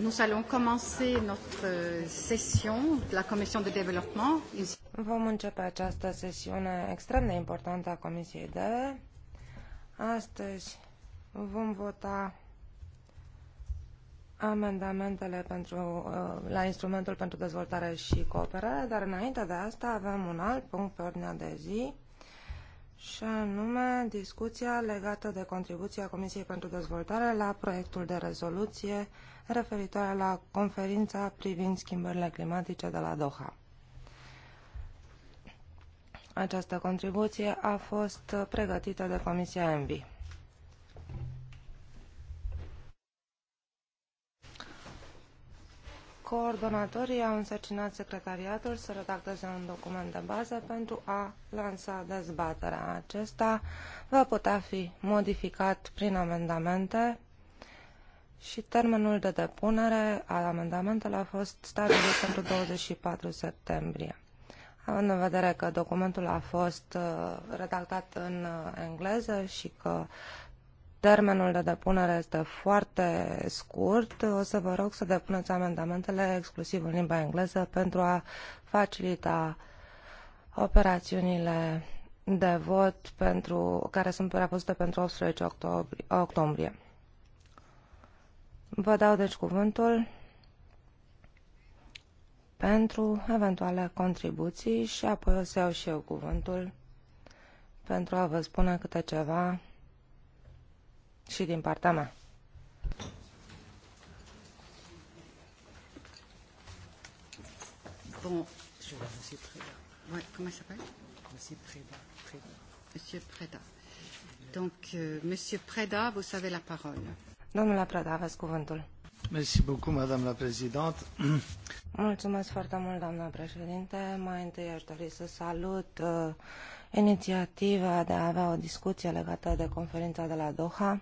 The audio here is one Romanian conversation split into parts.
Nous allons commencer notre euh, session de la Commission de développement. Vom începe această sesiune extrem de importantă a Comisiei de. Astăzi vom vota amendamentele pentru, uh, la instrumentul pentru dezvoltare și cooperare, dar înainte de asta avem un alt punct pe ordinea de zi și anume discuția legată de contribuția Comisiei pentru Dezvoltare la proiectul de rezoluție referitoare la conferința privind schimbările climatice de la Doha. Această contribuție a fost pregătită de Comisia ENVI. coordonatorii au însărcinat secretariatul să redacteze un document de bază pentru a lansa dezbaterea. Acesta va putea fi modificat prin amendamente și termenul de depunere al amendamentelor a fost stabilit pentru 24 septembrie. Având în vedere că documentul a fost uh, redactat în uh, engleză și că Termenul de depunere este foarte scurt. O să vă rog să depuneți amendamentele exclusiv în limba engleză pentru a facilita operațiunile de vot pentru, care sunt prevăzute pentru 18 octombrie. Vă dau deci cuvântul pentru eventuale contribuții și apoi o să iau și eu cuvântul pentru a vă spune câte ceva și din partea mea. Preda. Preda. Preda. Preda. Preda, Domnule Preda, aveți cuvântul. Merci beaucoup, Madame la Présidente. Mulțumesc foarte mult, doamna președinte. Mai întâi aș dori să salut uh, inițiativa de a avea o discuție legată de conferința de la Doha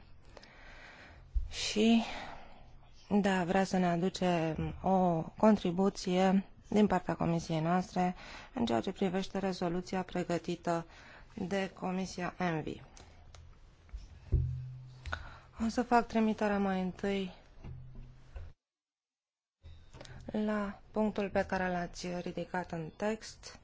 și da, vrea să ne aduce o contribuție din partea comisiei noastre în ceea ce privește rezoluția pregătită de Comisia ENVI. O să fac trimiterea mai întâi la punctul pe care l-ați ridicat în text.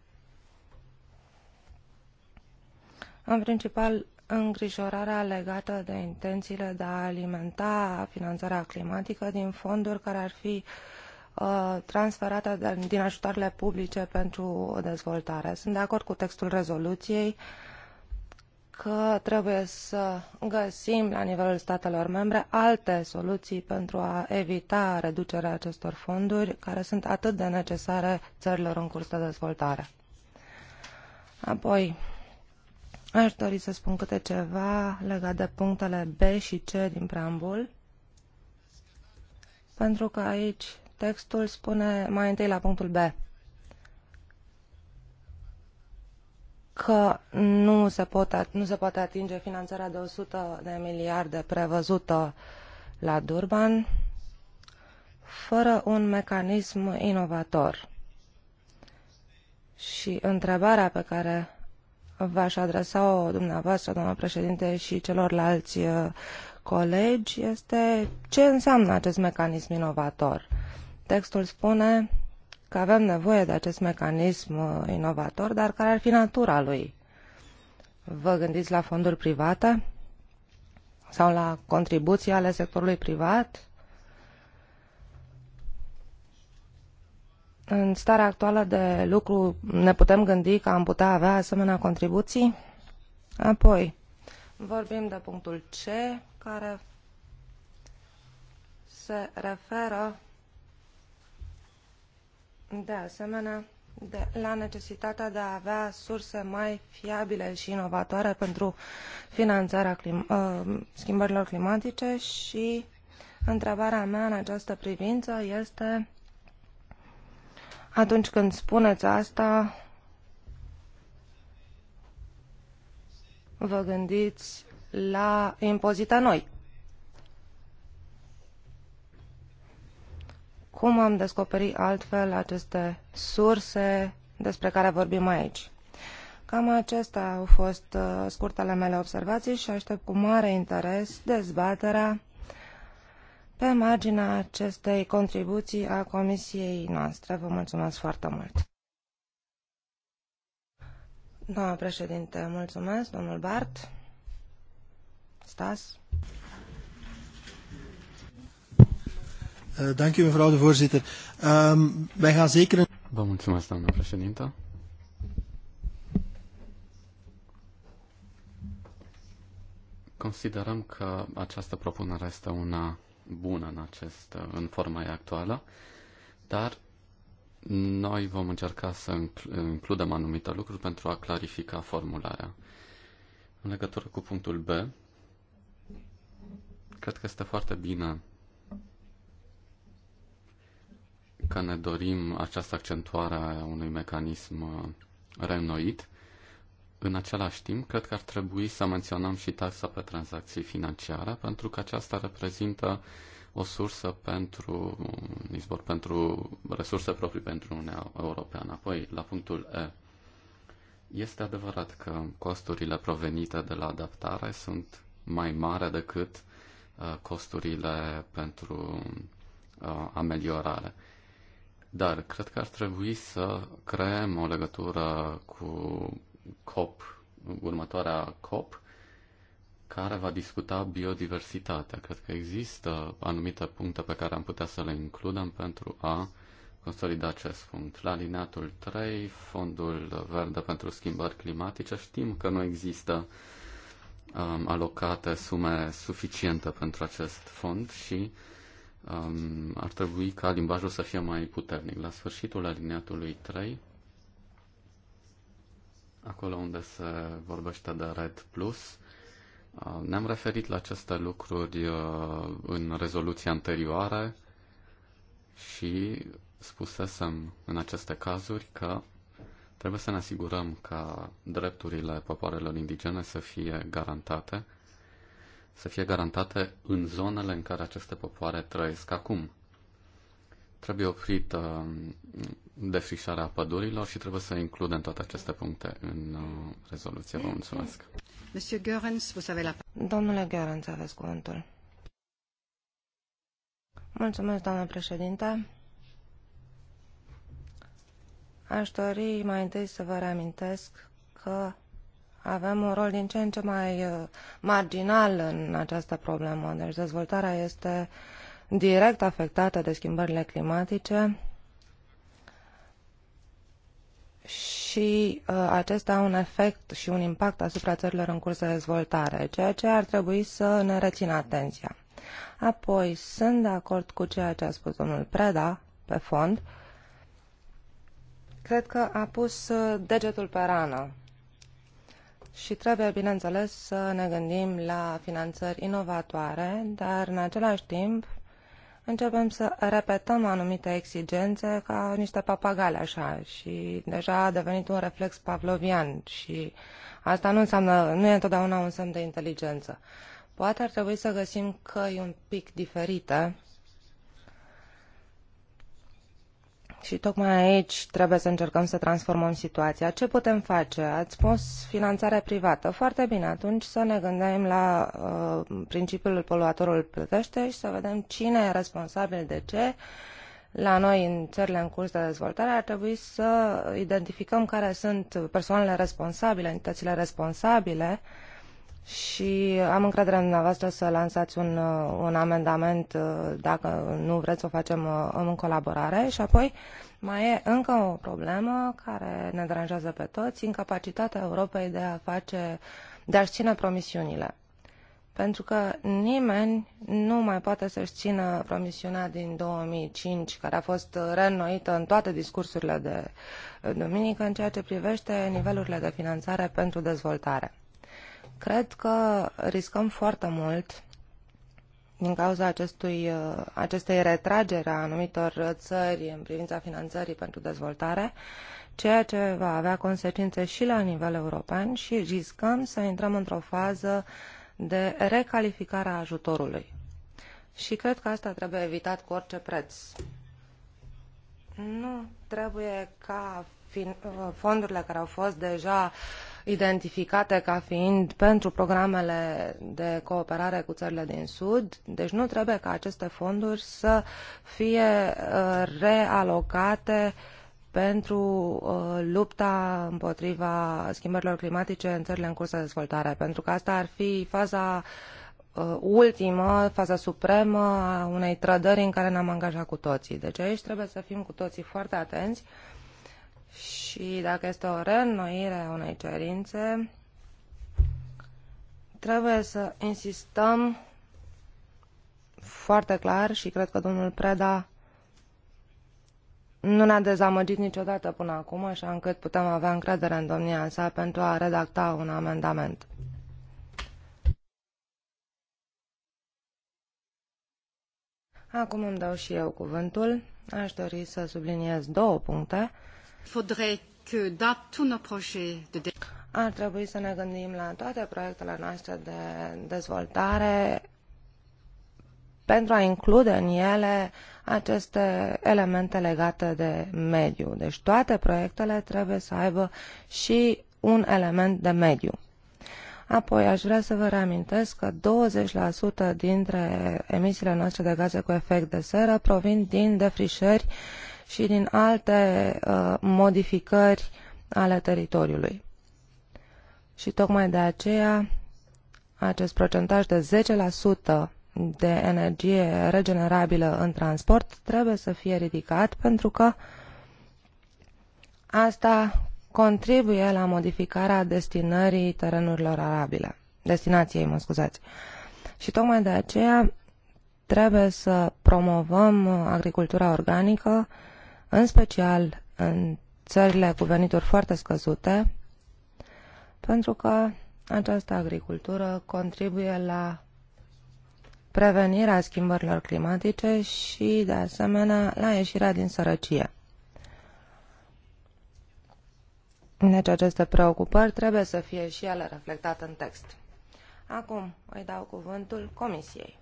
În principal, îngrijorarea legată de intențiile de a alimenta finanțarea climatică din fonduri care ar fi uh, transferate din ajutoarele publice pentru dezvoltare. Sunt de acord cu textul rezoluției că trebuie să găsim la nivelul statelor membre alte soluții pentru a evita reducerea acestor fonduri care sunt atât de necesare țărilor în curs de dezvoltare. Apoi, Aș dori să spun câte ceva legat de punctele B și C din preambul, pentru că aici textul spune mai întâi la punctul B că nu se, pot, nu se poate atinge finanțarea de 100 de miliarde prevăzută la Durban fără un mecanism inovator. Și întrebarea pe care v-aș adresa-o dumneavoastră, doamnă președinte, și celorlalți uh, colegi, este ce înseamnă acest mecanism inovator. Textul spune că avem nevoie de acest mecanism uh, inovator, dar care ar fi natura lui? Vă gândiți la fonduri private sau la contribuții ale sectorului privat? În starea actuală de lucru ne putem gândi că am putea avea asemenea contribuții? Apoi, vorbim de punctul C, care se referă de asemenea de, la necesitatea de a avea surse mai fiabile și inovatoare pentru finanțarea clim, uh, schimbărilor climatice și întrebarea mea în această privință este atunci când spuneți asta, vă gândiți la impozita noi. Cum am descoperit altfel aceste surse despre care vorbim aici? Cam acestea au fost uh, scurtele mele observații și aștept cu mare interes dezbaterea pe marginea acestei contribuții a comisiei noastre. Vă mulțumesc foarte mult. Doamna președinte, mulțumesc. Domnul Bart. Stas. Dank u, mevrouw de voorzitter. Um, wij gaan zeker een... Vă mulțumesc, doamna președintă. Considerăm că această propunere este una bună în, acest, în forma ei actuală, dar noi vom încerca să includem anumite lucruri pentru a clarifica formularea. În legătură cu punctul B, cred că este foarte bine că ne dorim această accentuare a unui mecanism reînnoit, în același timp, cred că ar trebui să menționăm și taxa pe tranzacții financiare, pentru că aceasta reprezintă o sursă pentru un pentru resurse proprii pentru Uniunea Europeană. Apoi, la punctul E, este adevărat că costurile provenite de la adaptare sunt mai mari decât uh, costurile pentru uh, ameliorare. Dar cred că ar trebui să creăm o legătură cu COP, următoarea COP, care va discuta biodiversitatea. Cred că există anumite puncte pe care am putea să le includem pentru a consolida acest punct. La alineatul 3, Fondul Verde pentru Schimbări Climatice, știm că nu există um, alocate sume suficiente pentru acest fond și um, ar trebui ca limbajul să fie mai puternic. La sfârșitul alineatului 3, acolo unde se vorbește de Red Plus. Uh, ne-am referit la aceste lucruri uh, în rezoluția anterioare și spusesem în aceste cazuri că trebuie să ne asigurăm ca drepturile popoarelor indigene să fie garantate, să fie garantate în zonele în care aceste popoare trăiesc acum. Trebuie oprit uh, defrișarea pădurilor și trebuie să includem toate aceste puncte în uh, rezoluție. Vă mulțumesc. Domnule Görens, aveți cuvântul. Mulțumesc, doamnă președinte. Aș dori mai întâi să vă reamintesc că avem un rol din ce în ce mai uh, marginal în această problemă. Deci dezvoltarea este direct afectată de schimbările climatice și uh, acesta au un efect și un impact asupra țărilor în curs de dezvoltare, ceea ce ar trebui să ne rețină atenția. Apoi, sunt de acord cu ceea ce a spus domnul Preda pe fond. Cred că a pus uh, degetul pe rană și trebuie, bineînțeles, să ne gândim la finanțări inovatoare, dar în același timp începem să repetăm anumite exigențe ca niște papagale așa și deja a devenit un reflex pavlovian și asta nu înseamnă, nu e întotdeauna un semn de inteligență. Poate ar trebui să găsim căi un pic diferite Și tocmai aici trebuie să încercăm să transformăm situația. Ce putem face? Ați spus finanțare privată. Foarte bine, atunci să ne gândim la uh, principiul poluatorul plătește și să vedem cine e responsabil de ce. La noi, în țările în curs de dezvoltare, ar trebui să identificăm care sunt persoanele responsabile, entitățile responsabile uh, și am încredere în dumneavoastră să lansați un, uh, un amendament uh, dacă nu vreți să o facem uh, în colaborare și apoi mai e încă o problemă care ne deranjează pe toți, incapacitatea Europei de a face, de a-și ține promisiunile. Pentru că nimeni nu mai poate să-și țină promisiunea din 2005, care a fost reînnoită în toate discursurile de duminică în ceea ce privește nivelurile de finanțare pentru dezvoltare Cred că riscăm foarte mult din cauza acestui, uh, acestei retrageri a anumitor țări în privința finanțării pentru dezvoltare, ceea ce va avea consecințe și la nivel european și riscăm să intrăm într-o fază de recalificare a ajutorului. Și cred că asta trebuie evitat cu orice preț. Nu trebuie ca uh, fondurile care au fost deja uh, identificate ca fiind pentru programele de cooperare cu țările din Sud, deci nu trebuie ca aceste fonduri să fie uh, realocate pentru uh, lupta împotriva schimbărilor climatice în țările în curs de dezvoltare, pentru că asta ar fi faza uh, ultimă, faza supremă a unei trădări în care ne-am angajat cu toții. Deci aici trebuie să fim cu toții foarte atenți uh, și dacă este o reînnoire a unei cerințe, trebuie să insistăm foarte clar și cred că domnul Preda nu ne-a dezamăgit niciodată până acum, așa încât putem avea încredere în domnia sa pentru a redacta un amendament. Acum îmi dau și eu cuvântul. Aș dori să subliniez două puncte. Ar trebui să ne gândim la toate proiectele noastre de dezvoltare pentru a include în ele aceste elemente legate de mediu. Deci toate proiectele trebuie să aibă și un element de mediu. Apoi, aș vrea să vă reamintesc că 20% dintre emisiile noastre de gaze cu efect de seră provin din defrișări și din alte uh, modificări ale teritoriului. Și tocmai de aceea acest procentaj de 10% de energie regenerabilă în transport trebuie să fie ridicat pentru că asta contribuie la modificarea destinării terenurilor arabile, destinației, mă scuzați. Și tocmai de aceea trebuie să promovăm uh, agricultura organică în special în țările cu venituri foarte scăzute, pentru că această agricultură contribuie la prevenirea schimbărilor climatice și, de asemenea, la ieșirea din sărăcie. Deci aceste preocupări trebuie să fie și ele reflectate în text. Acum îi dau cuvântul Comisiei.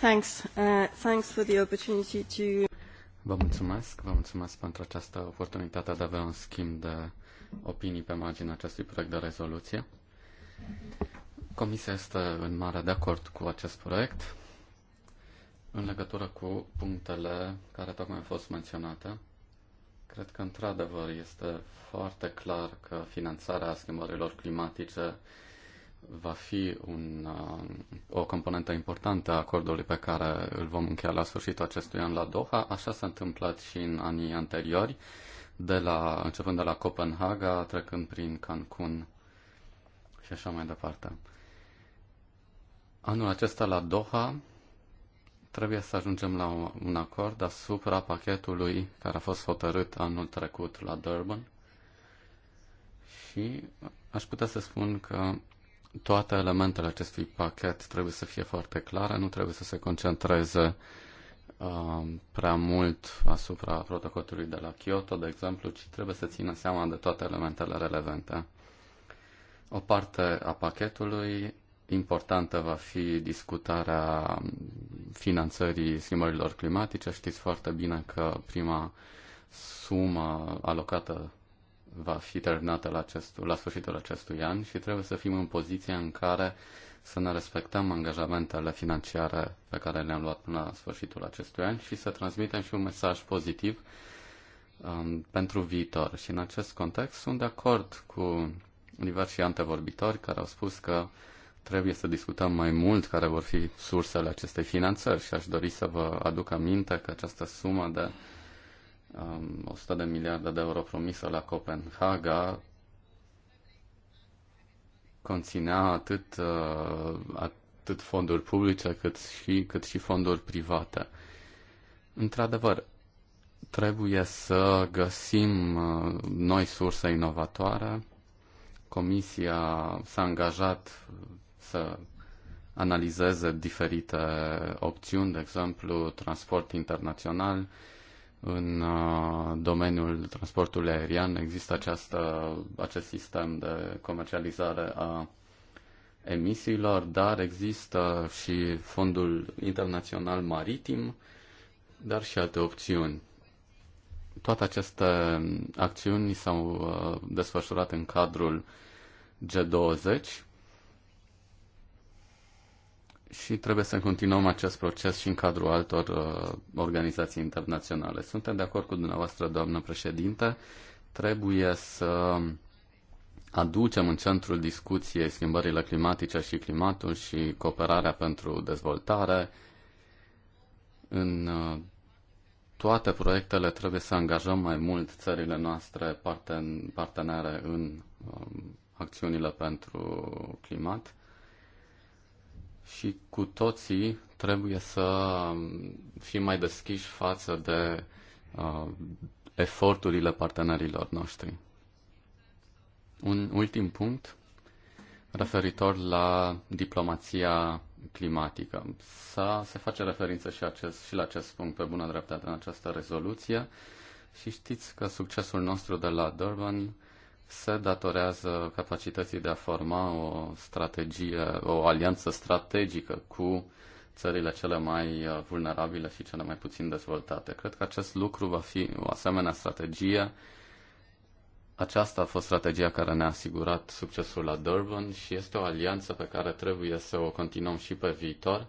Thanks. Uh, thanks for the opportunity to... Vă mulțumesc, vă mulțumesc pentru această oportunitate de a avea un schimb de opinii pe marginea acestui proiect de rezoluție. Comisia este în mare de acord cu acest proiect în legătură cu punctele care tocmai au fost menționate. Cred că, într-adevăr, este foarte clar că finanțarea schimbărilor climatice va fi un, uh, o componentă importantă a acordului pe care îl vom încheia la sfârșitul acestui an la Doha. Așa s-a întâmplat și în anii anteriori, de la, începând de la Copenhaga, trecând prin Cancun și așa mai departe. Anul acesta la Doha trebuie să ajungem la un acord asupra pachetului care a fost hotărât anul trecut la Durban și aș putea să spun că toate elementele acestui pachet trebuie să fie foarte clare, nu trebuie să se concentreze uh, prea mult asupra protocolului de la Kyoto, de exemplu, ci trebuie să țină seama de toate elementele relevante. O parte a pachetului importantă va fi discutarea finanțării schimbărilor climatice. Știți foarte bine că prima sumă alocată va fi terminată la, acestul, la sfârșitul acestui an și trebuie să fim în poziția în care să ne respectăm angajamentele financiare pe care le-am luat până la sfârșitul acestui an și să transmitem și un mesaj pozitiv um, pentru viitor. Și în acest context sunt de acord cu diversi antevorbitori care au spus că trebuie să discutăm mai mult care vor fi sursele acestei finanțări și aș dori să vă aduc aminte că această sumă de 100 de miliarde de euro promisă la Copenhaga conținea atât, uh, atât fonduri publice cât și, cât și fonduri private. Într-adevăr, trebuie să găsim uh, noi surse inovatoare. Comisia s-a angajat să analizeze diferite opțiuni, de exemplu, transport internațional, uh, în uh, domeniul transportului aerian există această, acest sistem de comercializare a emisiilor, dar există și fondul internațional maritim, dar și alte opțiuni. Toate aceste acțiuni s-au uh, desfășurat în cadrul G20 și trebuie să continuăm acest proces și în cadrul altor uh, organizații internaționale. Suntem de acord cu dumneavoastră, doamnă președinte, trebuie să aducem în centrul discuției schimbările climatice și climatul și cooperarea pentru dezvoltare. În uh, toate proiectele trebuie să angajăm mai mult țările noastre parten- partenere în um, acțiunile pentru climat și cu toții trebuie să fim mai deschiși față de uh, eforturile partenerilor noștri. Un ultim punct referitor la diplomația climatică. să se face referință și, acest, și la acest punct pe bună dreptate în această rezoluție și știți că succesul nostru de la Durban se datorează capacității de a forma o strategie, o alianță strategică cu țările cele mai uh, vulnerabile și cele mai puțin dezvoltate. Cred că acest lucru va fi o asemenea strategie. Aceasta a fost strategia care ne-a asigurat succesul la Durban și este o alianță pe care trebuie să o continuăm și pe viitor,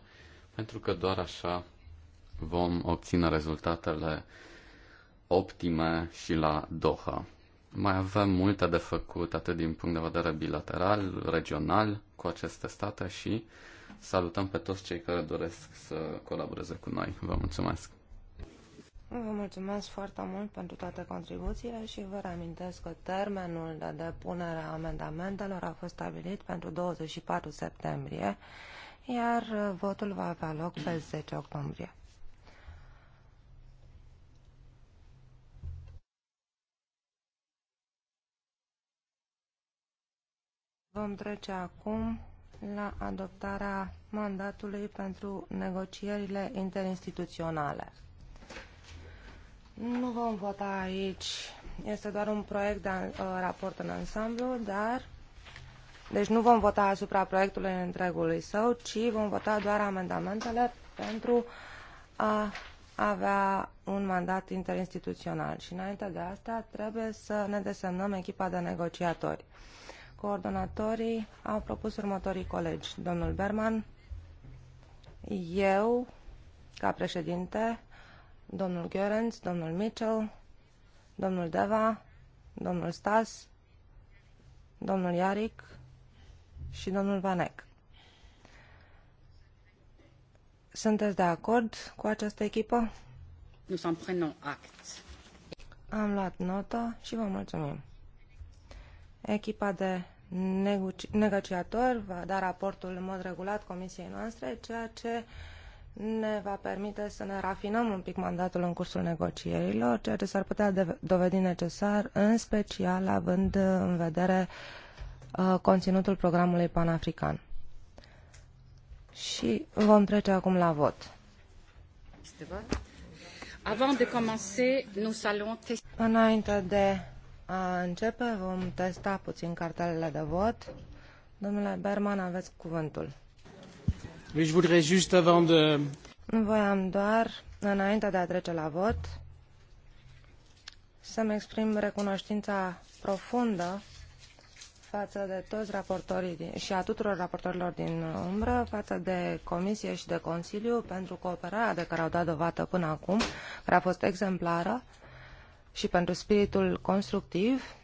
pentru că doar așa vom obține rezultatele optime și la Doha. Mai avem multe de făcut, atât din punct de vedere bilateral, regional, cu aceste state și salutăm pe toți cei care doresc să colaboreze cu noi. Vă mulțumesc! Vă mulțumesc foarte mult pentru toate contribuțiile și vă reamintesc că termenul de depunere a amendamentelor a fost stabilit pentru 24 septembrie, iar votul va avea loc pe 10 octombrie. Vom trece acum la adoptarea mandatului pentru negocierile interinstituționale. Nu vom vota aici, este doar un proiect de uh, raport în ansamblu, dar deci nu vom vota asupra proiectului întregului său, ci vom vota doar amendamentele pentru a avea un mandat interinstituțional. Și înainte de asta trebuie să ne desemnăm echipa de negociatori coordonatorii au propus următorii colegi. Domnul Berman, eu, ca președinte, domnul Görens, domnul Mitchell, domnul Deva, domnul Stas, domnul Iaric și domnul Vanek. Sunteți de acord cu această echipă? Nous en prenons act. Am luat notă și vă mulțumim. Echipa de negociator va da raportul în mod regulat comisiei noastre, ceea ce ne va permite să ne rafinăm un pic mandatul în cursul negocierilor, ceea ce s-ar putea dovedi necesar, în special având în vedere uh, conținutul programului panafrican. Și vom trece acum la vot. Avant de commencer, nous allons Înainte de a începe, vom testa puțin cartelele de vot. Domnule Berman, aveți cuvântul. Je voudrais juste avant de... Voiam doar, înainte de a trece la vot, să-mi exprim recunoștința profundă față de toți raportorii din, și a tuturor raportorilor din umbră, față de Comisie și de Consiliu pentru cooperarea de care au dat dovadă până acum, care a fost exemplară și pentru spiritul constructiv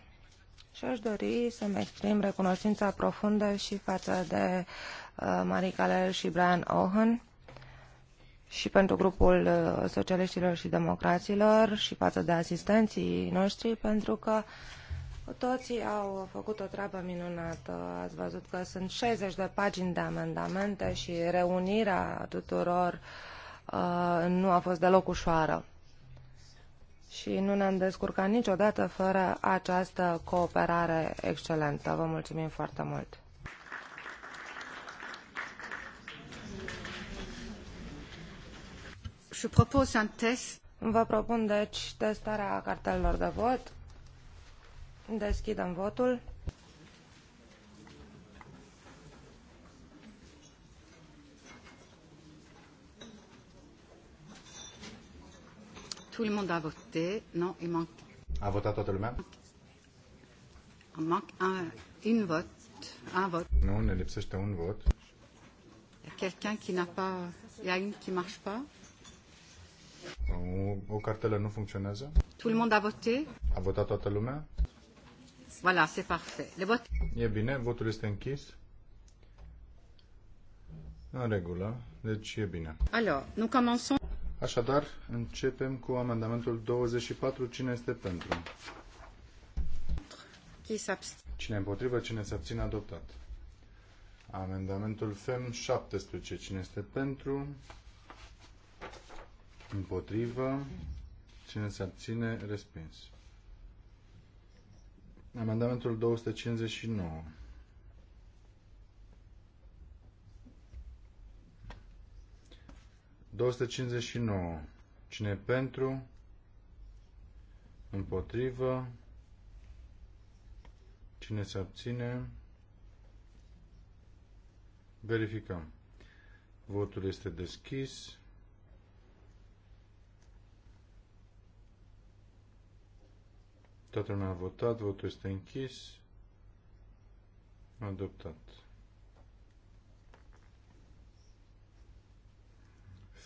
și aș dori să-mi exprim recunoștința profundă și față de uh, Marie Caler și Brian Ohan și pentru grupul uh, socialiștilor și democraților și față de asistenții noștri pentru că toții au făcut o treabă minunată. Ați văzut că sunt 60 de pagini de amendamente și reunirea tuturor uh, nu a fost deloc ușoară și nu ne-am descurcat niciodată fără această cooperare excelentă. Vă mulțumim foarte mult! Je propose un test. Vă propun deci testarea cartelor de vot. Deschidem votul. Tout le monde a voté. Non, il manque. A votat toată lumea? Il manque un, une vot. Un vot. Nu, ne lipsește un vot. Il y a quelqu'un qui n'a pas... Il y a une qui marche pas. O, o cartelă nu funcționează? Tout le monde a voté? A votat toată lumea? Voilà, c'est parfait. Le vot... E bine, votul este En règle. Donc, il e bien. Alors, nous commençons. Așadar, începem cu amendamentul 24. Cine este pentru? Cine împotrivă, cine se abține, adoptat. Amendamentul FEM 17. Cine este pentru? Împotrivă. Cine se abține, respins. Amendamentul 259. 259. Cine pentru? Împotrivă? Cine se abține? Verificăm. Votul este deschis. Toată lumea a votat, votul este închis. Adoptat.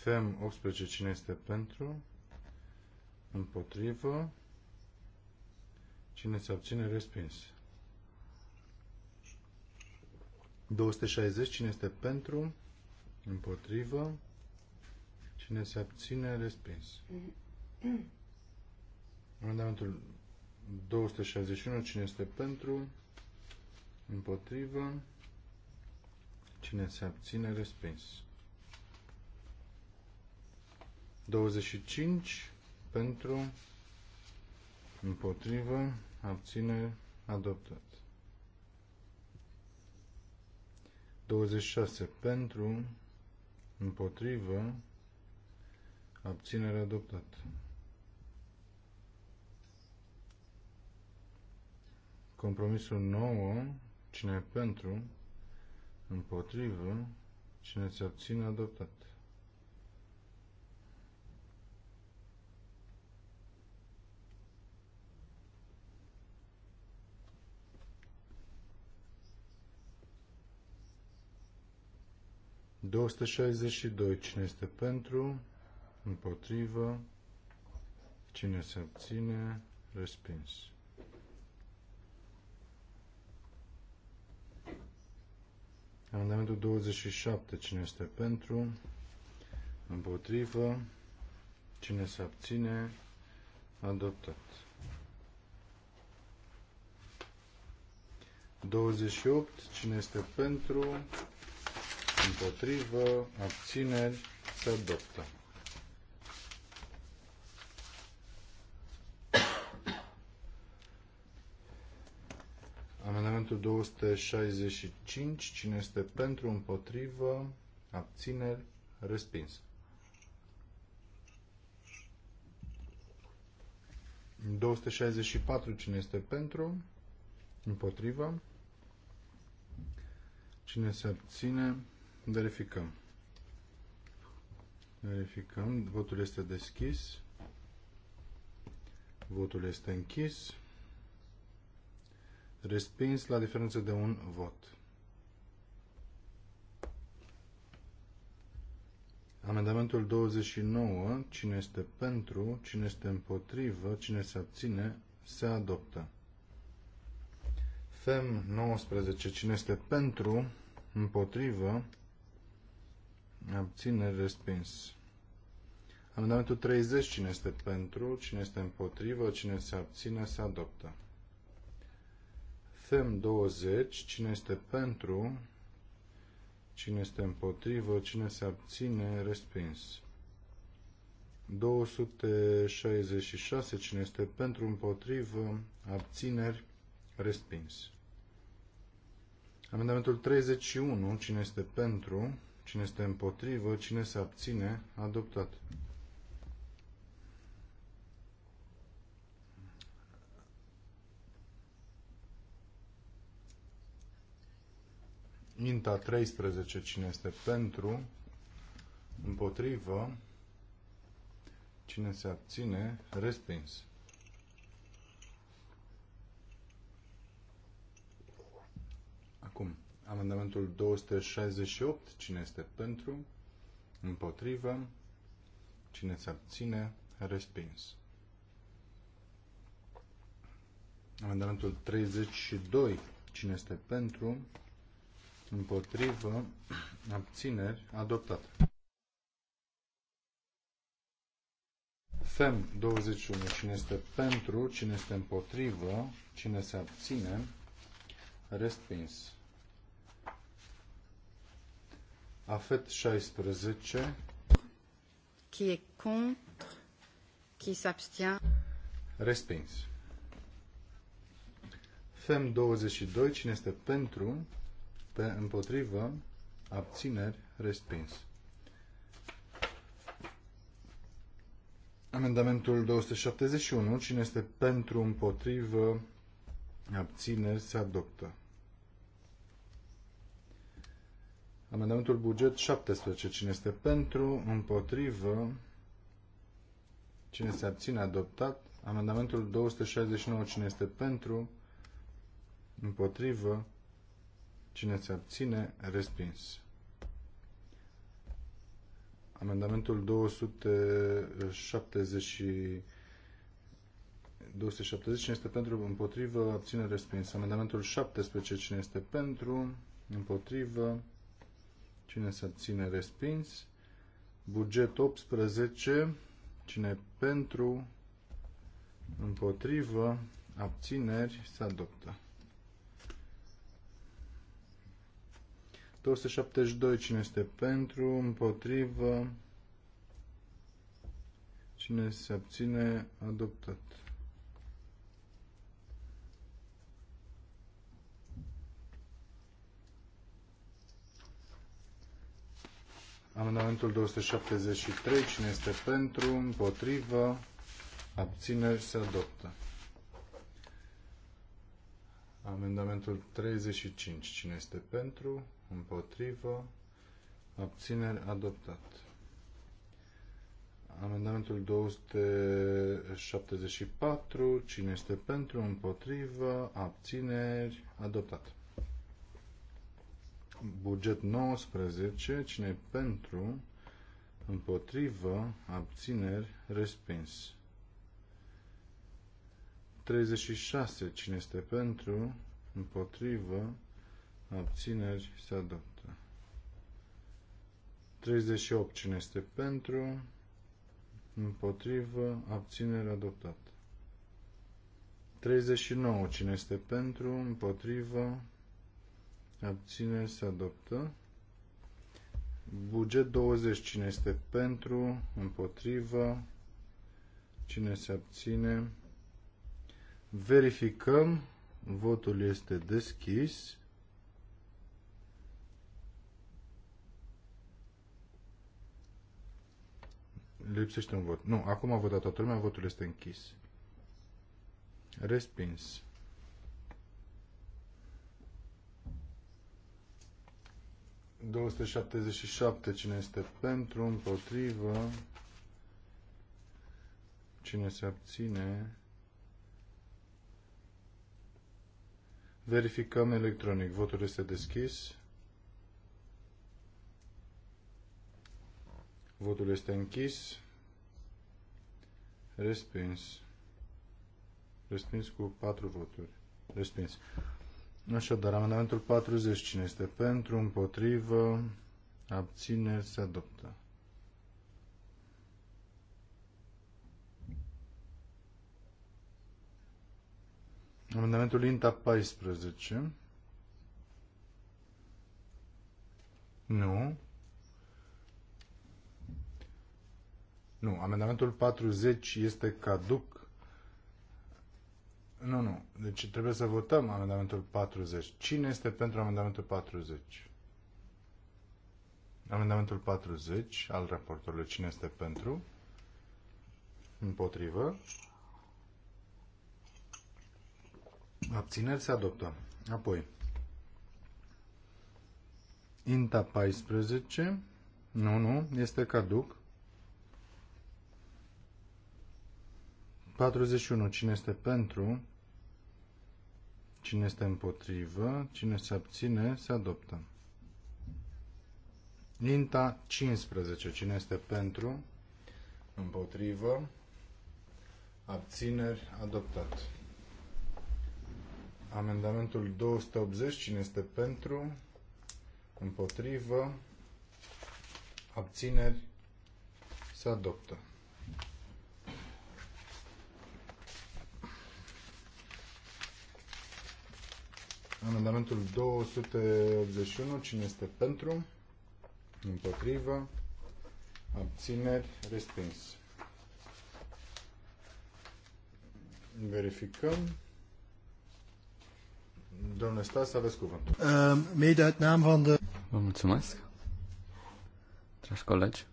FM 18, cine este pentru? Împotrivă. Cine se abține? Respins. 260, cine este pentru? Împotrivă. Cine se abține? Respins. Amendamentul 261, cine este pentru? Împotrivă. Cine se abține? Respins. 25 pentru, împotrivă, abțineri, adoptat. 26 pentru, împotrivă, abținere adoptat. Compromisul 9, cine e pentru, împotrivă, cine se abține adoptat. 262. Cine este pentru? Împotrivă. Cine se abține? Respins. Amendamentul 27. Cine este pentru? Împotrivă. Cine se abține? Adoptat. 28. Cine este pentru? împotrivă, abțineri, se adoptă. Amendamentul 265, cine este pentru, împotrivă, abțineri, respins. 264, cine este pentru, împotrivă, cine se abține, Verificăm. Verificăm. Votul este deschis. Votul este închis. Respins la diferență de un vot. Amendamentul 29, cine este pentru, cine este împotrivă, cine se abține, se adoptă. FEM 19, cine este pentru, împotrivă, abține respins. Amendamentul 30. Cine este pentru? Cine este împotrivă? Cine se abține? Se adoptă. FEM 20. Cine este pentru? Cine este împotrivă? Cine se abține? Respins. 266. Cine este pentru? Împotrivă? Abțineri? Respins. Amendamentul 31. Cine este pentru? Cine este împotrivă? Cine se abține? Adoptat. Minta 13, cine este pentru, împotrivă, cine se abține, respins. Amendamentul 268. Cine este pentru? Împotrivă. Cine se abține? Respins. Amendamentul 32. Cine este pentru? Împotrivă. Abțineri. Adoptat. FEM 21. Cine este pentru? Cine este împotrivă? Cine se abține? Respins. AFET 16. Qui est contre? Qui s'abstient? Respins. FEM 22. Cine este pentru? Pe împotrivă? Abțineri? Respins. Amendamentul 271. Cine este pentru, împotrivă, abțineri, se adoptă. Amendamentul buget 17. Cine este pentru? Împotrivă? Cine se abține? Adoptat. Amendamentul 269. Cine este pentru? Împotrivă? Cine se abține? Respins. Amendamentul 270 270. Cine este pentru? Împotrivă? Abține? Respins. Amendamentul 17. Cine este pentru? Împotrivă? Cine se ține respins. Buget 18. Cine pentru, împotrivă, abțineri, se adoptă. 272. Cine este pentru, împotrivă, cine se abține, adoptat. Amendamentul 273, cine este pentru, împotrivă, abțineri, se adoptă. Amendamentul 35, cine este pentru, împotrivă, abțineri, adoptat. Amendamentul 274, cine este pentru, împotrivă, abțineri, adoptat. Buget 19. Cine pentru? Împotrivă. Abțineri. Respins. 36. Cine este pentru? Împotrivă. Abțineri. Se adoptă. 38. Cine este pentru? Împotrivă. Abțineri. Adoptat. 39. Cine este pentru? Împotrivă abțineri se adoptă. Buget 20, cine este pentru, împotrivă, cine se abține. Verificăm, votul este deschis. Lipsește un vot. Nu, acum a votat toată lumea, votul este închis. Respins. 277. Cine este pentru? Împotrivă? Cine se abține? Verificăm electronic. Votul este deschis. Votul este închis. Respins. Respins cu 4 voturi. Respins. Așadar, amendamentul 40, cine este pentru, împotrivă, abține, se adoptă. Amendamentul INTA 14. Nu. Nu, amendamentul 40 este caduc nu, nu. Deci trebuie să votăm amendamentul 40. Cine este pentru amendamentul 40? Amendamentul 40 al raportorului. Cine este pentru? Împotrivă. Abțineri se adoptă. Apoi. Inta 14. Nu, nu. Este caduc. 41. Cine este pentru? Cine este împotrivă? Cine se abține? Se adoptă. Ninta 15. Cine este pentru? Împotrivă. Abțineri. Adoptat. Amendamentul 280. Cine este pentru? Împotrivă. Abțineri. Se adoptă. Amendamentul 281, cine este pentru? Împotrivă. Abțineri. Respins. Verificăm. Domnule Stas, aveți cuvântul. Uh, mede uit naam van de... Vă mulțumesc. Dragi colegi,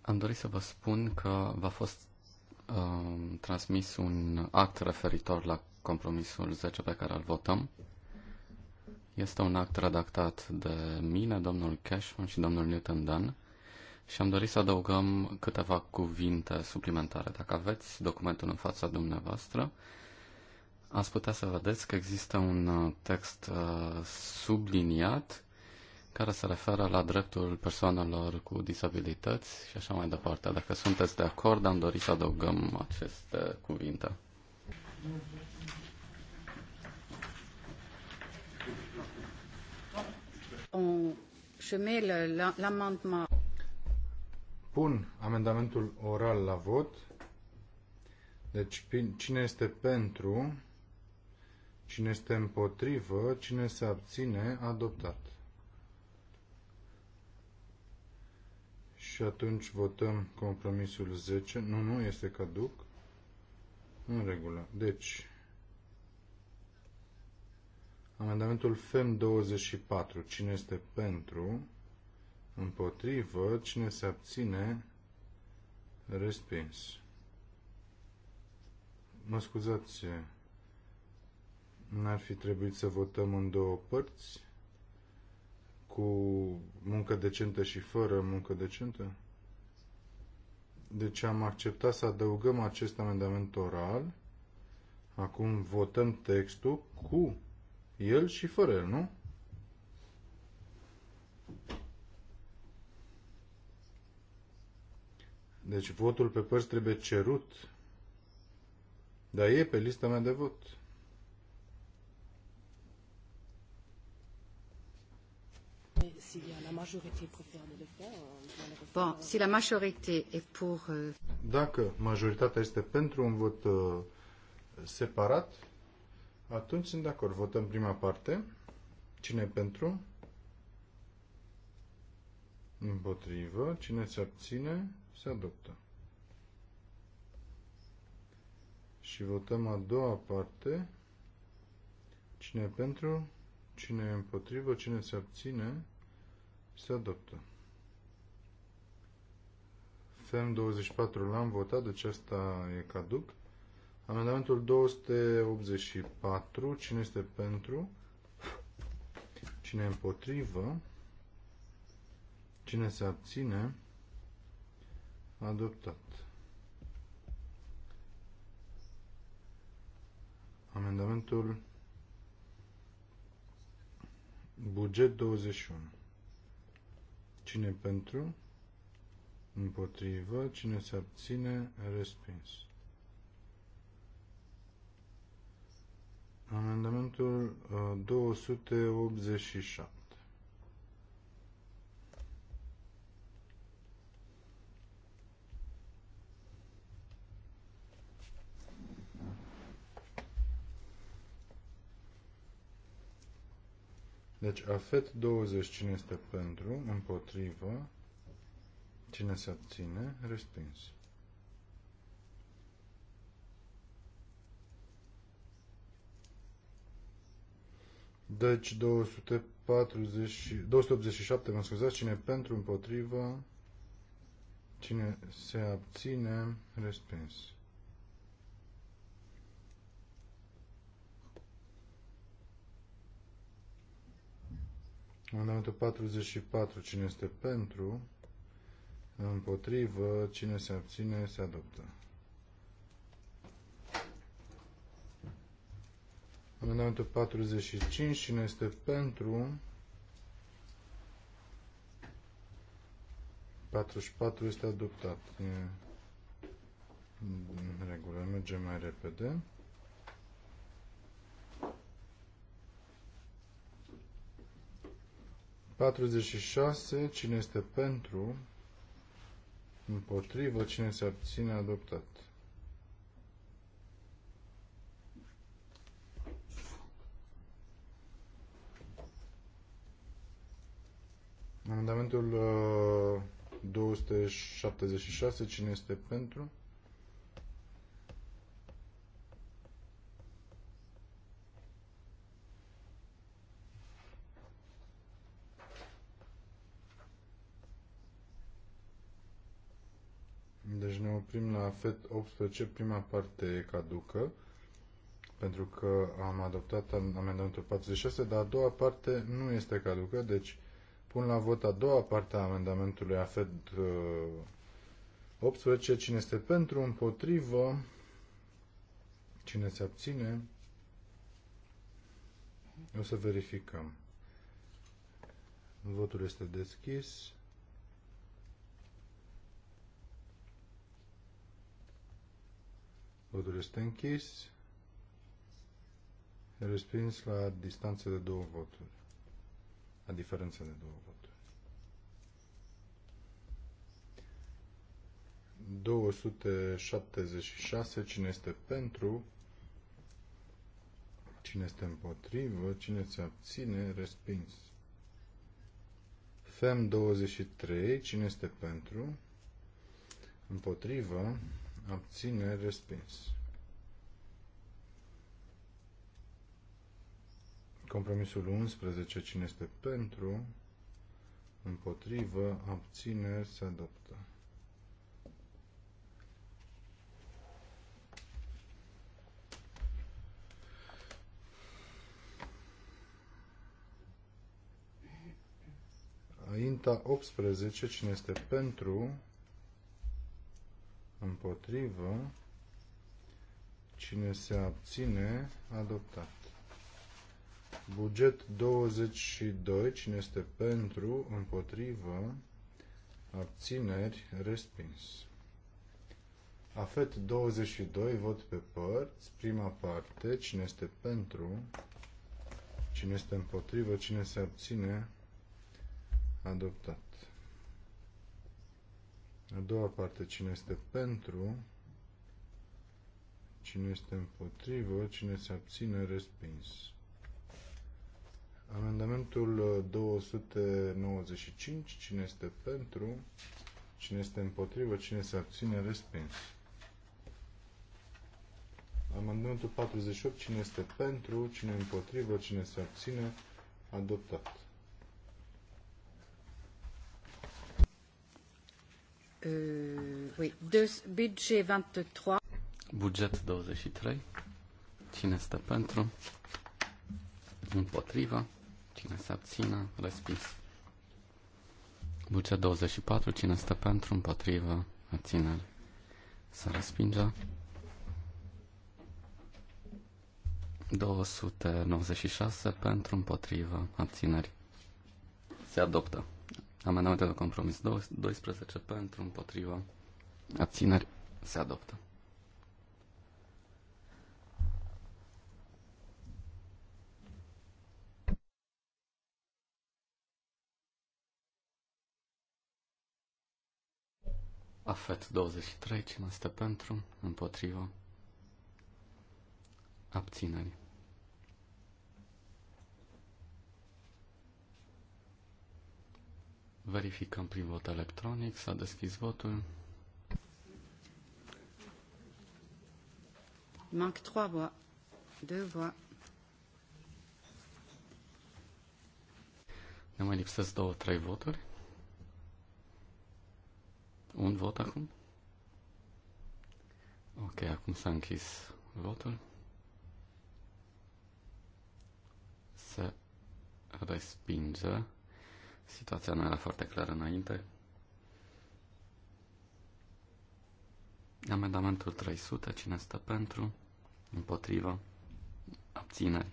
am dorit să vă spun că v-a fost transmis un act referitor la compromisul 10 pe care îl votăm. Este un act redactat de mine, domnul Cashman și domnul Newton Dunn și am dorit să adăugăm câteva cuvinte suplimentare. Dacă aveți documentul în fața dumneavoastră, ați putea să vedeți că există un text uh, subliniat care se referă la dreptul persoanelor cu disabilități și așa mai departe. Dacă sunteți de acord, am dorit să adăugăm aceste cuvinte. Pun amendamentul oral la vot. Deci cine este pentru, cine este împotrivă, cine se abține, adoptat. Și atunci votăm compromisul 10. Nu, nu, este caduc. În regulă. Deci, amendamentul FEM 24. Cine este pentru? Împotrivă. Cine se abține? Respins. Mă scuzați, n-ar fi trebuit să votăm în două părți? cu muncă decentă și fără muncă decentă? Deci am acceptat să adăugăm acest amendament oral. Acum votăm textul cu el și fără el, nu? Deci votul pe părți trebuie cerut. Dar e pe lista mea de vot. si la majorité préfère de le faire. Bon, si la majorité est pour... Euh, Dacă majoritatea este pentru un vot uh, separat, atunci sunt de acord. Votăm prima parte. Cine e pentru? Împotrivă. Cine se abține? Se adoptă. Și votăm a doua parte. Cine e pentru? Cine e împotrivă? Cine se abține? Se adoptă. FEM 24 l-am votat, deci asta e caduc. Amendamentul 284, cine este pentru? Cine e împotrivă? Cine se abține? Adoptat. Amendamentul buget 21. Cine pentru? Împotrivă. Cine se abține? Respins. Amendamentul 287. Uh, Deci afet 20, cine este pentru, împotrivă, cine se abține, respins. Deci 240, 287, mă scuzați, cine pentru, împotrivă, cine se abține, respins. Amendamentul 44. Cine este pentru? Împotrivă. Cine se abține? Se adoptă. Amendamentul 45. Cine este pentru? 44 este adoptat. E în regulă. Mergem mai repede. 46. Cine este pentru? Împotrivă. Cine se abține? Adoptat. Amendamentul 276. Uh, cine este pentru? oprim la FET 18, prima parte e caducă, pentru că am adoptat amendamentul 46, dar a doua parte nu este caducă, deci pun la vot a doua parte a amendamentului AFED 18. Uh, cine este pentru, împotrivă, cine se abține, o să verificăm. Votul este deschis. Rodul este închis. Respins la distanță de două voturi. La diferență de două voturi. 276. Cine este pentru? Cine este împotrivă? Cine se abține? Respins. FEM 23. Cine este pentru? Împotrivă? Abține respins. Compromisul 11, cine este pentru, împotrivă, abține, se adoptă. Inta 18, cine este pentru, împotrivă, cine se abține, adoptat. Buget 22, cine este pentru, împotrivă, abțineri, respins. Afet 22, vot pe părți, prima parte, cine este pentru, cine este împotrivă, cine se abține, adoptat. A doua parte, cine este pentru, cine este împotrivă, cine se abține, respins. Amendamentul 295, uh, cine este pentru, cine este împotrivă, cine se abține, respins. Amendamentul 48, cine este pentru, cine împotrivă, cine se abține, adoptat. Uh, oui, de, budget 23. Buget 23. Cine stă pentru? Împotriva. Cine se abține? Respins. Buget 24. Cine stă pentru? Împotriva. Abținere. Să respinge. 296 pentru împotriva abținerii. Se adoptă. Amendamente de compromis 12 pentru, împotriva, abțineri, se adoptă. Afet 23, cine este pentru, împotriva, abțineri. Verificăm prin vot electronic. S-a deschis votul. Manque 3 voix. 2 voix. Ne mai lipsesc două, trei voturi. Un vot acum? Ok, acum s-a închis votul. Se respinge. Situația nu era foarte clară înainte. Amendamentul 300, cine stă pentru, împotrivă, abțineri,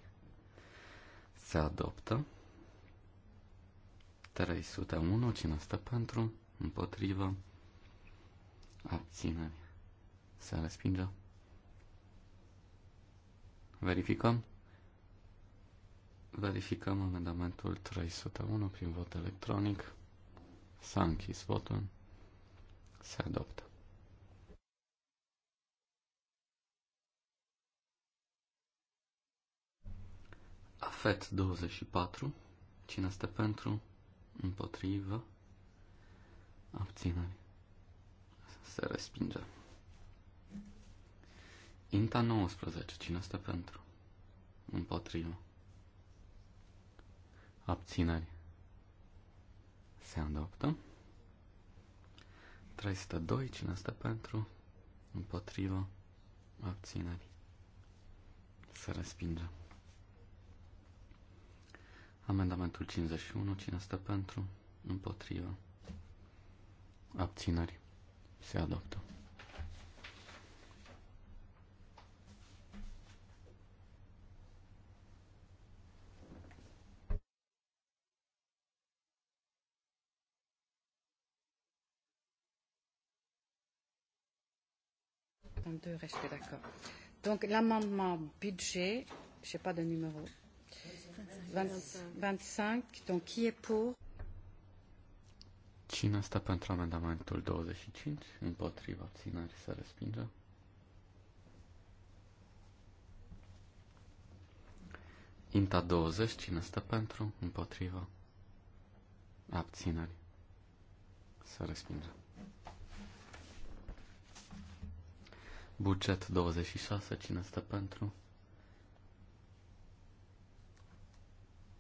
se adoptă. 301, cine stă pentru, împotrivă, abțineri, se respinge. Verificăm. Verificăm amendamentul 301 prin vot electronic. S-a închis votul. Se adoptă. Afet 24. Cine este pentru? Împotrivă? Abținere. Se respinge. Inta 19. Cine este pentru? Împotrivă abțineri, se adoptă. 302, cine stă pentru, împotrivă, abțineri, se respinge. Amendamentul 51, cine stă pentru, împotrivă, abțineri, se adoptă. de rester d'accord. Donc l'amendement budget, je n'ai pas de numéro, 25, donc qui est pour? Cine stă pentru amendamentul 25? Împotriva ținării se respinge. Inta 20, cine stă pentru? Împotriva abținării se respinge. Bucet 26, cine stă pentru?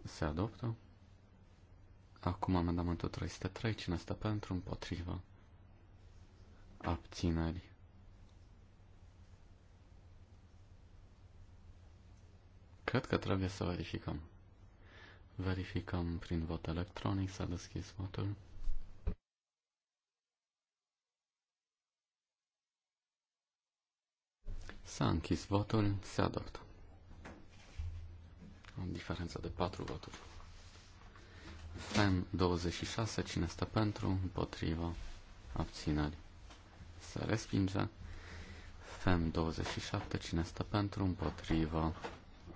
Se adoptă. Acum amendamentul 303, cine stă pentru? Împotrivă. Abțineri. Cred că trebuie să verificăm. Verificăm prin vot electronic, s-a deschis votul. S-a închis votul, se adoptă. În diferență de 4 voturi. FEM 26, cine stă pentru, împotrivă, abținări. Se respinge. FEM 27, cine stă pentru, împotrivă,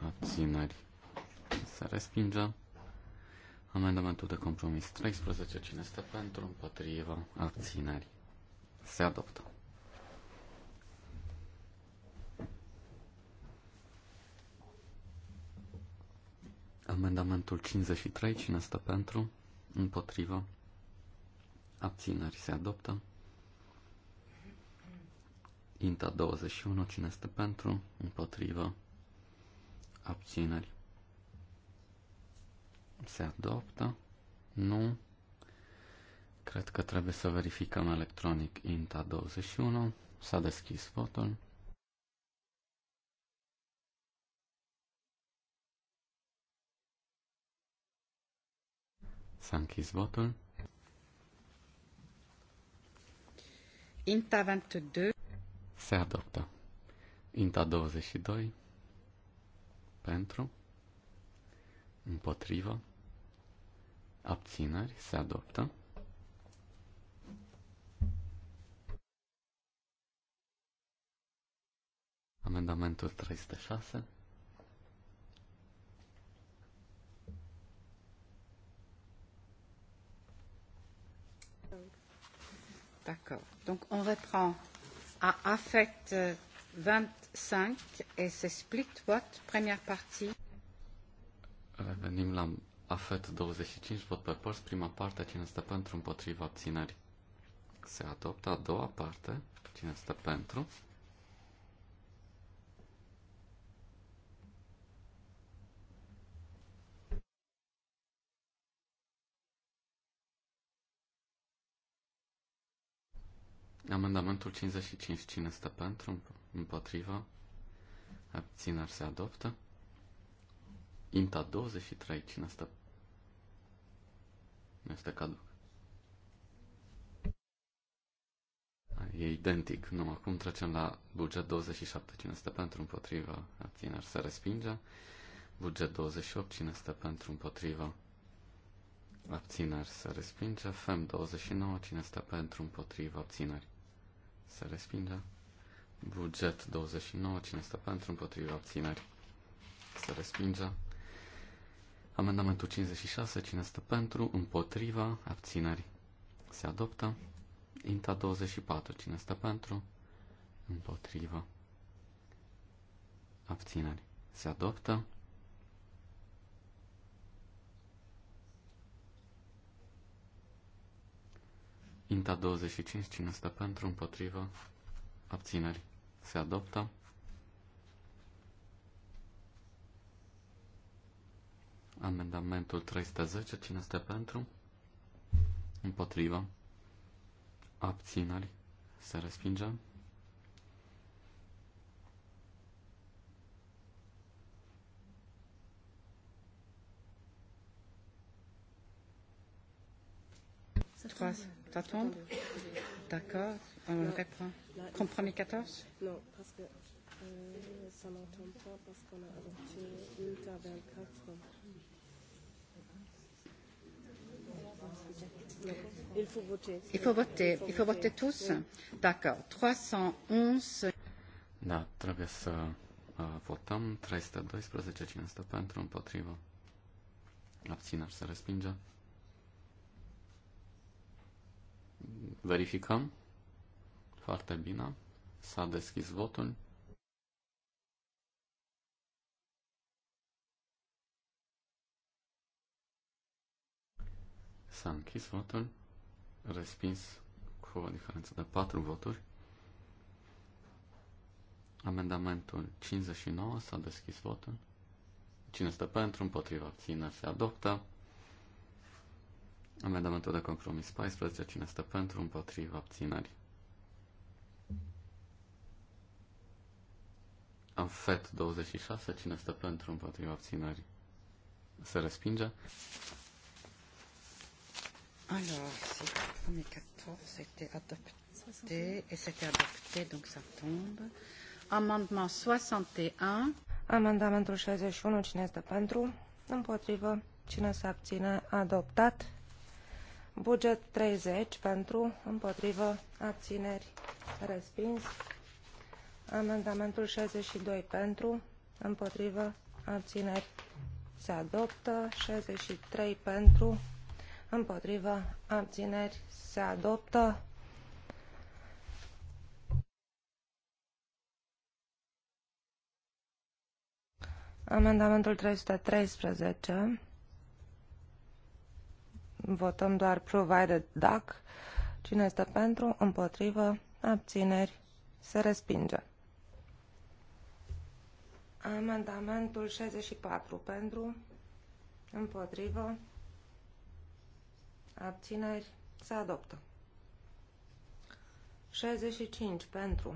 abținări. Se respinge. Amendamentul de compromis 13, cine stă pentru, împotrivă, abținări. Se adoptă. Amendamentul 53, cine stă pentru? Împotrivă. Abțineri se adoptă. Inta 21, cine este pentru? Împotrivă. Abțineri. Se adoptă? Nu. Cred că trebuie să verificăm electronic Inta 21. S-a deschis votul. S-a închis votul. Inta 22. Se adoptă. Inta 22. Pentru. Împotrivă. Abțineri. Se adoptă. Amendamentul 306. D'accord. Donc on reprend à affect 25 euh, et c'est split vote, première partie. Revenim la afet 25, vot pe părți, prima parte, cine stă pentru, împotriva, abțineri. Se adoptă a doua parte, cine stă pentru, Amendamentul 55. Cine stă pentru? Împotriva? Abțineri se adoptă. Inta 23. Cine stă Nu este caduc. E identic. Nu, acum trecem la buget 27. Cine stă pentru? Împotriva? Abțineri se respinge. Buget 28. Cine stă pentru? Împotriva? Abțineri se respinge. FEM 29. Cine stă pentru? Împotriva? Abțineri se respinge. Buget 29, cine stă pentru, împotriva abțineri, se respinge. Amendamentul 56, cine stă pentru, împotriva abțineri, se adoptă. Inta 24, cine stă pentru, împotriva abțineri, se adoptă. Inta 25, cine stă pentru, împotrivă, abțineri, se adoptă. Amendamentul 310, cine stă pentru, împotrivă, abțineri, se respinge. Straße. T'attends D'accord. On le répond. Compromis 14 Non, parce que euh, ça n'entend pas parce qu'on a adopté 8 à 24. Il faut voter. Il faut voter. Il faut voter tous D'accord. 311. Da, trebuie să uh, votăm. 312, cine pentru, împotrivă. Abțineri se respinge. Verificăm. Foarte bine. S-a deschis votul. S-a închis votul. Respins cu o diferență de 4 voturi. Amendamentul 59 s-a deschis votul. Cine stă pentru, împotriva, abține, se adoptă. Amendamentul de compromis 14. Cine stă pentru, împotriva, Am Amfet 26. Cine stă pentru, împotriva, abținerii. Se respinge. Alors, 14, c'était adopté, et c'était adopté, donc ça tombe. Amendement 61. Amendamentul 61, cine este pentru? Împotrivă. Cine se abține? Adoptat. Buget 30 pentru, împotrivă, abineri respins. Amendamentul 62 pentru, împotrivă, abineri se adoptă. 63 pentru, împotrivă, abineri se adoptă. Amendamentul treisprezece Votăm doar provided DAC. Cine este pentru, împotrivă, abțineri, se respinge. Amendamentul 64 pentru, împotrivă, abțineri, se adoptă. 65 pentru,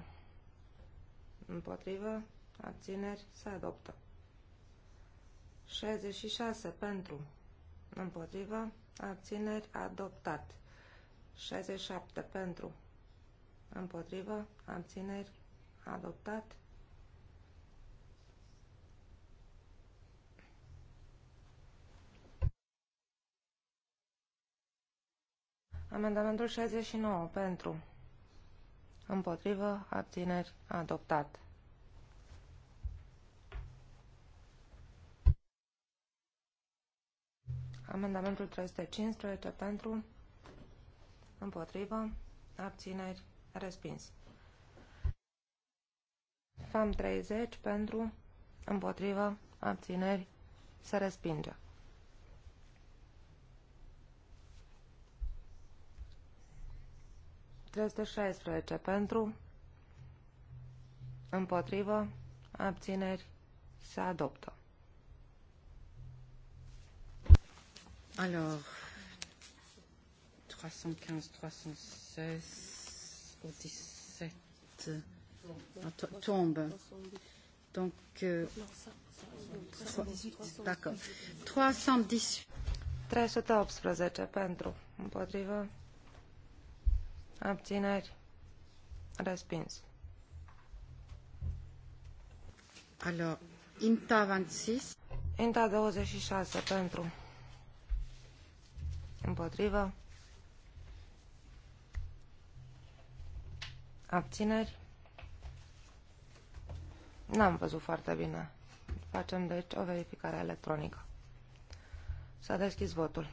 împotrivă, abțineri, se adoptă. 66 pentru, împotrivă, abțineri, adoptat. 67 pentru, împotrivă, abțineri, adoptat. Amendamentul 69 pentru, împotrivă, abțineri, adoptat. Amendamentul 315 pentru, împotrivă, abțineri, respins. FAM 30 pentru, împotrivă, abțineri, se respinge. Treste 16 pentru, împotrivă, abțineri, se adoptă. Alors, 315, 316 17 tombe. Donc, euh, d'accord. 318. 318 pentru, împotrivă, abțineri, respins. Alors, INTA 26. INTA 26 pentru, Împotrivă. Abțineri. N-am văzut foarte bine. Facem, deci, o verificare electronică. S-a deschis votul.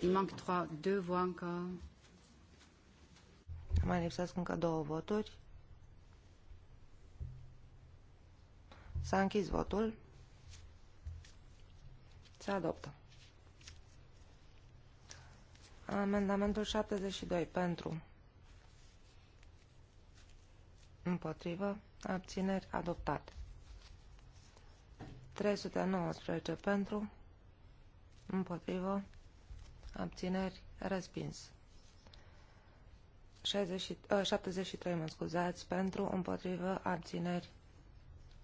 Il manque 3, 2 voix encore. Mai lipsesc încă două voturi. S-a închis votul. Se adoptă. Amendamentul 72. Pentru. Împotrivă. Abțineri. Adoptat. 319. Pentru. Împotrivă. Abțineri. Respins. 60, uh, 73, mă scuzați, pentru, împotrivă, abțineri,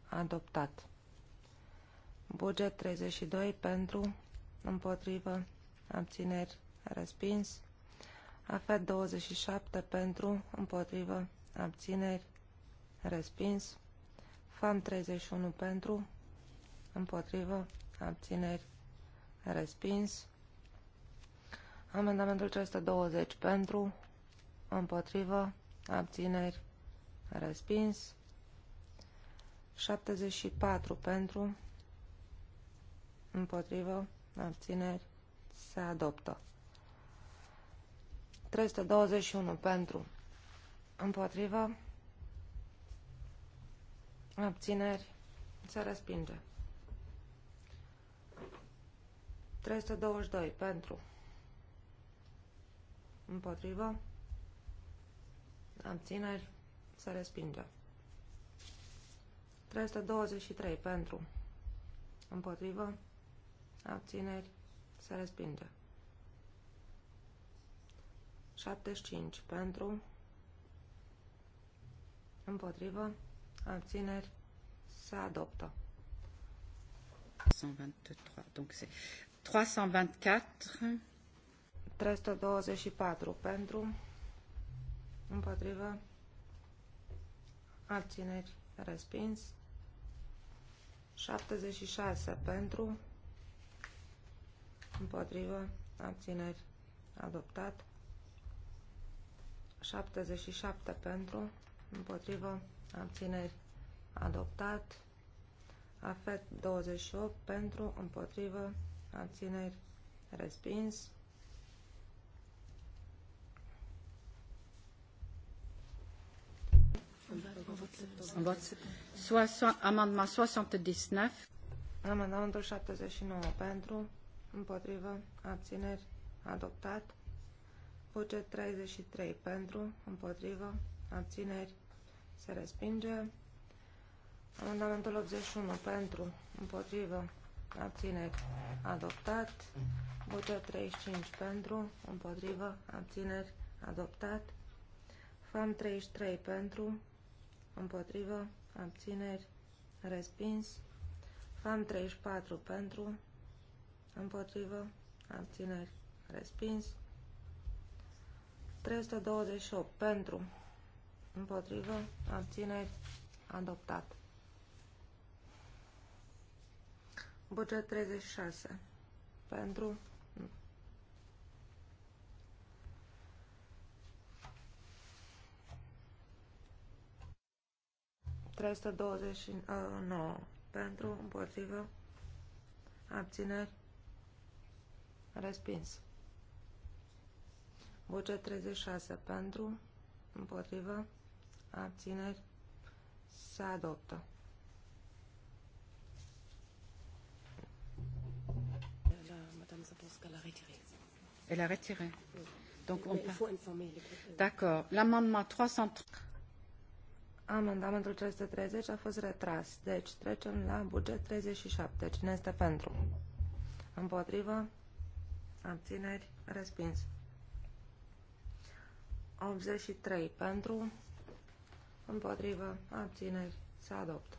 adoptat. Buget 32 pentru, împotrivă, abțineri, respins. AFET 27 pentru, împotrivă, abțineri, respins. FAM 31 pentru, împotrivă, abțineri, respins. Amendamentul 320 pentru, împotrivă, abțineri, respins. 74 pentru, împotrivă, abțineri, se adoptă. 321 pentru, împotrivă, abțineri, se respinge. 322 pentru, împotrivă, abțineri, se respinge. 323 pentru, împotrivă, abțineri, se respinge. 75 pentru, împotrivă, abțineri, se adoptă. 123, donc c'est 324. 324 pentru, împotrivă, abțineri, respins. 76 pentru, împotrivă, abțineri, adoptat. 77 pentru, împotrivă, abțineri, adoptat. AFET 28 pentru, împotrivă, abțineri, respins. On Amendement 79 pentru, împotrivă, abțineri, adoptat. Buget 33 pentru, împotrivă, abțineri, se respinge. Amendamentul 81 pentru, împotrivă, abțineri, adoptat. Buget 35 pentru, împotrivă, abțineri, adoptat. FAM 33 pentru, împotrivă, abțineri, respins. FAM 34 pentru, împotrivă, abțineri, respins. 328 pentru, împotrivă, abțineri, adoptat. Buget 36 pentru trei douăzeci pentru împotrivă abțineri Respins. Voce 36 pentru, împotrivă, abțineri, se adoptă. Elle a retiré. Donc on peut... D'accord. L'amendement 330. Amendamentul 330 a fost retras. Deci trecem la buget 37. Cine este pentru? Împotrivă? abțineri, respins. 83 pentru, împotrivă, abțineri, se adoptă.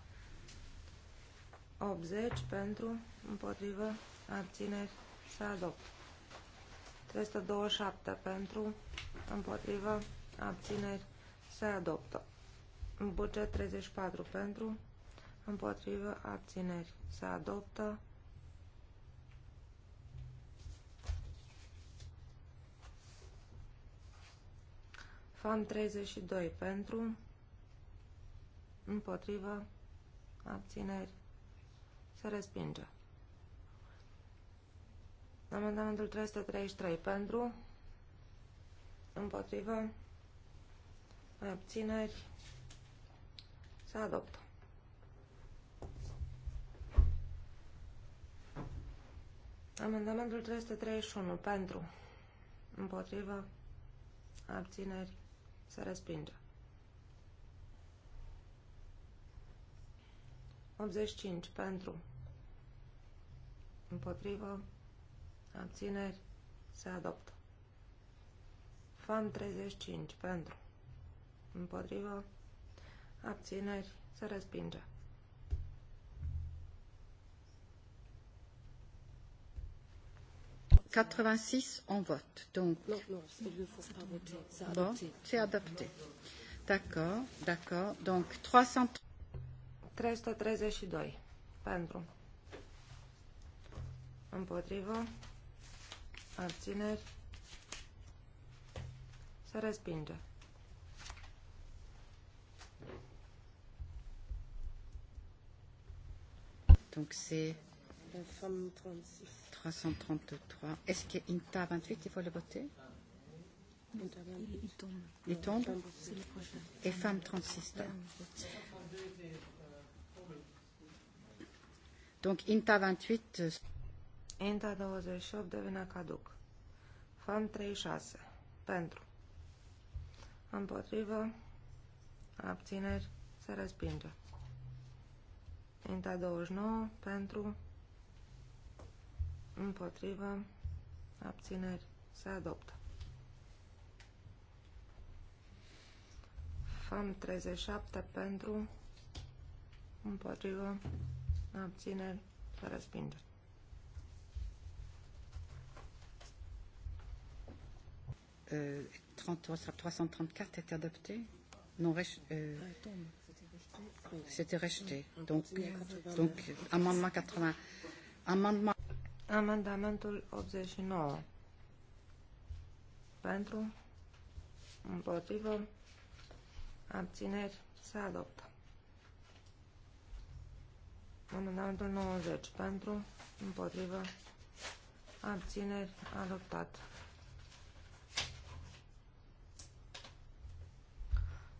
80 pentru, împotrivă, abțineri, se adoptă. 327 pentru, împotrivă, abțineri, se adoptă. Buget 34 pentru, împotrivă, abțineri, se adoptă. FAM 32 pentru, împotrivă, abțineri, se respinge. Amendamentul 333 pentru, împotrivă, abțineri, se adoptă. Amendamentul 331 pentru, împotrivă, abțineri, se respinge. 85 pentru. Împotrivă. Abțineri. Se adoptă. FAM 35 pentru. Împotrivă. Abțineri. Se respinge. 86 en vote. Donc, non, non, il ne faut pas voter. C'est Bon, adopté. D'accord, d'accord. Donc, 332 pentru. Împotrivă. Abțineri. Se respinge. Donc c'est... La 36. 333. Est-ce qu'il y a table 28 Il faut le voter Il tombe. Il tombe Et femme 36. Là. Donc INTA 28. INTA 28 devine caduc. FAM 36. Pentru. Împotrivă. Abțineri. Se respinge. INTA 29. Pentru împotrivă, abțineri, se adoptă. FAM 37 pentru, împotrivă, abțineri, se respinge. Euh, 30, 334 est adopté Non, euh, ah, c'était rejeté. Ah, donc, donc amendement 80. Amendement Amendamentul 89. Pentru, împotrivă, abțineri, se adoptă. Amendamentul 90. Pentru, împotrivă, abțineri, adoptat.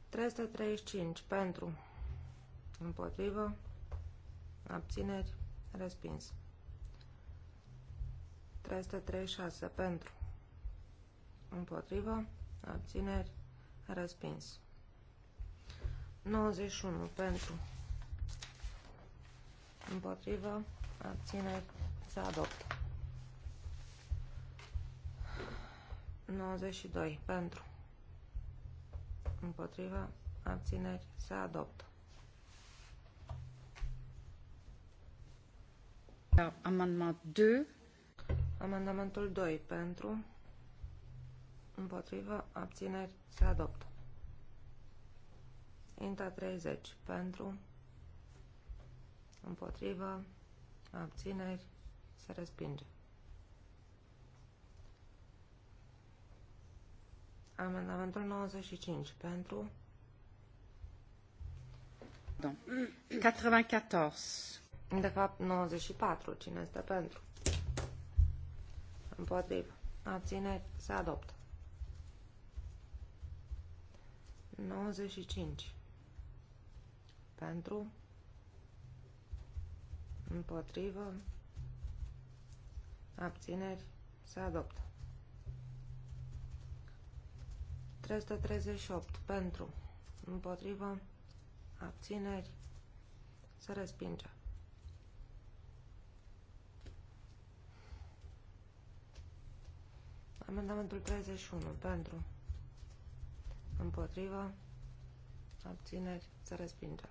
335. Pentru, împotrivă, abțineri, respins. 336 pentru, împotrivă, abțineri, respins. 91 pentru, împotrivă, abțineri, se adoptă. 92 pentru, împotrivă, abțineri, se adoptă. Amendement 2 Amendamentul 2 pentru, împotrivă, abțineri, se adoptă. Inta 30 pentru, împotrivă, abțineri, se respinge. Amendamentul 95 pentru. 94. De fapt, 94. Cine este pentru? împotrivă, abțineri, să adopt. 95 pentru, împotrivă, abțineri, se adoptă. 338 pentru, împotrivă, abțineri, se respinge. Amendamentul 31. Pentru. Împotrivă. Abțineri. Se respinge.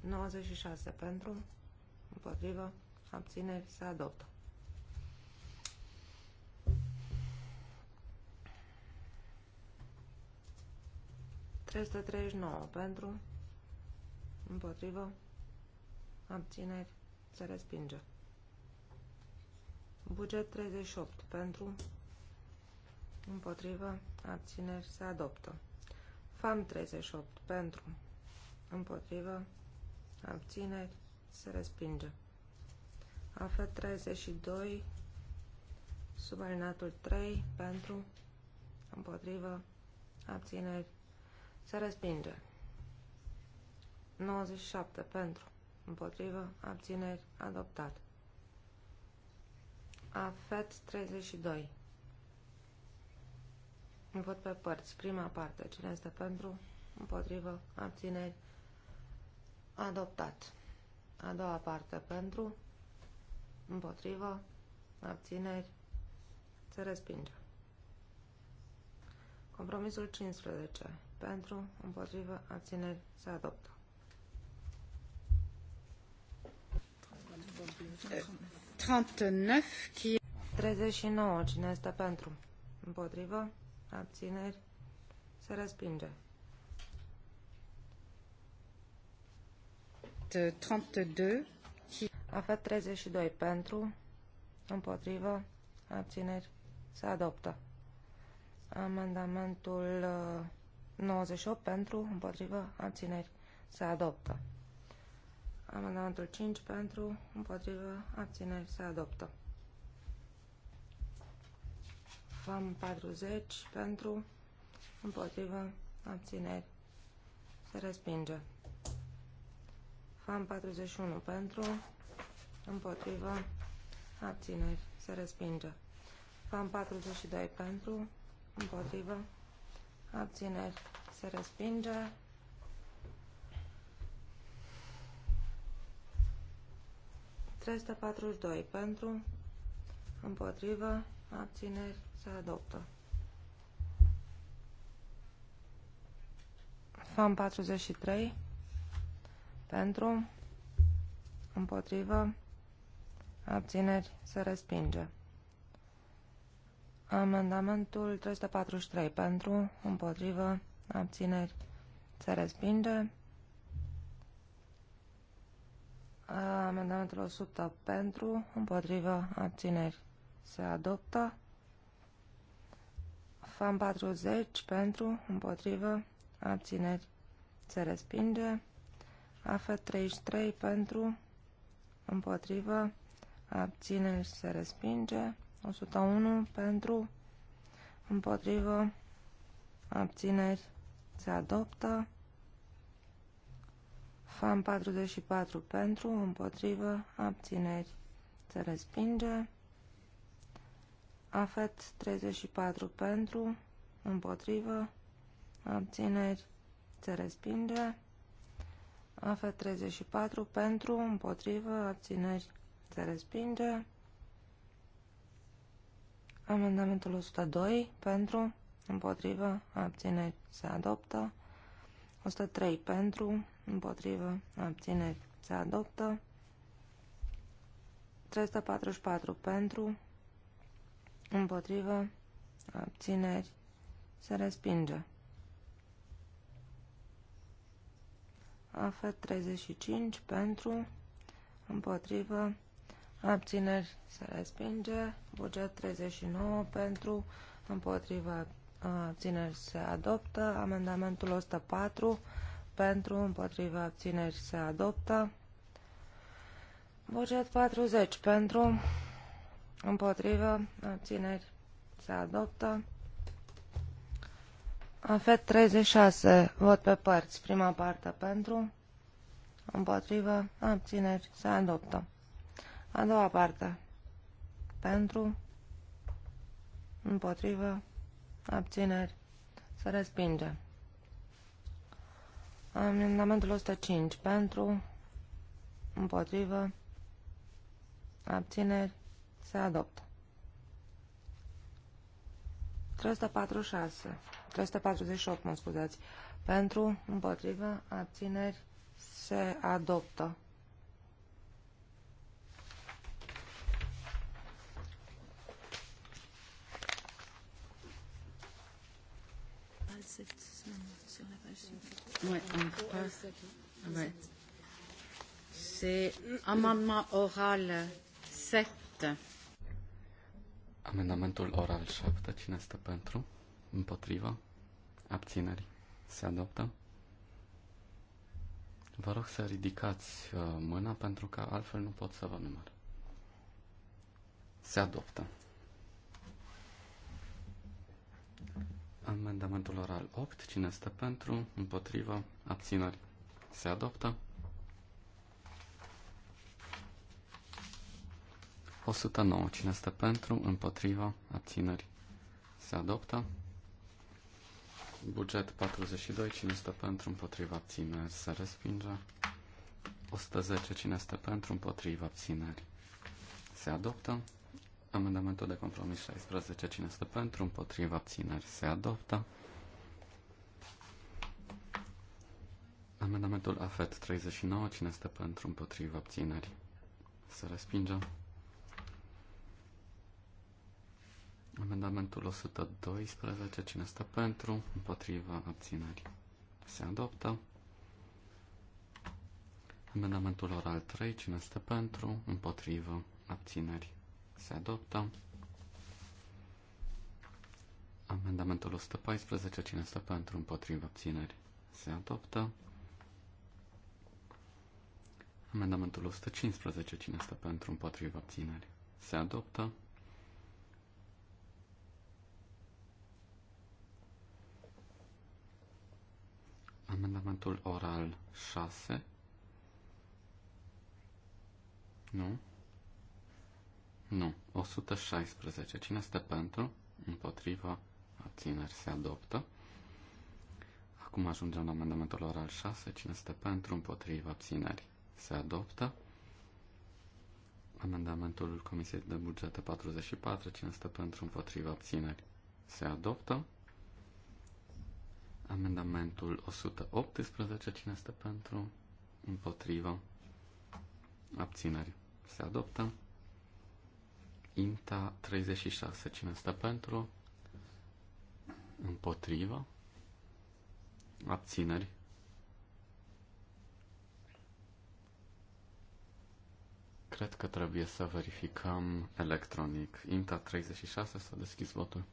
96. Pentru. Împotrivă. Abțineri. Se adoptă. nouă pentru, împotrivă, abțineri, se respinge. Buget 38 pentru, împotrivă, abțineri se adoptă. FAM 38 pentru, împotrivă, abțineri se respinge. AF 32 subalinatul 3 pentru, împotrivă, abțineri se respinge. 97 pentru, împotrivă, abțineri, adoptat. AFET 32. Vot pe părți. Prima parte. Cine este pentru? Împotrivă. Abțineri. Adoptat. A doua parte. Pentru. Împotrivă. Abțineri. Se respinge. Compromisul 15. Pentru. Împotrivă. Abțineri. Se adoptă. 39. Qui... 39. Cine este pentru? Împotrivă? Abțineri? Se respinge. 32. Qui... Afet 32. Pentru? Împotrivă? Abțineri? Se adoptă. Amendamentul 98 uh, pentru, împotrivă, abțineri. Se adoptă. Amendamentul 5 pentru, împotrivă, abțineri se adoptă. FAM 40 pentru, împotrivă, abțineri se respinge. FAM 41 pentru, împotrivă, abțineri se respinge. FAM 42 pentru, împotrivă, abțineri se respinge. 342 pentru, împotrivă, abțineri, se adoptă. FAM 43 pentru, împotrivă, abțineri, se respinge. Amendamentul 343 pentru, împotrivă, abțineri, se respinge. Amendamentul 100 pentru, împotriva abțineri. Se adoptă. FAM 40 pentru, împotrivă, abțineri. Se respinge. AF 33 pentru, împotrivă, abțineri. Se respinge. 101 pentru, împotrivă, abțineri. Se adoptă. FAM 44 pentru, împotrivă, abțineri, se respinge. AFET 34 pentru, împotrivă, abțineri, se respinge. AFET 34 pentru, împotrivă, abțineri, se respinge. Amendamentul 102 pentru, împotrivă, abțineri, se adoptă. 103 pentru, împotrivă, abțineri, se adoptă. 344 pentru, împotrivă, abțineri, se respinge. AF 35 pentru, împotrivă, abțineri, se respinge. Buget 39 pentru, împotrivă, abțineri, se adoptă. Amendamentul 104 pentru, împotriva abțineri se adoptă. Buget 40 pentru, împotriva abțineri se adoptă. Afet 36, vot pe părți, prima parte pentru, împotriva abțineri se adoptă. A doua parte pentru, împotriva abțineri se respinge. Amendamentul 105 pentru, împotrivă, abțineri, se adoptă. 346, 348, mă scuzați, pentru, împotrivă, abțineri, se adoptă. Oui, ah C'est amendement oral 7. Amendamentul oral 7. Cine este pentru? Împotriva? Abțineri? Se adoptă? Vă rog să ridicați uh, mâna pentru că altfel nu pot să vă număr. Se adoptă. Amendamentul oral 8. Cine este pentru? Împotriva? Abțineri? Se adoptă. 109. Cine este pentru? Împotriva? Abțineri? Se adoptă. Buget 42. Cine este pentru? Împotriva? Abțineri? Se respinge. 110. Cine este pentru? Împotriva? Abțineri? Se adoptă. Amendamentul de compromis 16. Cine este pentru? Împotriva abțineri se adoptă. Amendamentul AFET 39. Cine este pentru? Împotriva abțineri se respinge. Amendamentul 112. Cine este pentru? Împotriva abținerii se adoptă. Amendamentul oral 3. Cine este pentru? Împotriva abținerii se adoptă. Amendamentul 114, cine stă pentru, împotriva, obțineri, se adoptă. Amendamentul 115, cine stă pentru, împotriva, obțineri, se adoptă. Amendamentul oral 6. Nu. Nu. 116. Cine este pentru? Împotriva. Abțineri se adoptă. Acum ajungem la amendamentul oral 6. Cine este pentru? Împotriva. Abțineri se adoptă. Amendamentul Comisiei de Bugete 44. Cine este pentru? Împotriva. Abțineri se adoptă. Amendamentul 118. Cine este pentru? Împotriva. Abțineri se adoptă. INTA 36. Cine stă pentru? Împotriva? Abțineri? Cred că trebuie să verificăm electronic. INTA 36 s-a deschis votul.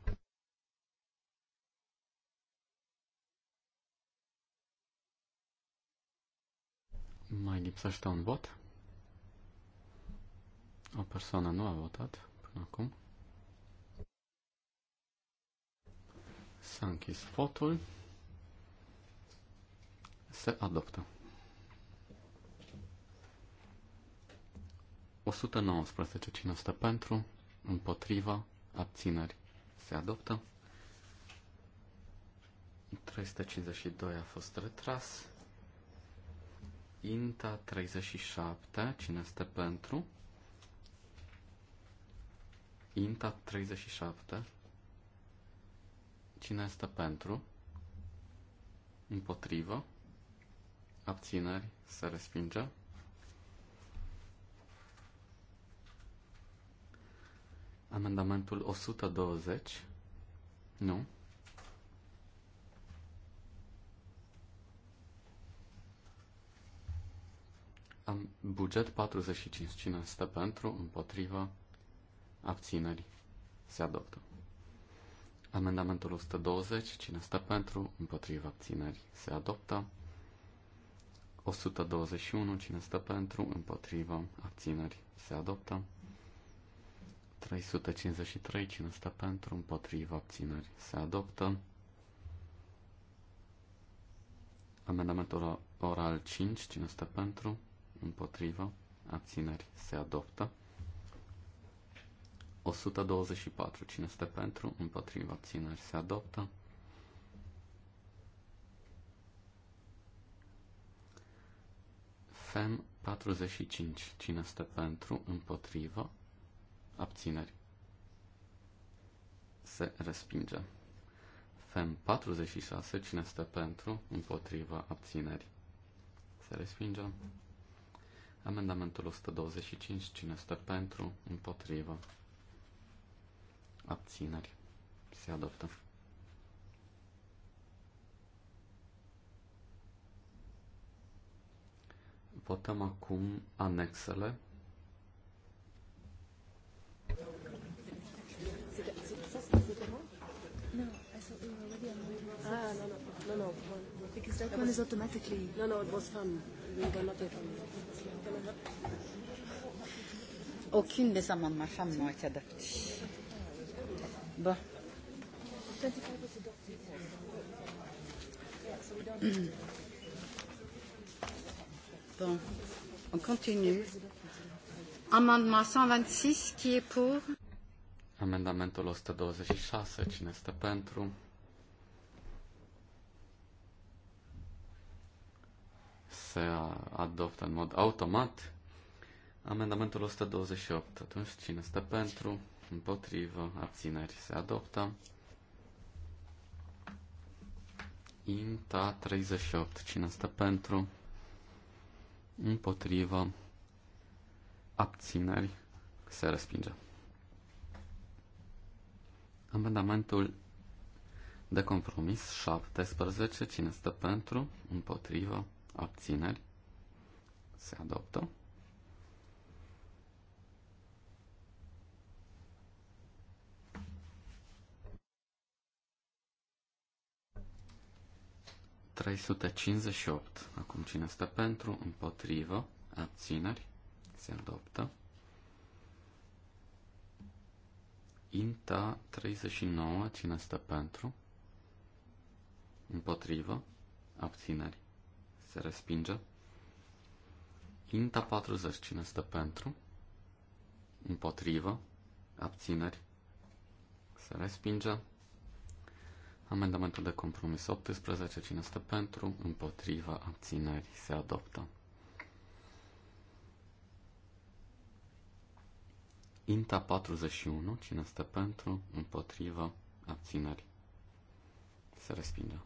Mai lipsește un vot? O persoană nu a votat până acum. S-a închis votul. Se adoptă. 119. Cine stă pentru? Împotriva? Abțineri? Se adoptă. 352 a fost retras. Inta 37. Cine stă pentru? INTA 37. Cine este pentru? Împotrivă? Abțineri? Se respinge? Amendamentul 120? Nu. Am buget 45. Cine este pentru? Împotrivă? abțineri, se adoptă. Amendamentul 120, cine stă pentru, împotriva abțineri, se adoptă. 121, cine stă pentru, împotriva abțineri, se adoptă. 353, cine stă pentru, împotriva abțineri, se adoptă. Amendamentul oral 5, cine stă pentru, împotriva, abțineri, se adoptă. 124. Cine este pentru? Împotriva țineri se adoptă. FEM 45. Cine este pentru? Împotriva abțineri se respinge. FEM 46. Cine este pentru? Împotriva abțineri se respinge. Amendamentul 125. Cine este pentru? Împotriva abțineri, se adoptă. Votăm acum anexele. Ah, nu, nu, nu, nu, Because that nu is automatically. No, no, it was fun. We were not there nu des amendements femmes n'ont da. Bon. On continue. Amendement 126, qui est pour? Amendamentul 126, cine este pentru? Se adoptă în mod automat. Amendamentul 128, atunci cine este pentru? împotrivă, abțineri se adoptă. Inta 38, cine stă pentru, împotrivă, abțineri se respinge. Amendamentul de compromis 17, cine stă pentru, împotrivă, abțineri, se adoptă. 358. Acum cine stă pentru, împotrivă, abțineri, se adoptă. Inta 39, cine stă pentru, împotrivă, abțineri, se respinge. Inta 40, cine stă pentru, împotrivă, abțineri, se respinge. Amendamentul de compromis 18. Cine stă pentru? Împotriva abțineri se adoptă. Inta 41. Cine stă pentru? Împotriva abțineri se respinge.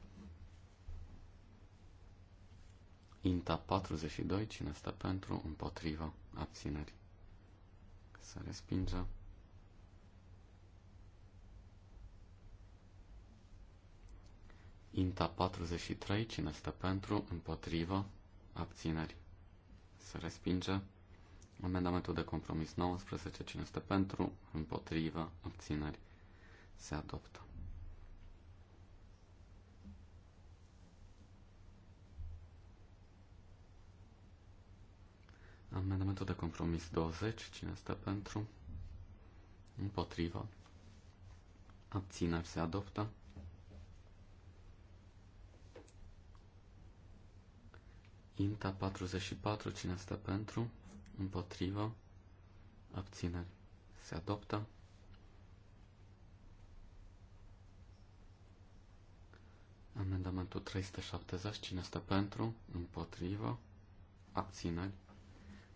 Inta 42. Cine stă pentru? Împotriva abțineri se respinge. Inta 43, cine stă pentru, împotrivă, abțineri, se respinge. Amendamentul de compromis 19, cine stă pentru, împotrivă, abțineri, se adoptă. Amendamentul de compromis 20, cine stă pentru, împotrivă, abțineri, se adoptă. Inta 44, cine stă pentru, împotrivă, abțineri, se adoptă. Amendamentul 370, cine stă pentru, împotrivă, abțineri,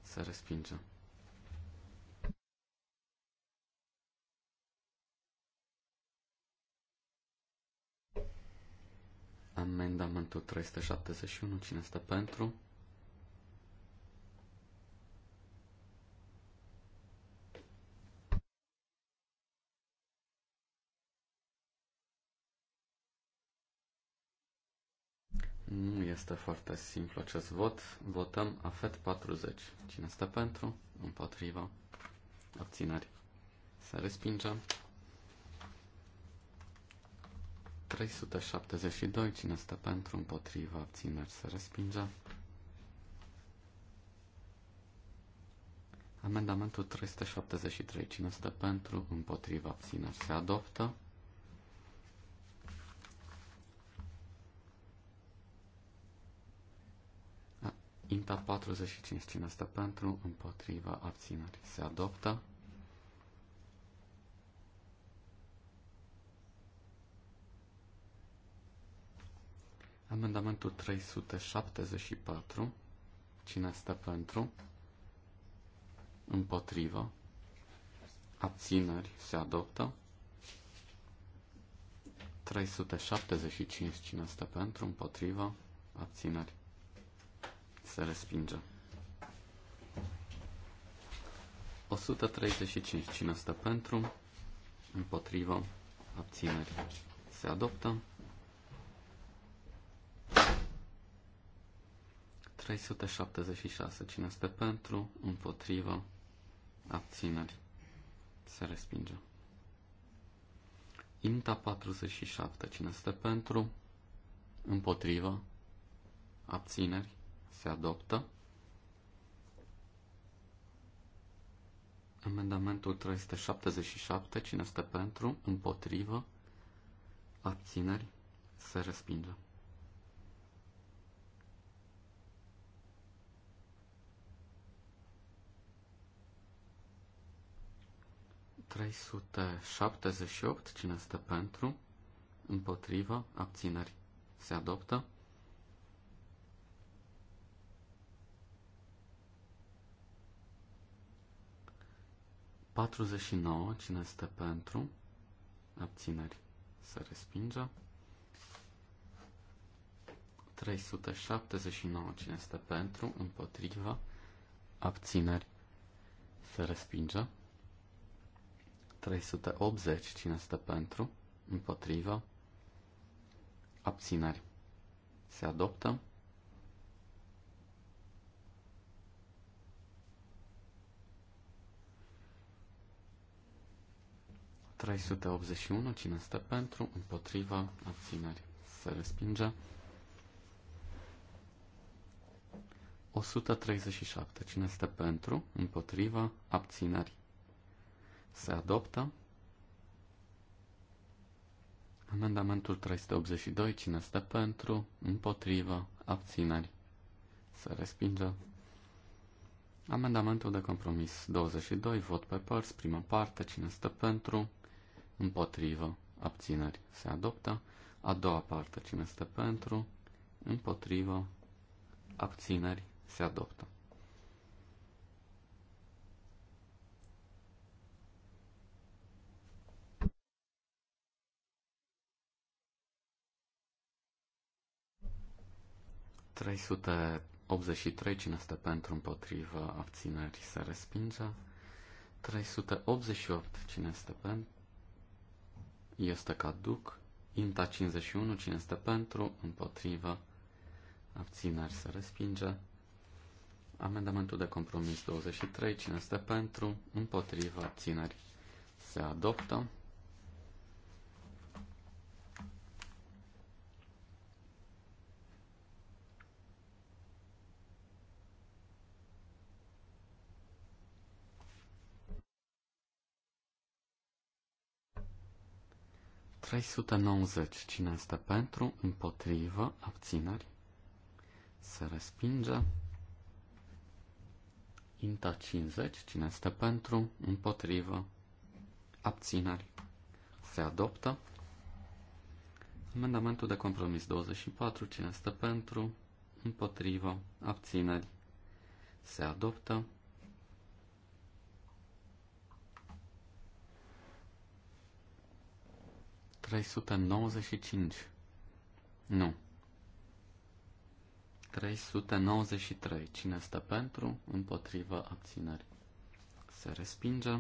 se respinge. Amendamentul 371, cine este pentru? Nu este foarte simplu acest vot. Votăm AFET 40. Cine stă pentru? Împotriva? Abținări. Să respingem. 372, cine stă pentru, împotriva, abțineri, se respinge. Amendamentul 373, cine stă pentru, împotriva, abțineri, se adoptă. Inta 45, cine stă pentru, împotriva, abțineri, se adoptă. Amendamentul 374. Cine este pentru? Împotrivă. Abțineri se adoptă. 375. Cine este pentru? Împotrivă. Abțineri se respinge. 135. Cine stă pentru? Împotrivă. Abțineri. Se adoptă. 376. Cine este pentru, împotrivă, abțineri, se respinge. Imta 47. Cine este pentru, împotrivă, abțineri, se adoptă. Amendamentul 377. Cine este pentru, împotrivă, abțineri, se respinge. 378, cine stă pentru, împotrivă, abțineri, se adoptă. Patruzeci și nouă, cine stă pentru, abțineri, se respinge. 379, cine stă pentru, împotrivă, abțineri, se respinge. 380. Cine stă pentru? Împotrivă. Abțineri. Se adoptă. Trei sute optzeci cine stă pentru, împotriva, abțineri, se respinge. 137. Cine este pentru, împotriva, abțineri, se adoptă. Amendamentul 382, cine stă pentru, împotrivă, abțineri, se respinge. Amendamentul de compromis 22, vot pe părți, prima parte, cine stă pentru, împotrivă, abțineri, se adoptă. A doua parte, cine stă pentru, împotrivă, abțineri, se adoptă. 383, cine este pentru, împotrivă, abțineri, se respinge. 388, cine este pentru, este caduc. Inta 51, cine este pentru, împotrivă, abțineri, se respinge. Amendamentul de compromis 23, cine este pentru, împotrivă, abțineri, se adoptă. 390. Cine este pentru? Împotrivă. Abțineri. Se respinge. Inta 50. Cine este pentru? Împotrivă. Abțineri. Se adoptă. Amendamentul de compromis 24. Cine este pentru? Împotrivă. Abțineri. Se adoptă. 395. Nu. 393. Cine stă pentru, împotrivă, abțineri. Se respinge.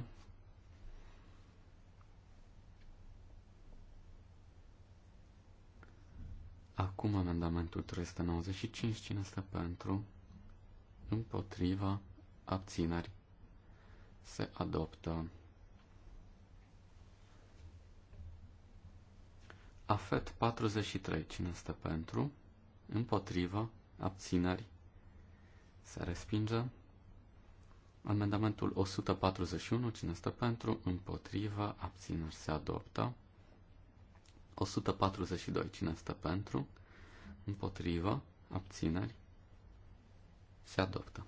Acum amendamentul 395. Cine stă pentru, împotrivă abțineri. Se adoptă. Afet 43. Cine este pentru? Împotrivă. Abțineri. Se respinge. Amendamentul 141. Cine este pentru? Împotrivă. Abțineri. Se adoptă. 142. Cine este pentru? Împotrivă. Abțineri. Se adoptă.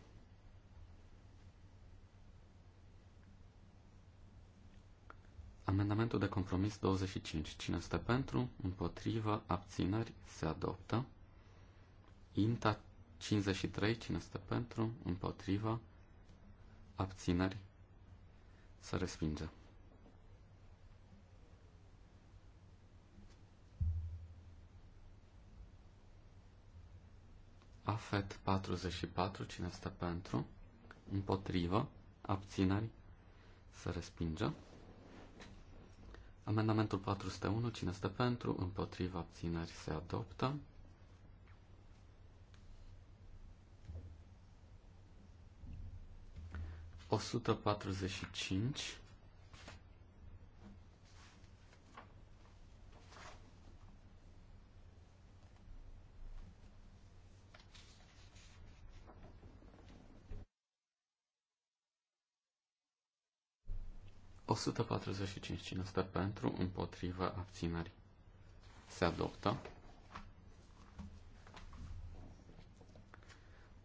Amendamentul de compromis 25. Cine stă pentru? Împotrivă? Abțineri? Se adoptă. INTA 53. Cine stă pentru? Împotrivă? Abțineri? Se respinge. AFET 44. Cine stă pentru? Împotrivă? Abțineri? Se respinge. Amendamentul 401, cine stă pentru, împotriva abțineri se adoptă. O 145 145. Cine pentru? Împotriva abținerii. Se adoptă.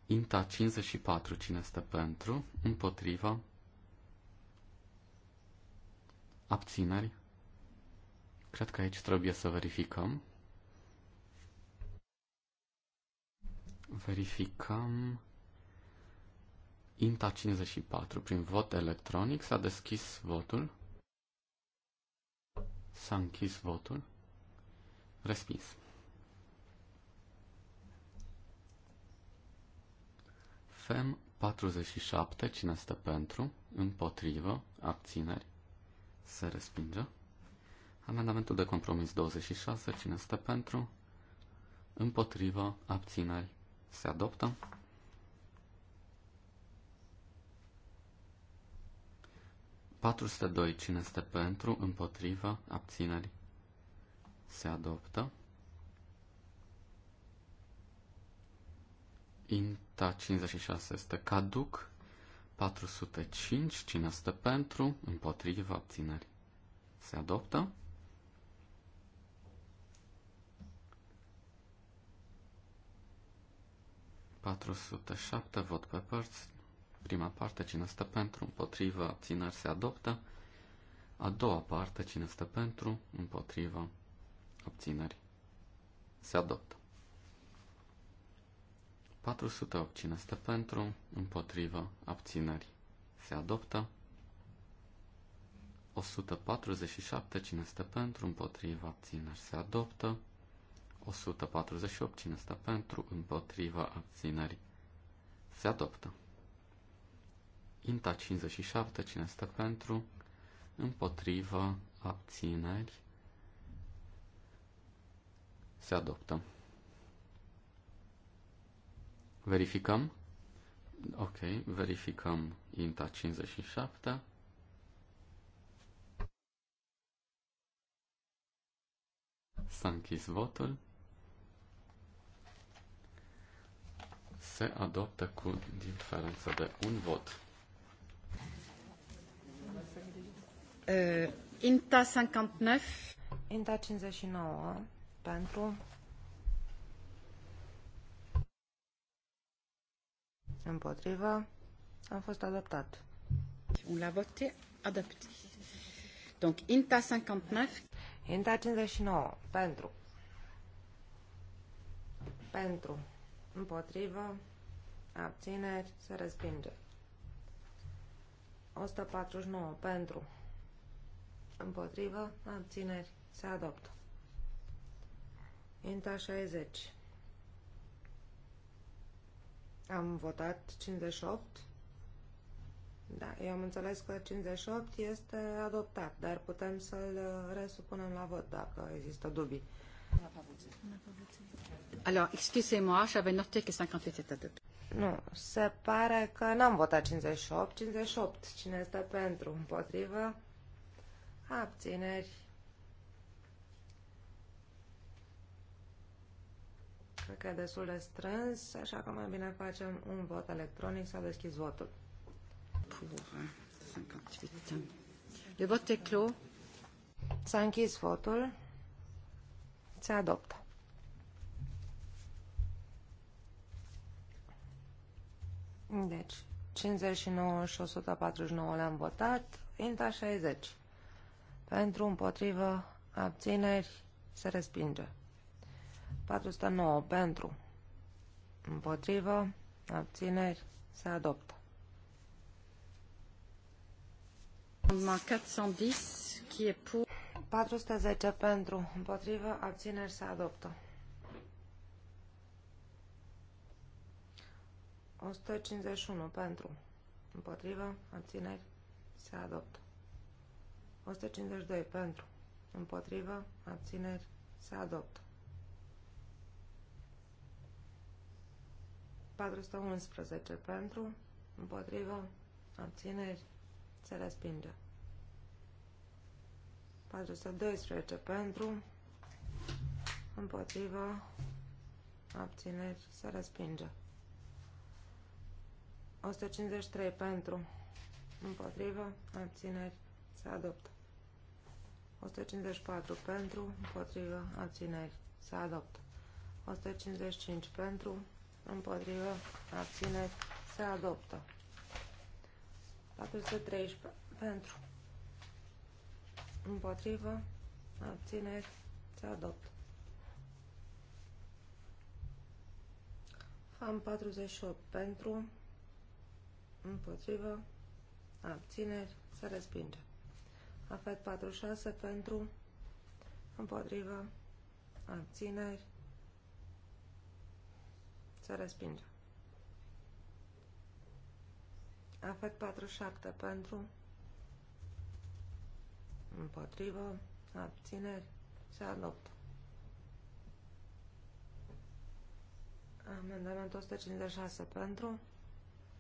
Inta 54. Cine stă pentru? Împotriva abțineri. Cred că aici trebuie să verificăm. Verificăm INTA 54 prin vot electronic. S-a deschis votul. S-a închis votul. Respins. FEM 47, cine stă pentru, împotrivă, abțineri, se respinge. Amendamentul de compromis 26, cine stă pentru, împotrivă, abțineri, se adoptă. 402. Cine este pentru, împotriva, abțineri, se adoptă. Inta 56 este caduc. 405. Cine este pentru, împotriva, abțineri, se adoptă. patru sute șapte vot pe părți Prima parte, cine stă pentru, împotriva, abțineri se adoptă. A doua parte, cine stă pentru, împotriva, abțineri se adoptă. 408, cine stă pentru, împotriva, abțineri se adoptă. 147, cine stă pentru, împotriva, abțineri se adoptă. 148, cine stă pentru, împotriva, abțineri se adoptă. Inta 57, cine stă pentru, împotrivă, abțineri, se adoptă. Verificăm? Ok, verificăm INTA 57. S-a închis votul. Se adoptă cu diferență de un vot. Uh, Inta 59. Inta 59 pentru. Împotrivă. A fost adoptat. On l'a voté adopté. Donc Inta 59. Inta 59 pentru. Pentru. Împotrivă. Abțineri. Se respinge. 149 pentru. Împotrivă. Abțineri. Se adoptă. Inta 60. Am votat 58. Da, eu am înțeles că 58 este adoptat, dar putem să-l resupunem la vot dacă există dubii. Alors, excusez-moi, j'avais noté que 58 était adopté. Nu, se pare că n-am votat 58. 58, cine este pentru? Împotrivă? abțineri, cred că e destul de strâns, așa că mai bine facem un vot electronic sau deschizi votul. Le vot e clou. S-a închis votul. Se adoptă. Deci, 59 și 149 le-am votat, INTA 60. Pentru, împotrivă, abțineri, se respinge. 409 pentru, împotrivă, abțineri, se adoptă. 410 pentru, împotrivă, abțineri, se adoptă. 151 pentru, împotrivă, abțineri, se adoptă. 152 pentru, împotrivă, abțineri, se adoptă. 411 pentru, împotrivă, abțineri, se respinge. 412 pentru, împotrivă, abțineri, se respinge. 153 pentru, împotrivă, abțineri, se adoptă. 154 pentru, împotrivă, abțineri, se adoptă. 155 pentru, împotrivă, abțineri, se adoptă. 413 pentru, împotrivă, abțineri, se adoptă. Am 48 pentru, împotrivă, abțineri, se respinge. AFET 46 pentru, împotrivă, abțineri, se respinge. AFET 47 pentru, împotrivă, abțineri, se adoptă. Amendamentul 156 pentru,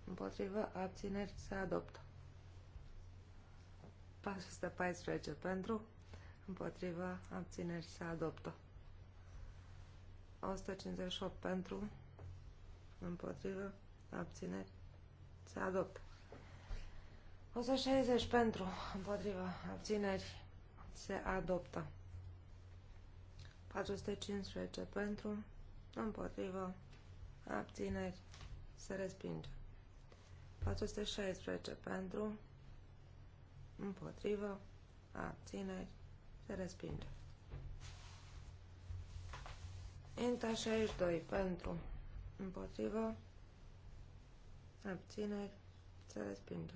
împotrivă, abțineri, se adoptă. 414 pentru, împotriva, abțineri se adoptă. 158 pentru, împotriva, abțineri se adoptă. 160 pentru, împotriva, abțineri se adoptă. 415 pentru, împotriva, abțineri se respinge. 416 pentru, împotrivă, abțineri, se respinge. Inta 62 pentru, împotrivă, abțineri, se respinge.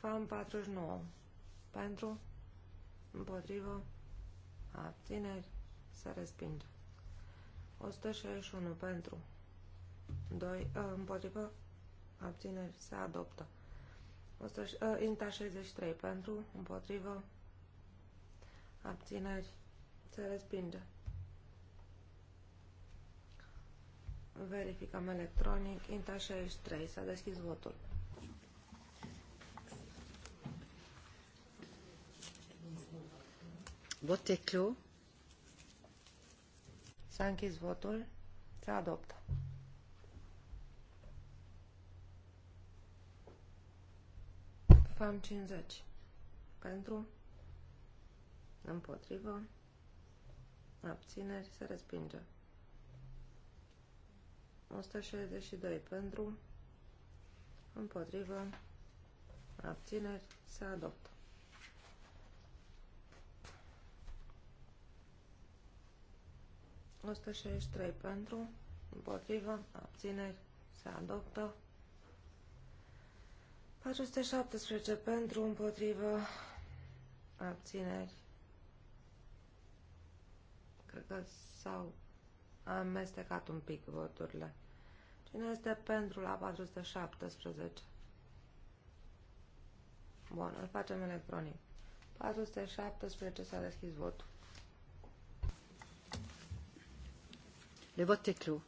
FAM 49 pentru, împotrivă, abțineri, se respinge. 161 pentru, 2, împotrivă, abțineri, se adoptă. Uh, Inta 63 pentru, împotrivă, abțineri, se respinge. Verificăm electronic. Inta 63. S-a deschis votul. Vot e clou. S-a închis votul. Se adoptă. FAM 50. Pentru, împotrivă, abțineri, se respinge. 162 pentru, împotrivă, abțineri, se adoptă. trei pentru, împotrivă, abțineri, se adoptă. 417 pentru, împotrivă, abțineri. Cred că s-au amestecat un pic voturile. Cine este pentru la 417? Bun, îl facem electronic. 417 s-a deschis votul. Le vot e clou.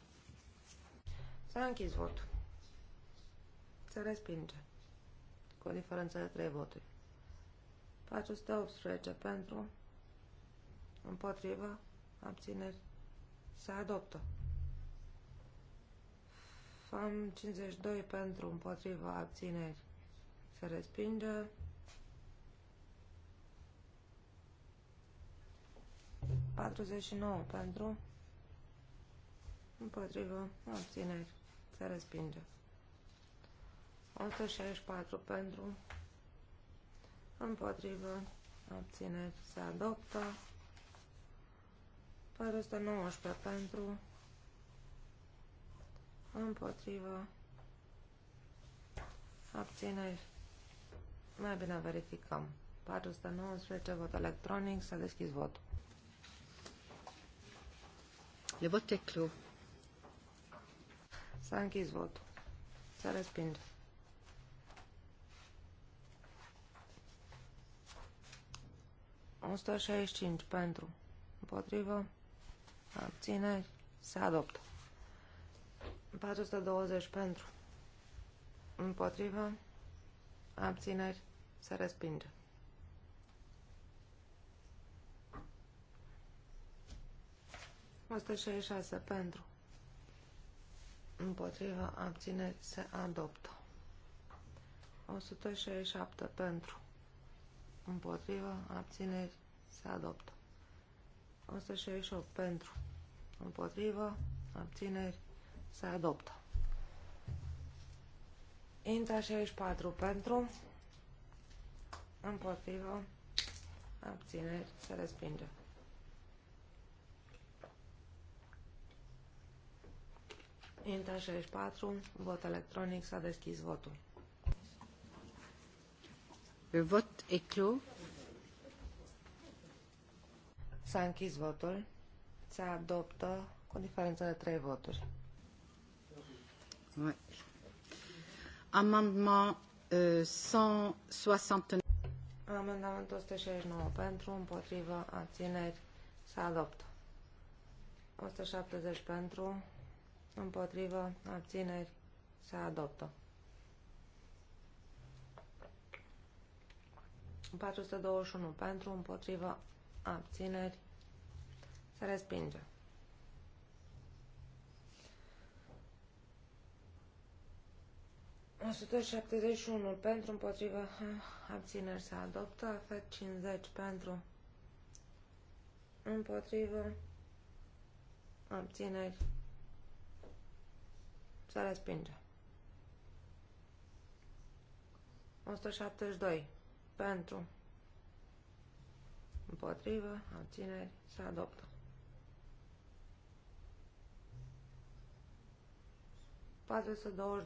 S-a închis votul. Se respinge cu o diferență de 3 voturi. 418 pentru, împotriva, abțineri, se adoptă. FAM 52 pentru, împotriva, abțineri, se respinge. Patruzeci pentru, ...împotrivă, abțineri, se respinge. 164 pentru, împotrivă, abțineri se adoptă, 419 pentru, împotrivă, abțineri, mai bine verificăm. 419, vot electronic, s-a deschis votul. Le vot e clos. S-a închis votul. Se respinge. 165 pentru, împotrivă, abțineri, se adoptă. 420 pentru, împotrivă, abțineri, se respinge. Asta 66 pentru. Împotriva abțineri se adoptă. 167 pentru împotrivă, abțineri, se adoptă. 168 pentru, împotrivă, abțineri, se adoptă. Intra 64 pentru, împotrivă, abțineri, se respinge. Intra 64, vot electronic, s-a deschis votul. Le vote est clos. s închis votul. Se adoptă cu diferență de trei voturi. Ouais. Amendement euh, 169. Amendamentul 169 pentru, împotrivă, abțineri, se adoptă. 170 pentru, împotrivă, abțineri, se adoptă. 421 pentru, împotrivă, abțineri, se respinge. unu pentru, împotrivă, abțineri se adoptă, afect 50 pentru, împotrivă, abțineri, se respinge. 172 pentru. Împotrivă. Abțineri. Se adoptă.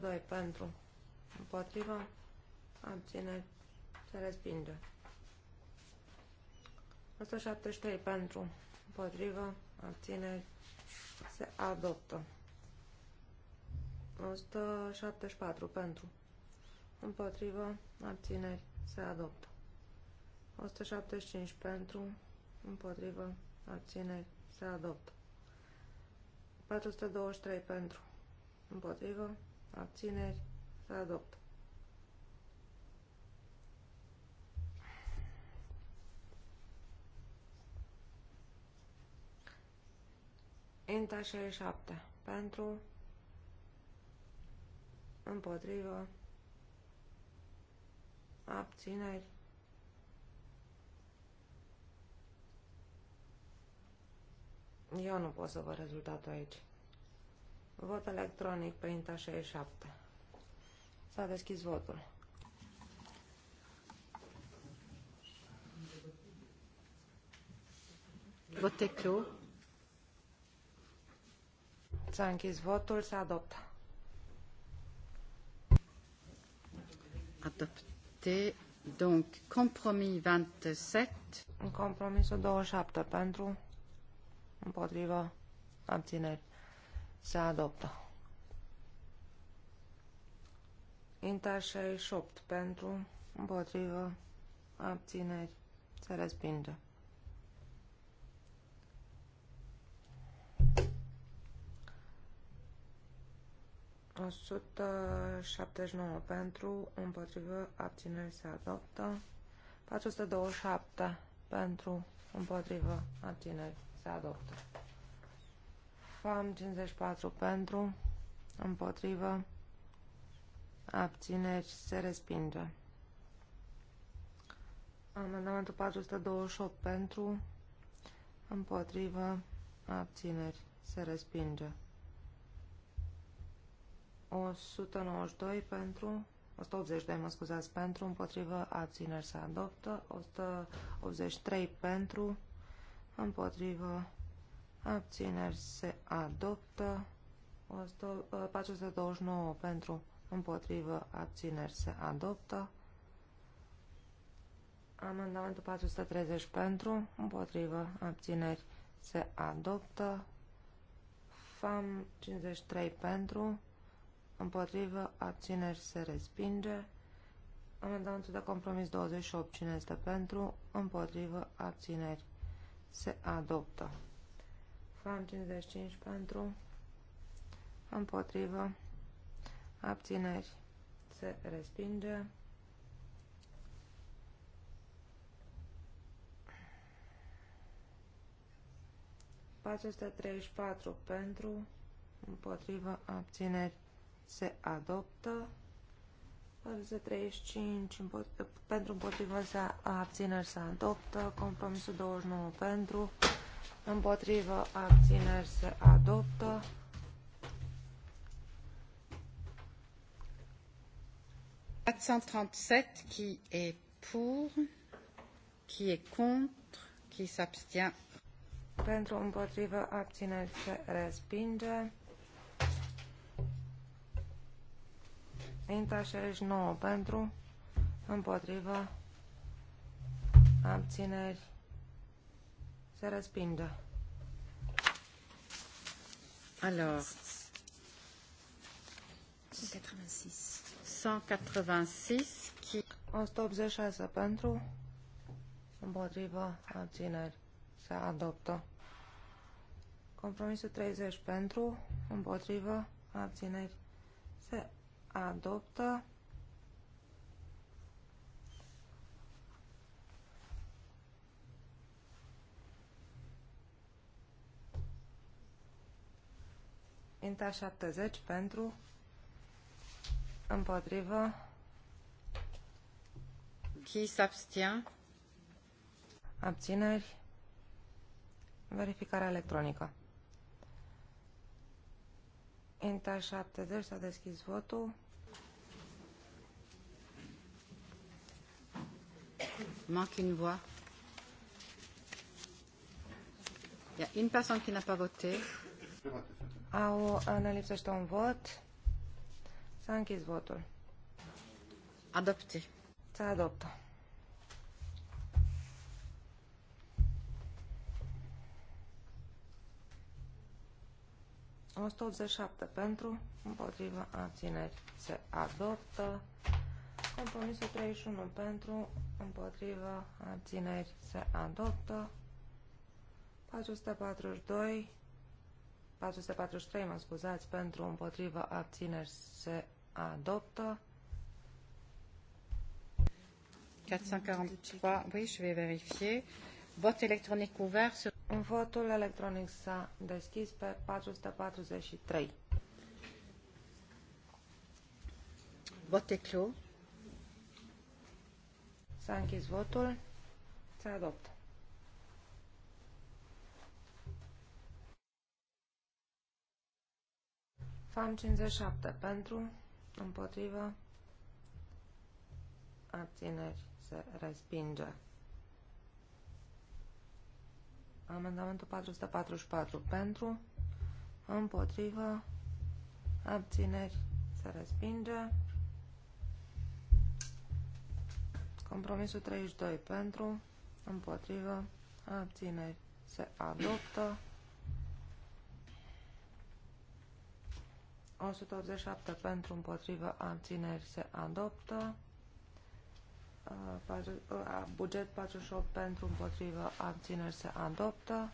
doi pentru. Împotrivă. Abțineri. Se respinge. 173 pentru. Împotrivă. Abțineri. Se adoptă. 174 pentru. Împotrivă. Abțineri se adoptă. 175 pentru, împotrivă, abțineri, se adoptă. 423 pentru, împotrivă, abțineri, se adoptă. Inta 67 pentru, împotrivă, abțineri. Eu nu pot să vă rezultatul aici. Vot electronic pe INTA 67. S-a deschis votul. Vote e S-a închis votul, se adoptă. Adopt adopté. Donc, compromis 27. Compromisul 27 pentru, împotriva, abțineri. Se adoptă. Inta 68 pentru, împotrivă, abțineri, se respinge. 179 pentru, împotrivă, abțineri se adoptă. 427 pentru, împotrivă, abțineri se adoptă. FAM 54 pentru, împotrivă, abțineri se respinge. Amendamentul 428 pentru, împotrivă, abțineri se respinge. 192 pentru, 182, mă scuzați, pentru, împotrivă, abțineri se adoptă, 183 pentru, împotrivă, abțineri se adoptă, 429 ă, pentru, împotrivă, abțineri se adoptă, amendamentul 430 pentru, împotrivă, abțineri se adoptă, FAM 53 pentru, împotrivă, abțineri, se respinge. Amendamentul de compromis 28, cine este pentru, împotrivă, abțineri, se adoptă. FAM 55 pentru, împotrivă, abțineri, se respinge. patru pentru, împotrivă, abțineri, se adoptă. 435 pentru împotrivă se abțineri se adoptă. Compromisul 29 pentru împotrivă abțineri se adoptă. qui est pour, qui est contre, qui s'abstient. Pentru împotrivă abțineri se respinge. Inta 69 pentru, împotrivă, abțineri, se respinge. Alors, 186. 186 qui... 186 pentru, împotrivă, abțineri, se adoptă. Compromisul 30 pentru, împotrivă, abțineri, se adoptă. Inta 70 pentru împotrivă. Qui s'abstient? Abțineri. Verificarea electronică. Inta 70 s-a deschis votul. manque une voix. Il y a une personne qui n'a pas voté. Au, ne lipsește un vot. S-a închis votul. Adopté. Se adoptă. șapte pentru, împotriva abțineri se adoptă. Compromisul 31 pentru, împotriva abțineri se adoptă. 442, 443, mă scuzați, pentru, împotriva abțineri se adoptă. 443, oui, je vais vérifier. Vot electronic ouvert Votul electronic s-a deschis pe 443. Vot e clos. S-a închis votul. Se adoptă. FAM 57 pentru, împotrivă, abțineri, se respinge. Amendamentul 444 pentru, împotrivă, abțineri, se respinge. Compromisul 32 pentru, împotrivă, abțineri se adoptă. 187 pentru, împotrivă, abțineri se adoptă. Buget 48 pentru, împotrivă, abțineri se adoptă.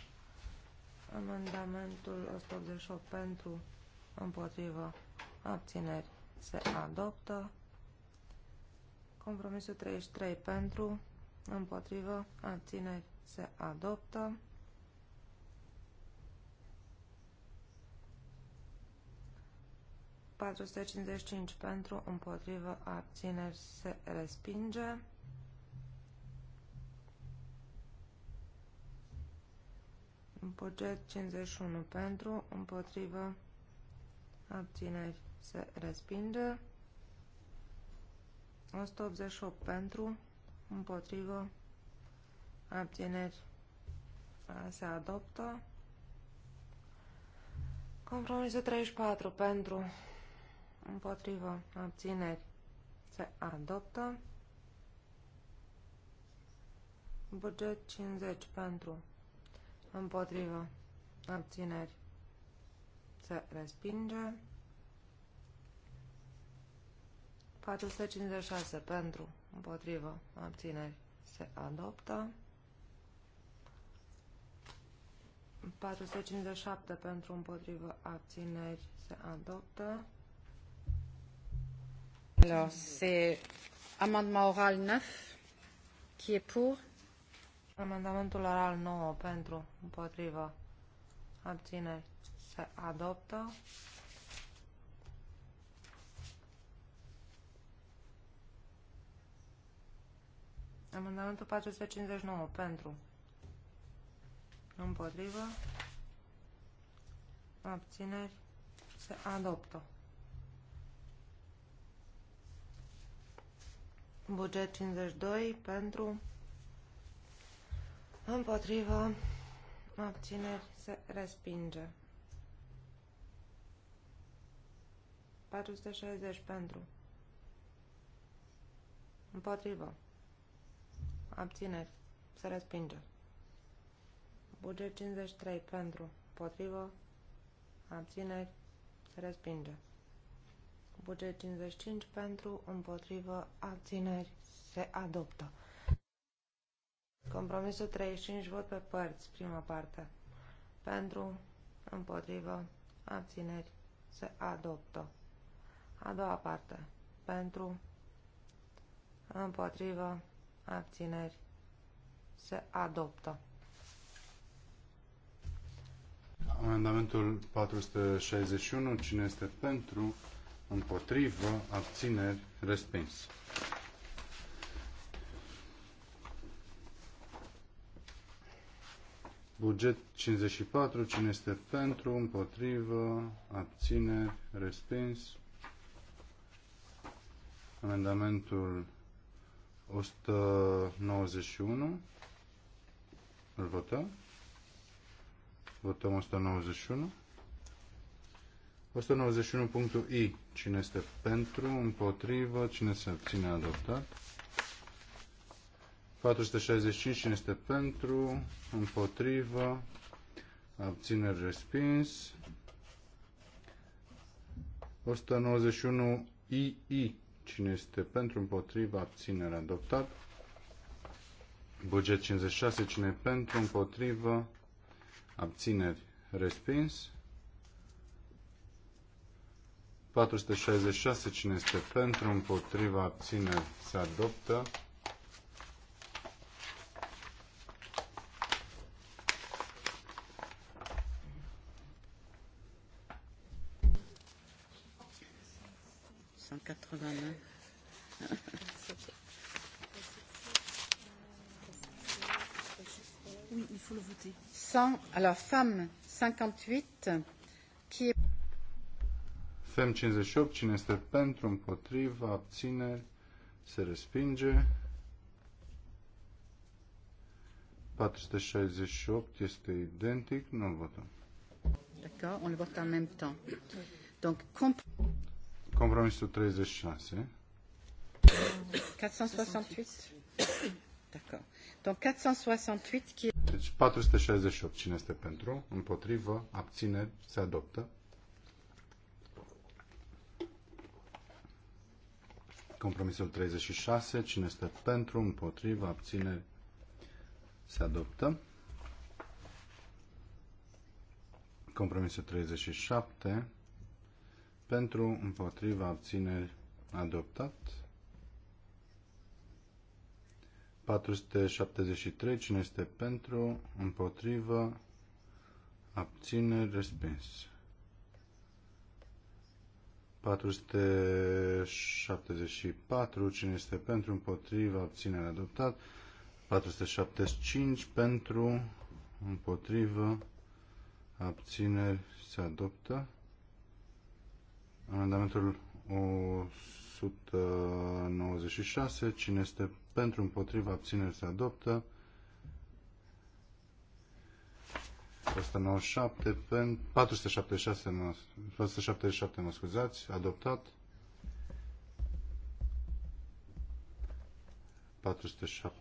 Amendamentul 188 pentru, împotrivă, abțineri se adoptă. Compromisul 33 pentru, împotrivă, abțineri se adoptă. ...455 pentru, împotrivă, abțineri se respinge. buget 51 pentru, împotrivă, abțineri se respinge. 188 pentru, împotrivă, abțineri, se adoptă. Compromisul 34 pentru, împotrivă, abțineri, se adoptă. Buget 50 pentru, împotrivă, abțineri, se respinge. 456 pentru, împotrivă, abțineri, se adoptă. 457 pentru, împotrivă, abțineri, se adoptă. Alors, c'est amendement oral 9, qui est pour. Amendamentul oral 9 pentru, împotrivă, abțineri, se adoptă. Amendamentul 459 pentru. Împotrivă. Abțineri. Se adoptă. Buget 52 pentru. Împotrivă. Abțineri. Se respinge. 460 pentru. Împotrivă abțineri, se respinge. Buget 53 pentru, potrivă, abțineri, se respinge. Buget 55 pentru, împotrivă, abțineri, se adoptă. Compromisul 35, vot pe părți, prima parte. Pentru, împotrivă, abțineri, se adoptă. A doua parte. Pentru, împotrivă, abțineri, se adoptă. Amendamentul 461, cine este pentru, împotrivă, abțineri, respins. Buget 54, cine este pentru, împotrivă, abțineri, respins. Amendamentul 191. Îl votăm. Votăm 191. 191.i. Cine este pentru, împotrivă, cine se abține adoptat. 465. Cine este pentru, împotrivă, abțineri respins. 191 II Cine este pentru, împotriva, abținere, adoptat. Buget 56. Cine este pentru, împotrivă, abțineri, respins. 466. Cine este pentru, împotriva, abțineri, se adoptă. doamnă. Oui, il faut le voter. 100, alors femme 58, qui est... Femme 58, cine este pentru, împotriva, abțineri, se respinge. 468 este identic, nu-l votăm. D'accord, on le vote en même temps. Donc, comp Compromisul 36. 468. D'accord. Donc 468 qui Deci 468 cine este pentru, împotrivă, abțineri, se adoptă. Compromisul 36, cine este pentru, împotrivă, abțineri, se adoptă. Compromisul 37, pentru, împotriva, abțineri, adoptat. 473, cine este pentru, împotriva, abțineri, respins. 474, cine este pentru, împotriva, abținere, adoptat. 475, pentru, împotriva abțineri, se adoptă. Amendamentul 196. Cine este pentru, împotriva, abțineri, se adoptă. 197, 476, 477, mă scuzați, adoptat. 47.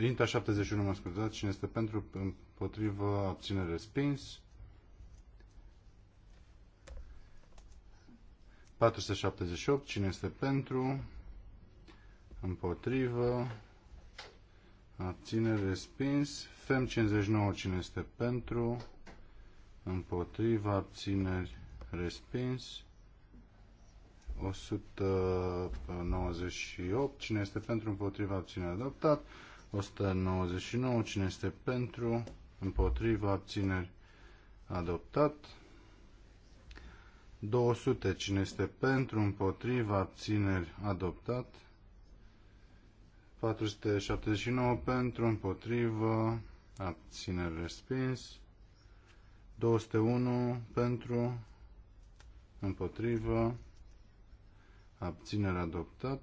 Inta 71, mă scuzați, cine este pentru, împotrivă, abține, respins. 478. Cine este pentru? Împotrivă. abține, respins. FEM 59. Cine este pentru? Împotrivă. Abțineri respins. 198. Cine este pentru? Împotrivă. Abțineri adoptat. 199. Cine este pentru? Împotrivă. Abțineri adoptat. 200. Cine este pentru, împotriva, abțineri, adoptat. 479 pentru, împotrivă, abțineri, respins. 201 pentru, împotrivă, abțineri adoptat.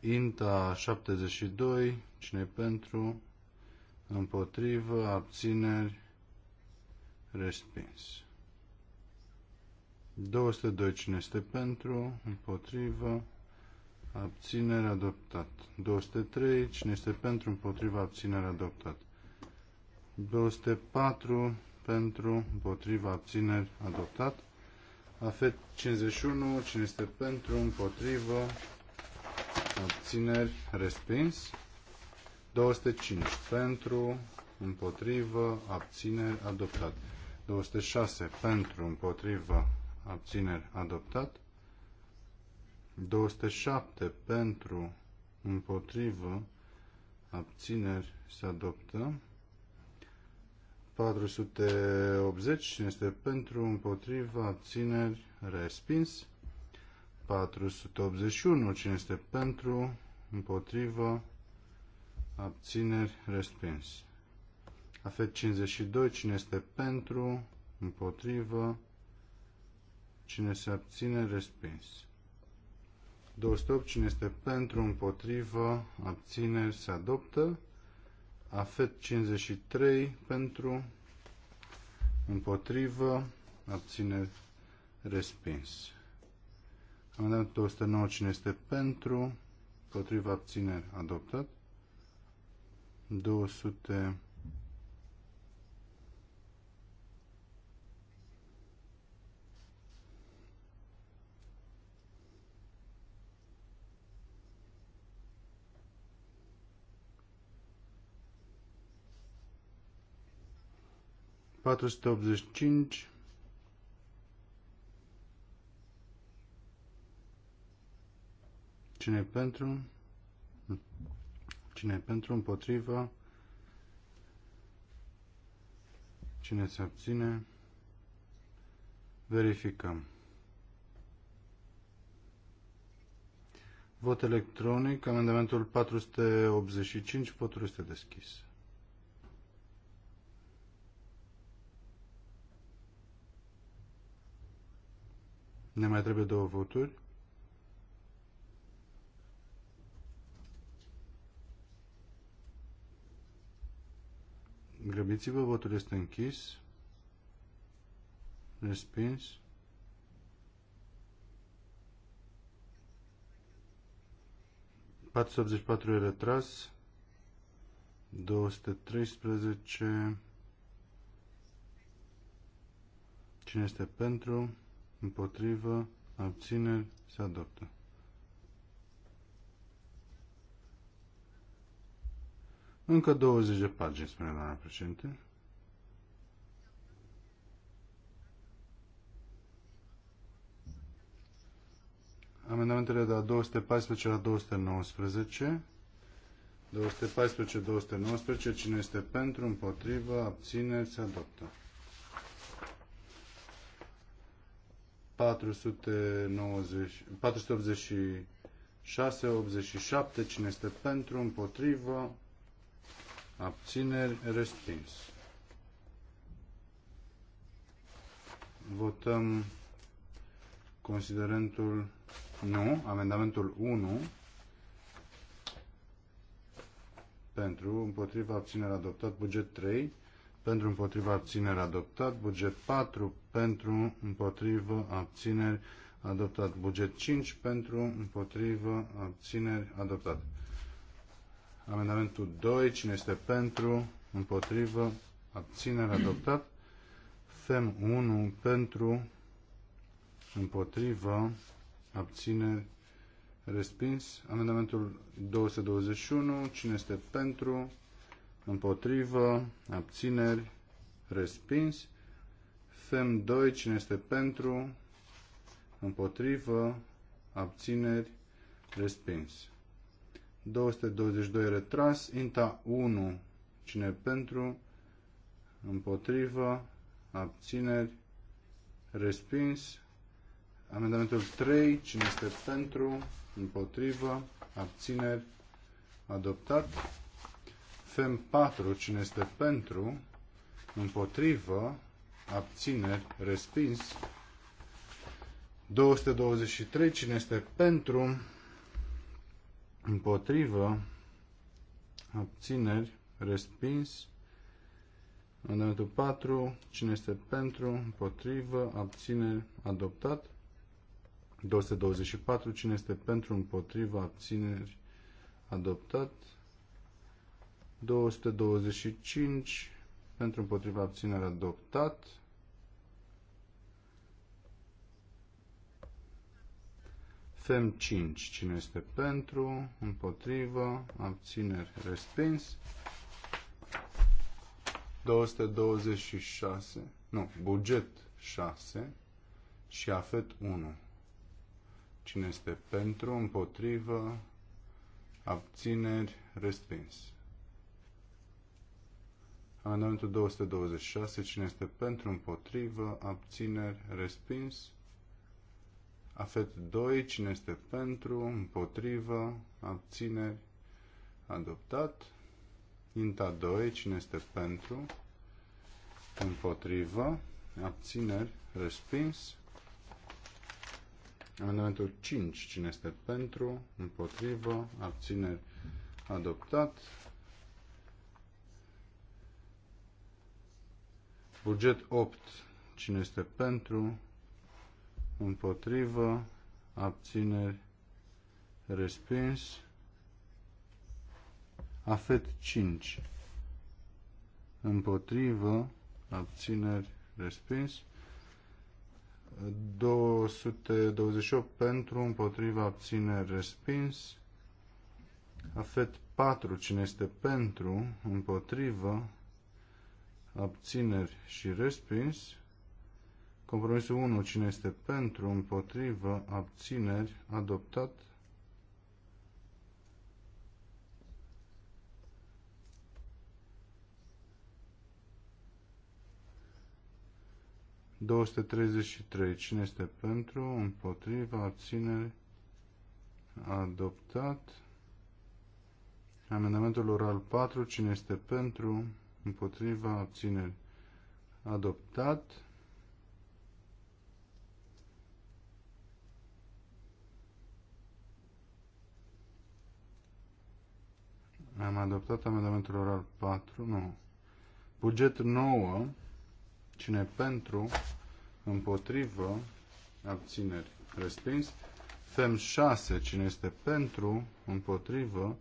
INTA 72, cine pentru, împotrivă, abțineri, Respins. 202 cine este pentru, împotrivă, abținere adoptat. 203 cine este pentru, împotrivă, abținere adoptat. 204 pentru, împotrivă, abțineri adoptat. Afet 51 cine este pentru, împotrivă, abțineri respins. 205 pentru, împotrivă, abțineri adoptat. 206 pentru, împotrivă, abțineri, adoptat. 207 pentru, împotrivă, abțineri, se adoptă. 480 este pentru, împotrivă, abțineri, respins. 481, cine este pentru, împotrivă, abțineri, respins. AFET 52, cine este pentru, împotrivă, cine se abține, respins. 208, cine este pentru, împotrivă, abține se adoptă. AFET 53, pentru, împotrivă, abține respins. Amendamentul 209, cine este pentru, împotrivă, abține adoptat. 200 485 Cine pentru? Cine pentru? Împotriva? Cine se abține? Verificăm. Vot electronic, amendamentul 485, votul este deschis. Ne mai trebuie două voturi. Grăbiți-vă, votul este închis. Respins. patru e retras. 213. Cine este pentru? împotrivă, abțineri, se adoptă. Încă 20 de pagini, spune doamna președinte. Amendamentele de la 214 la 219. 214-219. Cine este pentru, împotrivă, abține se adoptă. 490, 486, 87, cine este pentru, împotrivă, abțineri, respins. Votăm considerentul nu, amendamentul 1 pentru, împotriva abținere adoptat, buget 3 pentru împotriva abțineri adoptat, buget 4 pentru împotriva abțineri adoptat, buget 5 pentru împotriva abțineri adoptat. Amendamentul 2, cine este pentru, împotriva abțineri adoptat. FEM 1 pentru, împotriva abțineri respins. Amendamentul 221, cine este pentru, împotrivă, abțineri, respins. FEM 2, cine este pentru, împotrivă, abțineri, respins. 222 retras, INTA 1, cine pentru, împotrivă, abțineri, respins. Amendamentul 3, cine este pentru, împotrivă, abțineri, adoptat. FEM 4. Cine este pentru? Împotrivă? Abțineri? Respins? 223. Cine este pentru? Împotrivă? Abțineri? Respins? Amendamentul 4. Cine este pentru? Împotrivă? Abțineri? Adoptat? 224. Cine este pentru? Împotrivă? Abțineri? Adoptat? 225 pentru împotriva abținere adoptat. FEM 5. Cine este pentru? Împotrivă? Abțineri? Respins. 226. Nu, buget 6 și afet 1. Cine este pentru? Împotrivă? Abțineri? Respins. Amendamentul 226, cine este pentru, împotrivă, abțineri, respins. Afet 2, cine este pentru, împotrivă, abțineri, adoptat. Inta 2, cine este pentru, împotrivă, abțineri, respins. Amendamentul 5, cine este pentru, împotrivă, abțineri, adoptat. Buget 8. Cine este pentru? Împotrivă. Abțineri. Respins. Afet 5. Împotrivă. Abțineri. Respins. 228 pentru, împotriva abține, respins. Afet 4, cine este pentru, împotrivă, abțineri și respins. Compromisul 1, cine este pentru, împotrivă, abțineri, adoptat. ...233. Cine este pentru, împotriva, abțineri, adoptat. Amendamentul oral 4. Cine este pentru, împotriva abțineri adoptat. Am adoptat amendamentul oral 4, nu. Buget 9, cine pentru, împotrivă, abțineri, respins. Fem 6, cine este pentru, împotrivă,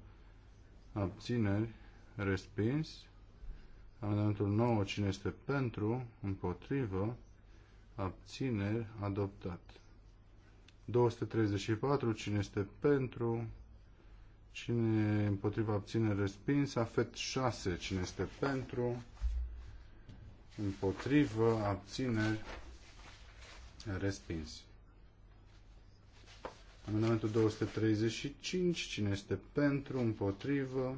abțineri, respins. Amendamentul 9, cine este pentru, împotrivă, abțineri, adoptat. 234, cine este pentru, cine împotriva abțineri, respins. Afet 6, cine este pentru, împotrivă, abțineri, respins. Amendamentul 235, cine este pentru, împotrivă,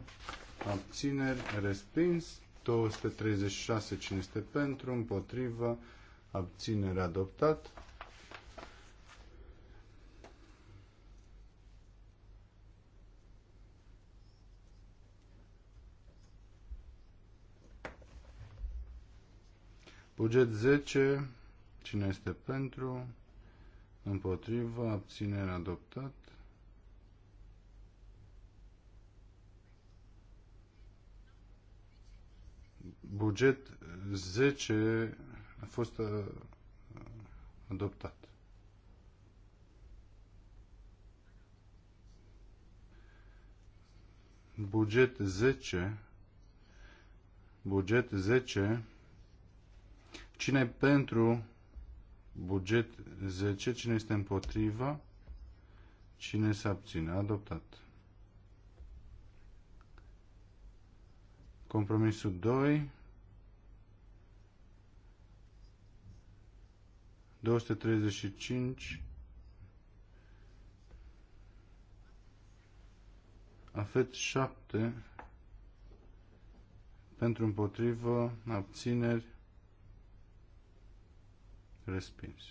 abțineri, respins. 236 cine este pentru, împotrivă, abținere adoptat. Buget 10, cine este pentru, împotrivă, abținere adoptat. buget 10 a fost uh, adoptat. Buget 10 buget 10 cine pentru buget 10 cine este împotriva cine se abține adoptat compromisul 2 235 Afet 7 pentru împotrivă, abțineri, respins.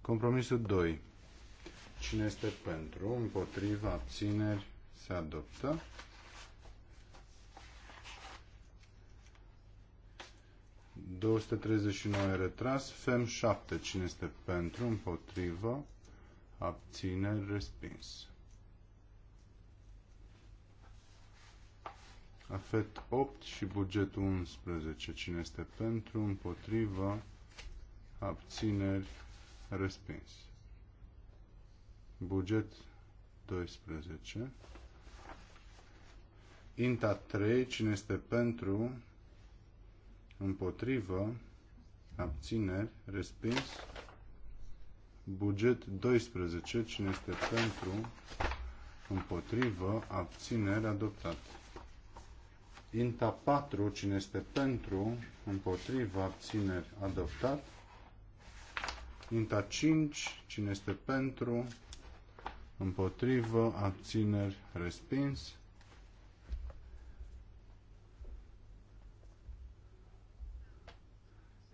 Compromisul 2. Cine este pentru, împotrivă, abțineri, se adoptă. 239 retras, FEM 7, cine este pentru, împotrivă, abține, respins. AFET 8 și buget 11, cine este pentru, împotrivă, abțineri, respins. Buget 12. INTA 3, cine este pentru, împotrivă, abțineri, respins. Buget 12, cine este pentru, împotrivă, abțineri, adoptat. Inta 4, cine este pentru, împotrivă, abțineri, adoptat. Inta 5, cine este pentru, împotrivă, abțineri, respins.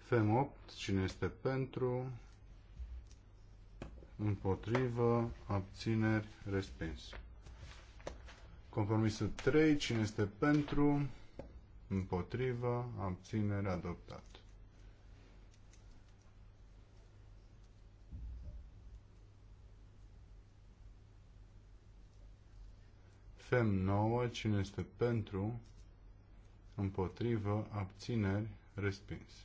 FEM 8, cine este pentru, împotrivă, abțineri, respins. Compromisul 3, cine este pentru, împotrivă, abțineri, adoptat. FEM 9, cine este pentru, împotrivă, abțineri, respins.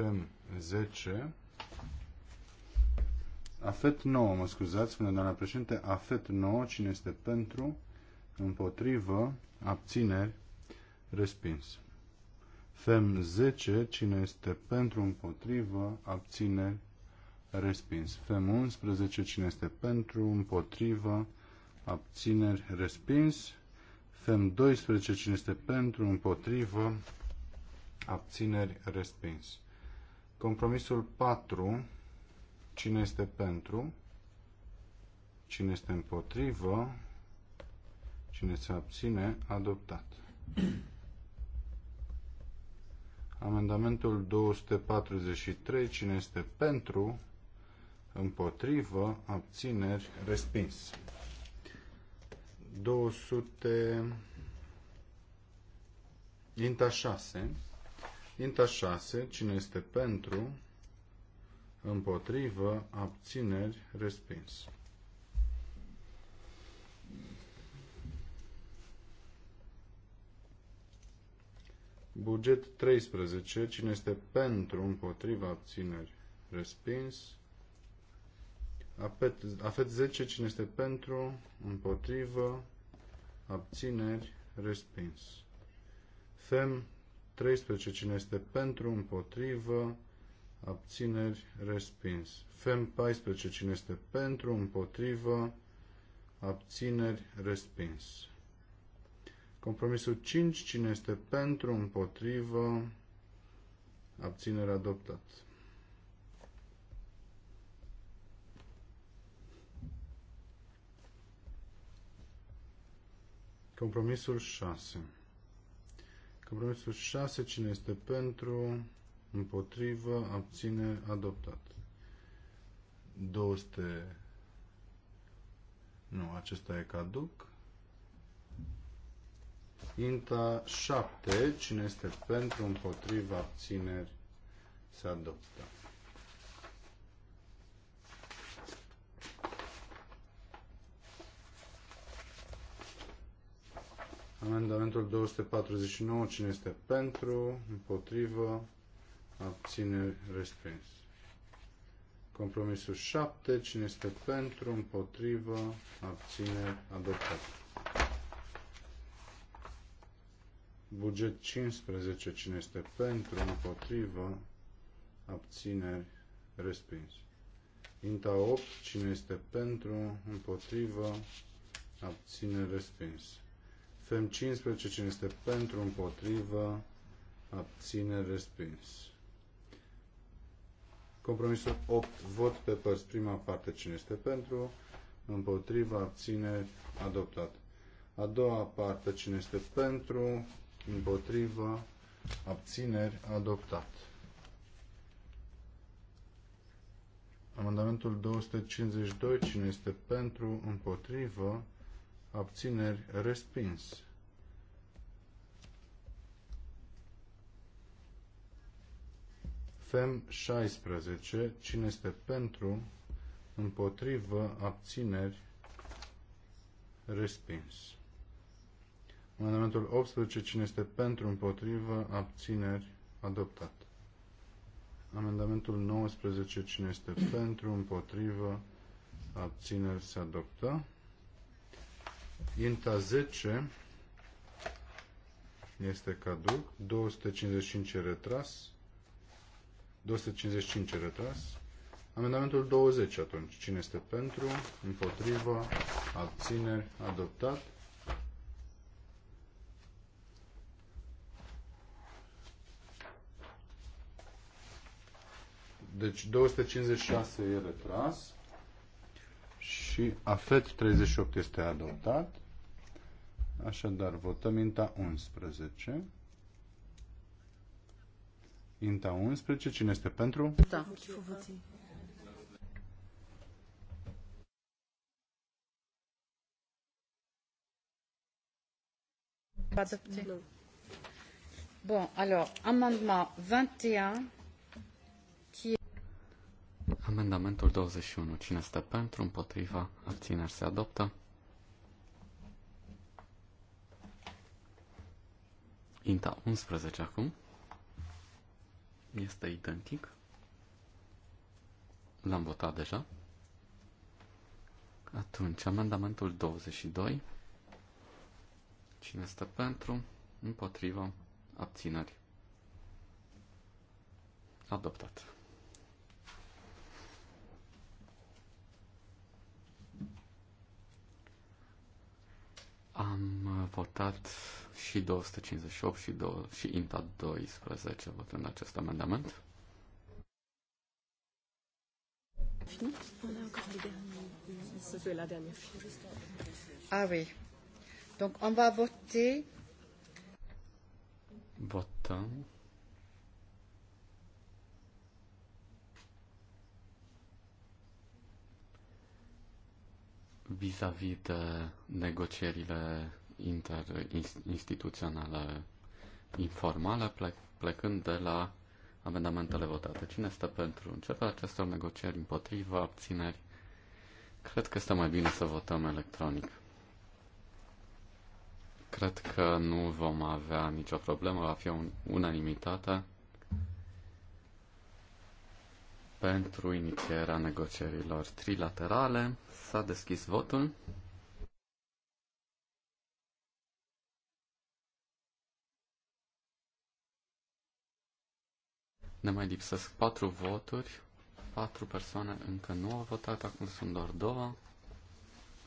FM 10, AFET 9, mă scuzați, spune doamna președinte, AFET 9, cine este pentru, împotrivă, abțineri, respins. FEM 10, cine este pentru, împotrivă, abțineri, respins. FEM 11, cine este pentru, împotrivă, abțineri, respins. FEM 12, cine este pentru, împotrivă, abțineri, respins. Compromisul 4. Cine este pentru? Cine este împotrivă? Cine se abține? Adoptat. Amendamentul 243. Cine este pentru? Împotrivă? Abțineri? Respins. 200. Linta 6. Inta 6. Cine este pentru? Împotrivă. Abțineri. Respins. Buget 13. Cine este pentru, împotriva, abțineri, respins. Apet, afet 10. Cine este pentru, împotrivă, abțineri, respins. Fem 13. Cine este pentru? Împotrivă. Abțineri. Respins. Fem 14. Cine este pentru? Împotrivă. Abțineri. Respins. Compromisul 5. Cine este pentru? Împotrivă. abțineri, adoptat. Compromisul 6. Compromisul 6, cine este pentru, împotrivă, abține, adoptat. 200. Nu, acesta e caduc. Inta 7, cine este pentru, împotrivă, abțineri, se adoptă. Amendamentul 249, cine este pentru, împotrivă, abțineri, respins. Compromisul 7, cine este pentru, împotrivă, abțineri, adoptat. Buget 15, cine este pentru, împotrivă, abțineri, respins. Inta 8, cine este pentru, împotrivă, abțineri, respins. FEM 15, cine este pentru, împotrivă, abține, respins. Compromisul 8, vot pe părți, prima parte, cine este pentru, împotrivă, abține, adoptat. A doua parte, cine este pentru, împotrivă, abțineri, adoptat. Amendamentul 252, cine este pentru, împotrivă, abțineri, respins. FEM 16, cine este pentru, împotrivă, abțineri, respins. Amendamentul 18, cine este pentru, împotrivă, abțineri, adoptat. Amendamentul 19, cine este pentru, împotrivă, abțineri, se adoptă. Inta 10 este caduc, 255 retras, 255 retras, amendamentul 20 atunci, cine este pentru, împotrivă, abține, adoptat. Deci 256 e retras și AFET 38 este adoptat. Așadar, votăm INTA 11. INTA 11, cine este pentru? Da. Bon, alors, amendement 21 Amendamentul 21. Cine este pentru, împotriva, abțineri se adoptă. Inta 11 acum. Este identic. L-am votat deja. Atunci, amendamentul 22. Cine este pentru, împotriva, abțineri. Adoptat. Am uh, votat și 258 și, 2, și INTA 12 votând acest amendament. Ah oui. Donc on va voter. Votăm. vis-a-vis -vis de negocierile interinstituționale informale, plecând de la amendamentele votate. Cine este pentru începerea acestor negocieri împotriva abțineri? Cred că este mai bine să votăm electronic. Cred că nu vom avea nicio problemă, va fi un, unanimitate pentru inițierea negocierilor trilaterale. S-a deschis votul. Ne mai lipsesc patru voturi. Patru persoane încă nu au votat, acum sunt doar două.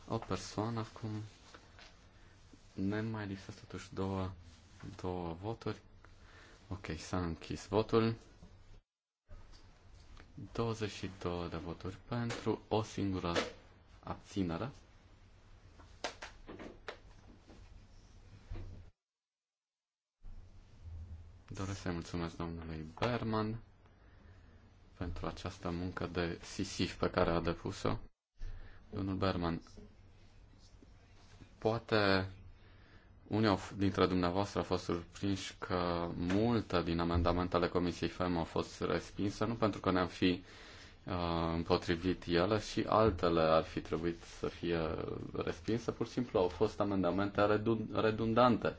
O persoană acum. Ne mai lipsesc totuși două, două voturi. Ok, s-a închis votul. 22 de voturi pentru o singură abținere. Doresc să-i mulțumesc domnului Berman pentru această muncă de sisif pe care a depus-o. Domnul Berman, poate unii dintre dumneavoastră au fost surprinși că multă din amendamentele Comisiei FEM au fost respinse, nu pentru că ne-am fi uh, împotrivit ele și altele ar fi trebuit să fie respinse, pur și simplu au fost amendamente redundante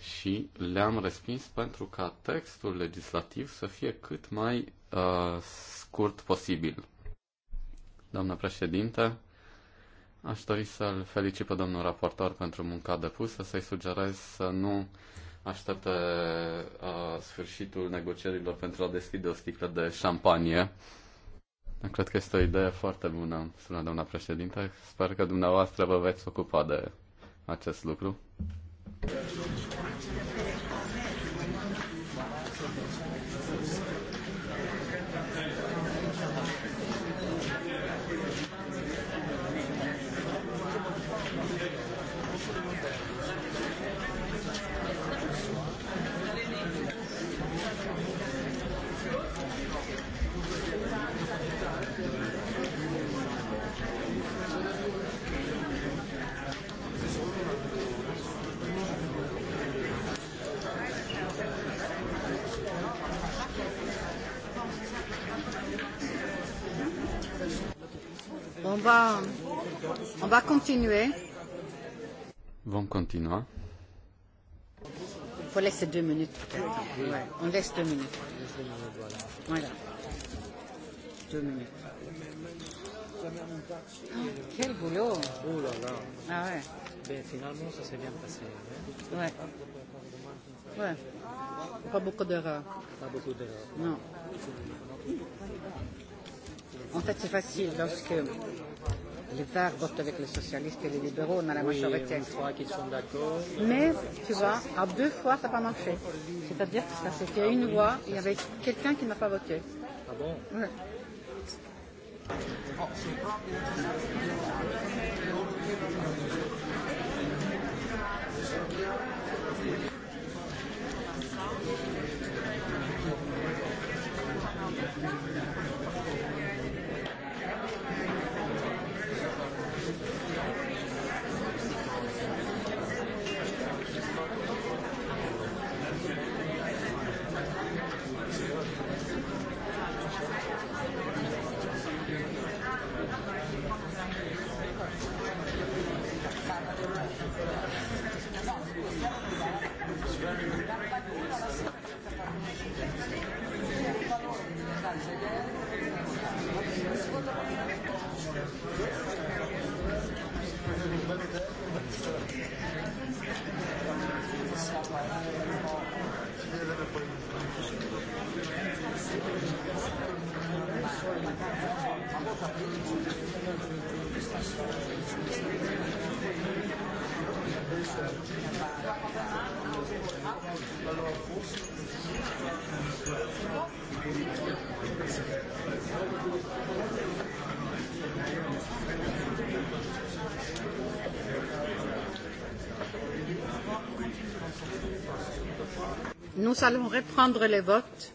și le-am respins pentru ca textul legislativ să fie cât mai uh, scurt posibil. Doamnă președinte, Aș dori să-l felicit pe domnul raportor pentru munca depusă, să-i sugerez să nu aștepte uh, sfârșitul negocierilor pentru a deschide o sticlă de șampanie. Cred că este o idee foarte bună, sună doamna președinte. Sper că dumneavoastră vă veți ocupa de acest lucru. Vom continua. Il faut laisser deux minutes. Ouais, on laisse deux minutes. Voilà. Deux da. minutes. Ah, quel boulot Oh là da. là Ah ouais ben, Finalement, ça s'est bien passé. ouais. ouais. Pas beaucoup d'erreurs. Pas beaucoup d'erreurs. Non. En fait, c'est facile lorsque les Verts votent avec les socialistes et les libéraux, on a la oui, majorité. Une fois qu'ils sont d'accord. Mais, tu vois, à deux fois, ça n'a pas marché. C'est-à-dire que ça s'est fait une voix, il y avait quelqu'un qui n'a pas voté. Ah bon ouais. Oh. nous allons reprendre les votes,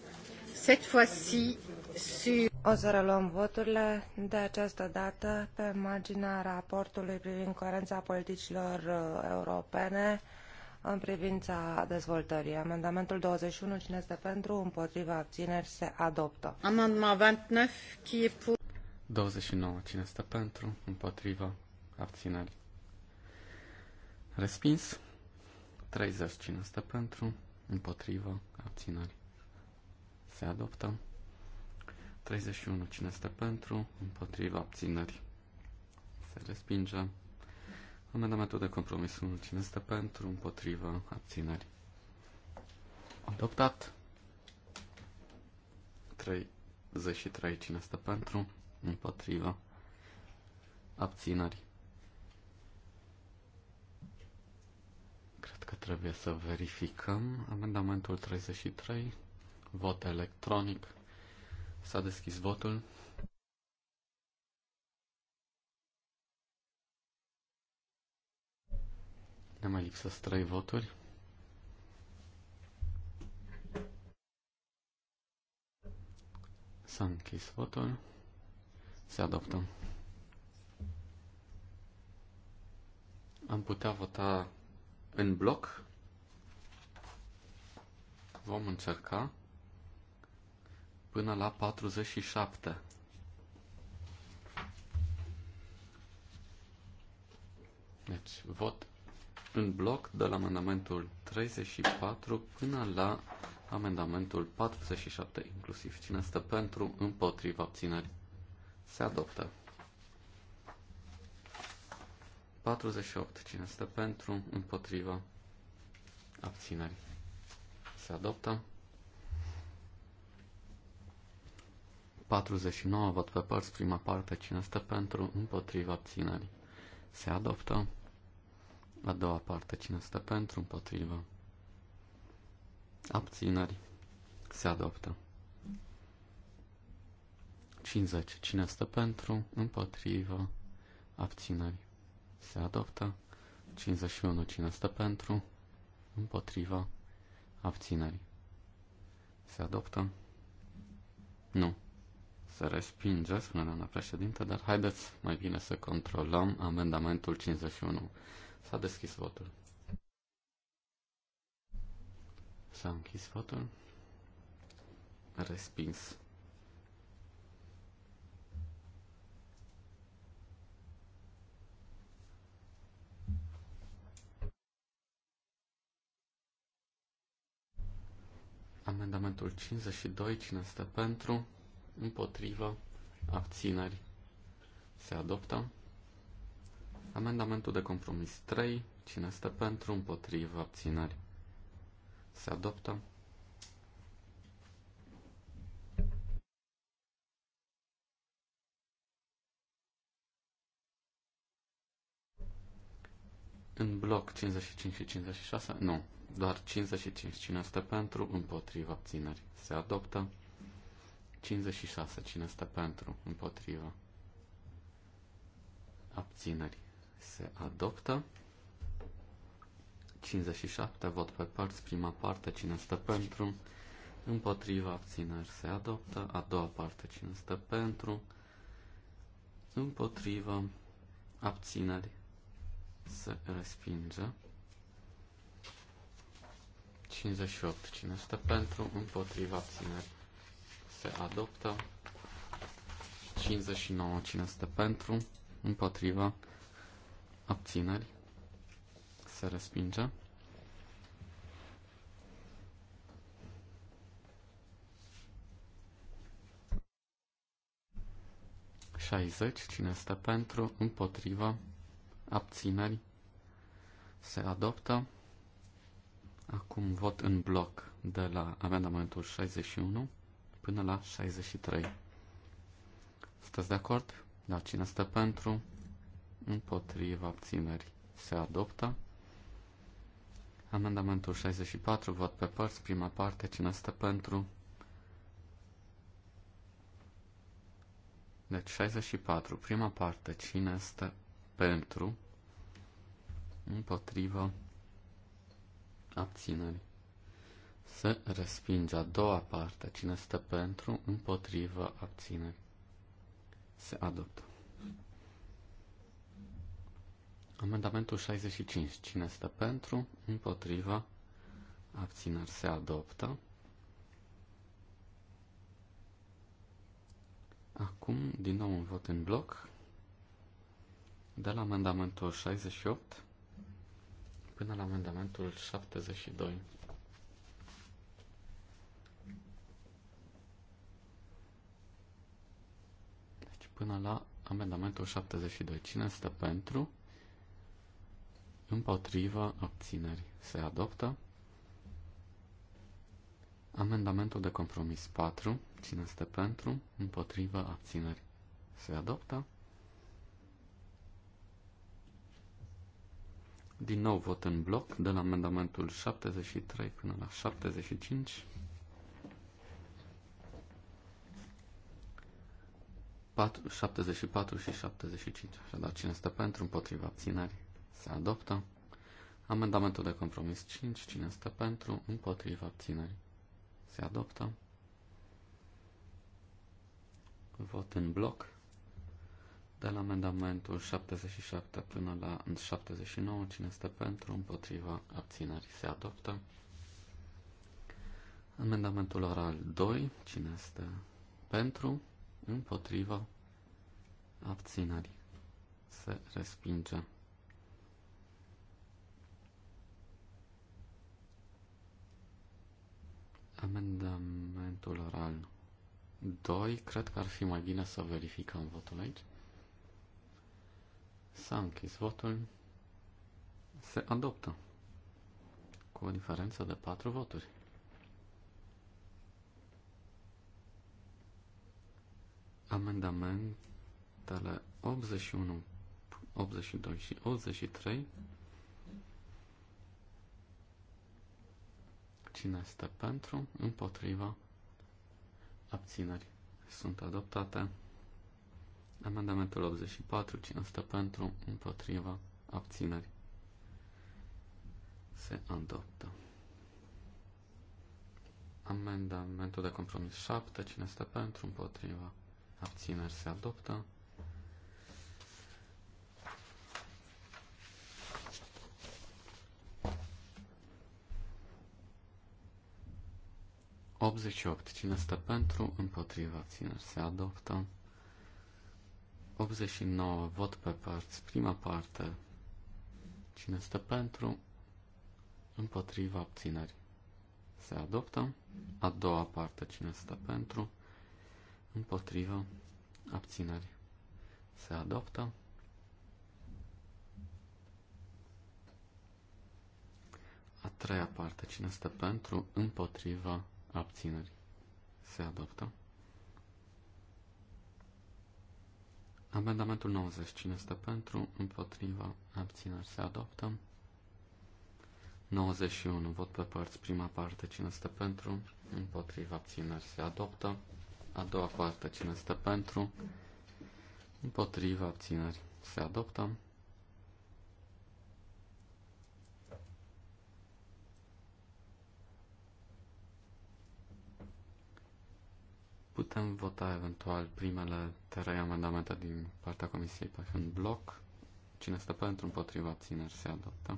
cette fois-ci sur... O să reluăm voturile de această dată pe marginea raportului privind coerența politicilor uh, europene în privința dezvoltării. Amendamentul 21, cine este pentru, împotriva abțineri, se adoptă. Amendamentul 29, qui est 29, cine este pentru, împotriva abțineri. Respins. 30, cine este pentru, împotrivă, abținări. Se adoptă. 31. Cine este pentru, împotrivă, abținări. Se respinge. Amendamentul de compromis 1. Cine este pentru, împotrivă, abținări. Adoptat. 33. Cine este pentru, împotrivă, abținări că trebuie să verificăm amendamentul 33, vot electronic. S-a deschis votul. Ne mai lipsesc 3 voturi. S-a închis votul. Se adoptă. Am putea vota în bloc. Vom încerca până la 47. Deci, vot în bloc de la amendamentul 34 până la amendamentul 47 inclusiv. Cine stă pentru, împotriva, abțineri, se adoptă. 48. Cine stă pentru, împotriva, abțineri. Se adoptă. 49. Vot pe părți, prima parte. Cine stă pentru, împotriva, abțineri. Se adoptă. A doua parte. Cine stă pentru, împotriva, abțineri. Se adoptă. 50. Cine stă pentru, împotriva, abțineri se adoptă. 51 cine stă pentru, împotriva, abțineri. Se adoptă? Nu. Se respinge, spune doamna președinte, dar haideți mai bine să controlăm amendamentul 51. S-a deschis votul. S-a închis votul. Respins. Amendamentul 52, cine este pentru, împotrivă, abțineri, se adoptă. Amendamentul de compromis 3, cine este pentru, împotrivă, abțineri, se adoptă. În bloc 55 și 56? Nu. Doar 55. Cine este pentru? Împotriva. Abțineri. Se adoptă. 56. Cine este pentru? Împotriva. Abțineri. Se adoptă. 57. Vot pe părți. Prima parte. Cine este pentru? Împotriva. Abțineri. Se adoptă. A doua parte. Cine este pentru? Împotriva. Abțineri se respinge. 58. Cine stă pentru, împotriva, abțineri, se adoptă. 59. Cine stă pentru, împotriva, abțineri, se respinge. 60, Cine stă pentru, împotriva, abțineri, se adoptă. Acum vot în bloc de la amendamentul 61 până la 63. Sunteți de acord? Da, cine stă pentru? Împotriva abțineri se adoptă. Amendamentul 64, vot pe părți, prima parte, cine stă pentru? Deci 64, prima parte, cine stă pentru? împotriva abținerii. Se respinge a doua parte. Cine este pentru, împotriva abținerii. Se adoptă. Amendamentul 65. Cine este pentru, împotriva abținerii. Se adoptă. Acum, din nou un vot în bloc, de la amendamentul 68 până la amendamentul 72. Deci până la amendamentul 72. Cine este pentru? Împotriva abțineri. Se adoptă. Amendamentul de compromis 4. Cine este pentru? Împotriva abțineri. Se adoptă. Din nou vot în bloc, de la amendamentul 73 până la 75. 4, 74 și 75. Așadar, cine stă pentru, împotriva abțineri, se adoptă. Amendamentul de compromis 5. Cine stă pentru, împotriva abțineri, se adoptă. Vot în bloc de la amendamentul 77 până la 79, cine este pentru, împotriva, abținerii se adoptă. Amendamentul oral 2, cine este pentru, împotriva, abținerii se respinge. Amendamentul oral 2, cred că ar fi mai bine să verificăm votul aici. S-a închis votul. Se adoptă cu o diferență de 4 voturi. Amendamentele 81, 82 și 83. Cine este pentru, împotriva, abțineri sunt adoptate. Amendamentul 84, cine stă pentru, împotriva, abțineri, se adoptă. Amendamentul de compromis 7, cine stă pentru, împotriva, abțineri, se adoptă. Optzeci opt. Cine stă pentru, împotriva, abțineri, se adoptă. 89, vot pe părți, prima parte. Cine stă pentru, împotriva abținerii. Se adoptă. A doua parte, cine stă pentru, împotriva abținerii. Se adoptă. A treia parte, cine stă pentru, împotriva abținerii. Se adoptă. Amendamentul 90. Cine este pentru? Împotriva. Abțineri se adoptă. 91. Vot pe părți. Prima parte. Cine este pentru? Împotriva. Abțineri se adoptă. A doua parte. Cine este pentru? Împotriva. Abțineri se adoptă. Putem vota eventual primele trei amendamente din partea Comisiei pe un bloc. Cine stă pentru, împotriva, abțineri, se adoptă.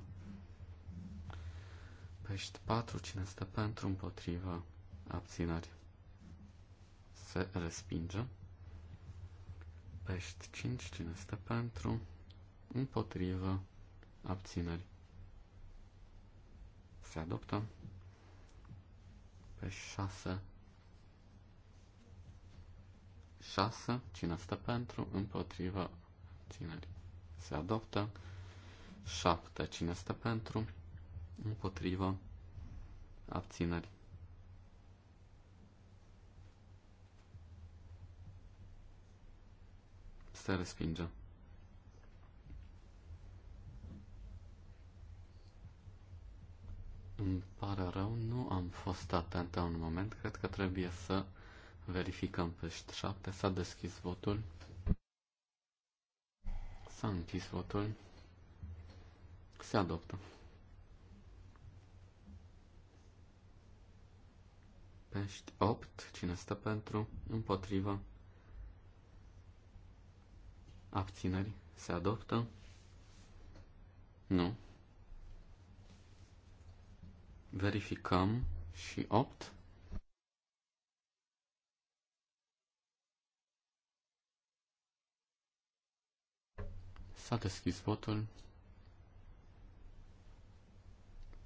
Pești 4. Cine stă pentru, împotriva, abțineri, se respinge. Pești 5. Cine stă pentru, împotriva, abțineri, se adoptă. Pești 6 6. Cine stă pentru? Împotriva ținerii. Se adoptă. 7. Cine stă pentru? Împotriva abținerii. Se respinge. Îmi pare rău, nu am fost atent în un moment, cred că trebuie să Verificăm pe 7. S-a deschis votul. S-a închis votul. Se adoptă. Pești 8. Cine stă pentru? Împotrivă. Abțineri. Se adoptă? Nu. Verificăm și 8. S-a deschis votul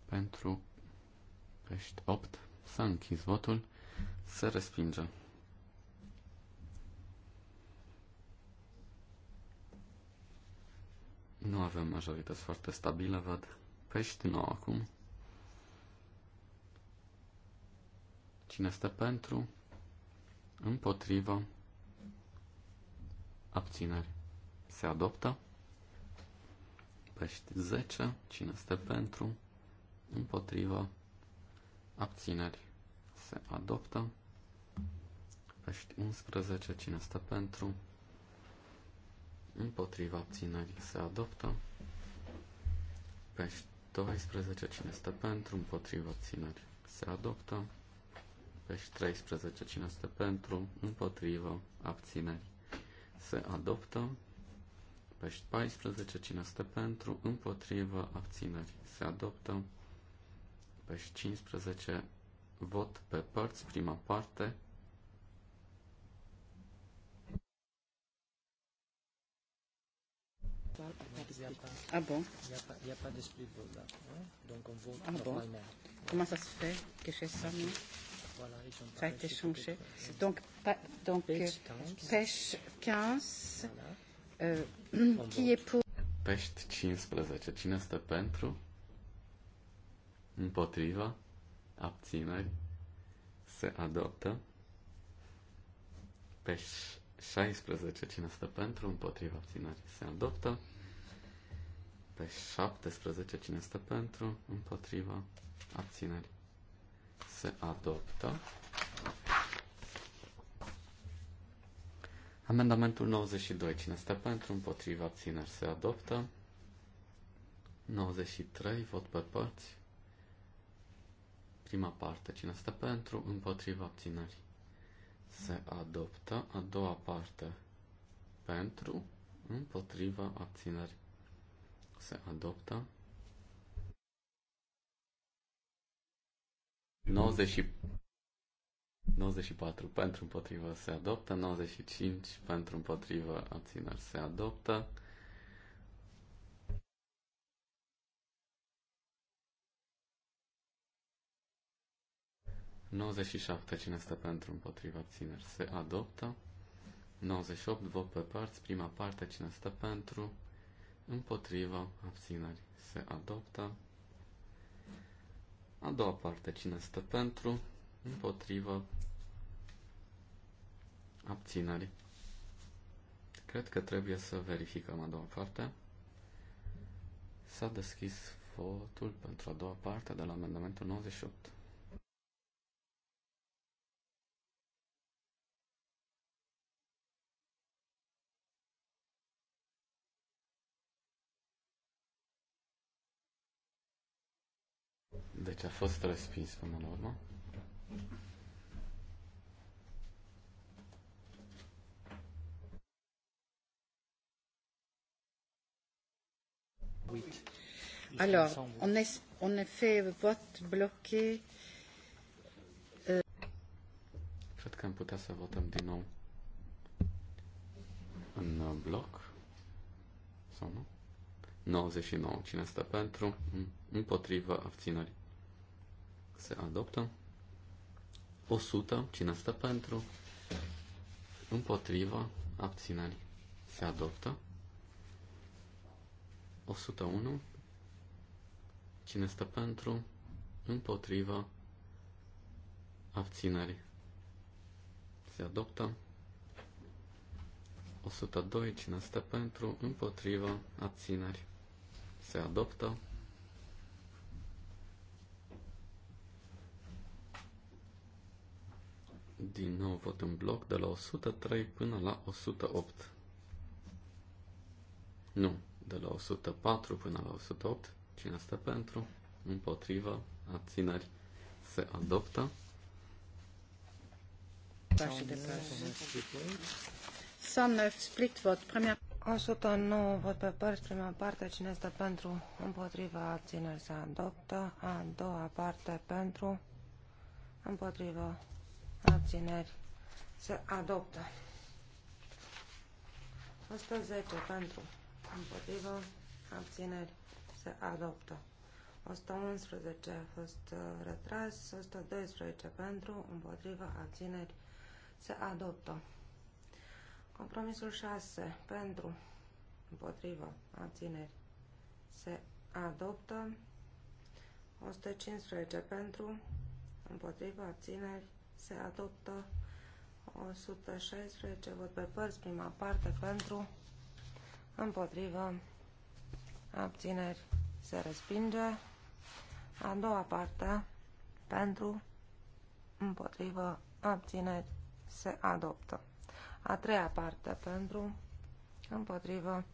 pentru pești 8. S-a închis votul. Se respinge. Nu avem majorități foarte stabile, văd. Pești 9 acum. Cine este pentru? împotriva Abțineri. Se adoptă. Pești 10. Cine este pentru? Împotriva. Abțineri. Se adoptă. Pești 11. Cine este pentru? Împotriva abțineri, se adoptă. Pești 12. Cine este pentru? Împotriva abțineri, se adoptă. Pești 13. Cine este pentru? Împotriva abțineri, se adoptă. Pești 14, cine stă pentru, împotrivă, abțineri, se adoptă. Pești 15, vot pe părți, prima parte. Ah bon Il n'y a, pas d'esprit de vote là. Da. Donc on vote ah, normalement. Comment ça se fait que j'ai ça, non voilà, ils Ça a été changé. Donc, donc pêche 15. Euh, Qui est pour? Pești 15. Cine este pentru? Împotriva? Abțineri? Se adoptă? Pești 16. Cine este pentru? Împotriva? Abțineri? Se adoptă? Pești 17. Cine este pentru? Împotriva? Abțineri? Se adoptă? Amendamentul 92. Cine stă pentru, împotriva, abțineri se adoptă. 93. Vot pe părți. Prima parte. Cine stă pentru, împotriva, abțineri se adoptă. A doua parte. Pentru, împotriva, abțineri se adoptă. 94. 94 pentru împotrivă se adoptă, 95 pentru împotrivă abțineri se adoptă. ...97 cine stă pentru împotriva abțineri se adoptă. 98 vot pe părți, prima parte cine stă pentru împotriva abțineri se adoptă. A doua parte cine stă pentru împotriva abțineri. Cred că trebuie să verificăm a doua parte. S-a deschis votul pentru a doua parte de la amendamentul 98. Deci a fost respins până la urmă. 8. Alors, on, est, on a fait vote bloqué. Euh. Cred că am putea să votăm din nou în uh, bloc. Sau nu? 99. Mm, Cine stă pentru? Împotrivă abținerii. Se adoptă. 100. Cine stă pentru? Împotrivă abținerii. Se adoptă. 101. Cine stă pentru? Împotriva. Abțineri. Se adoptă. 102. Cine stă pentru? Împotriva. Abțineri. Se adoptă. Din nou vot în bloc de la 103 până la 108. Nu, de la 104 până la 108. Cine stă pentru? Împotrivă. Abțineri se adoptă. Somnă split vot. Premia... 109 vot pe părți, prima parte, cine este pentru, împotriva, abțineri se adoptă, a doua parte, pentru, împotriva, abțineri se adoptă. 110 pentru, împotrivă, abțineri, se adoptă. 111 a fost uh, retras, 112 pentru, împotrivă, abțineri, se adoptă. Compromisul 6 pentru, împotrivă, abțineri, se adoptă. 115 pentru, împotrivă, abțineri, se adoptă. 116 vot pe părți, prima parte pentru, împotrivă, abțineri, se respinge. A doua parte, pentru, împotrivă, abțineri, se adoptă. A treia parte, pentru, împotrivă,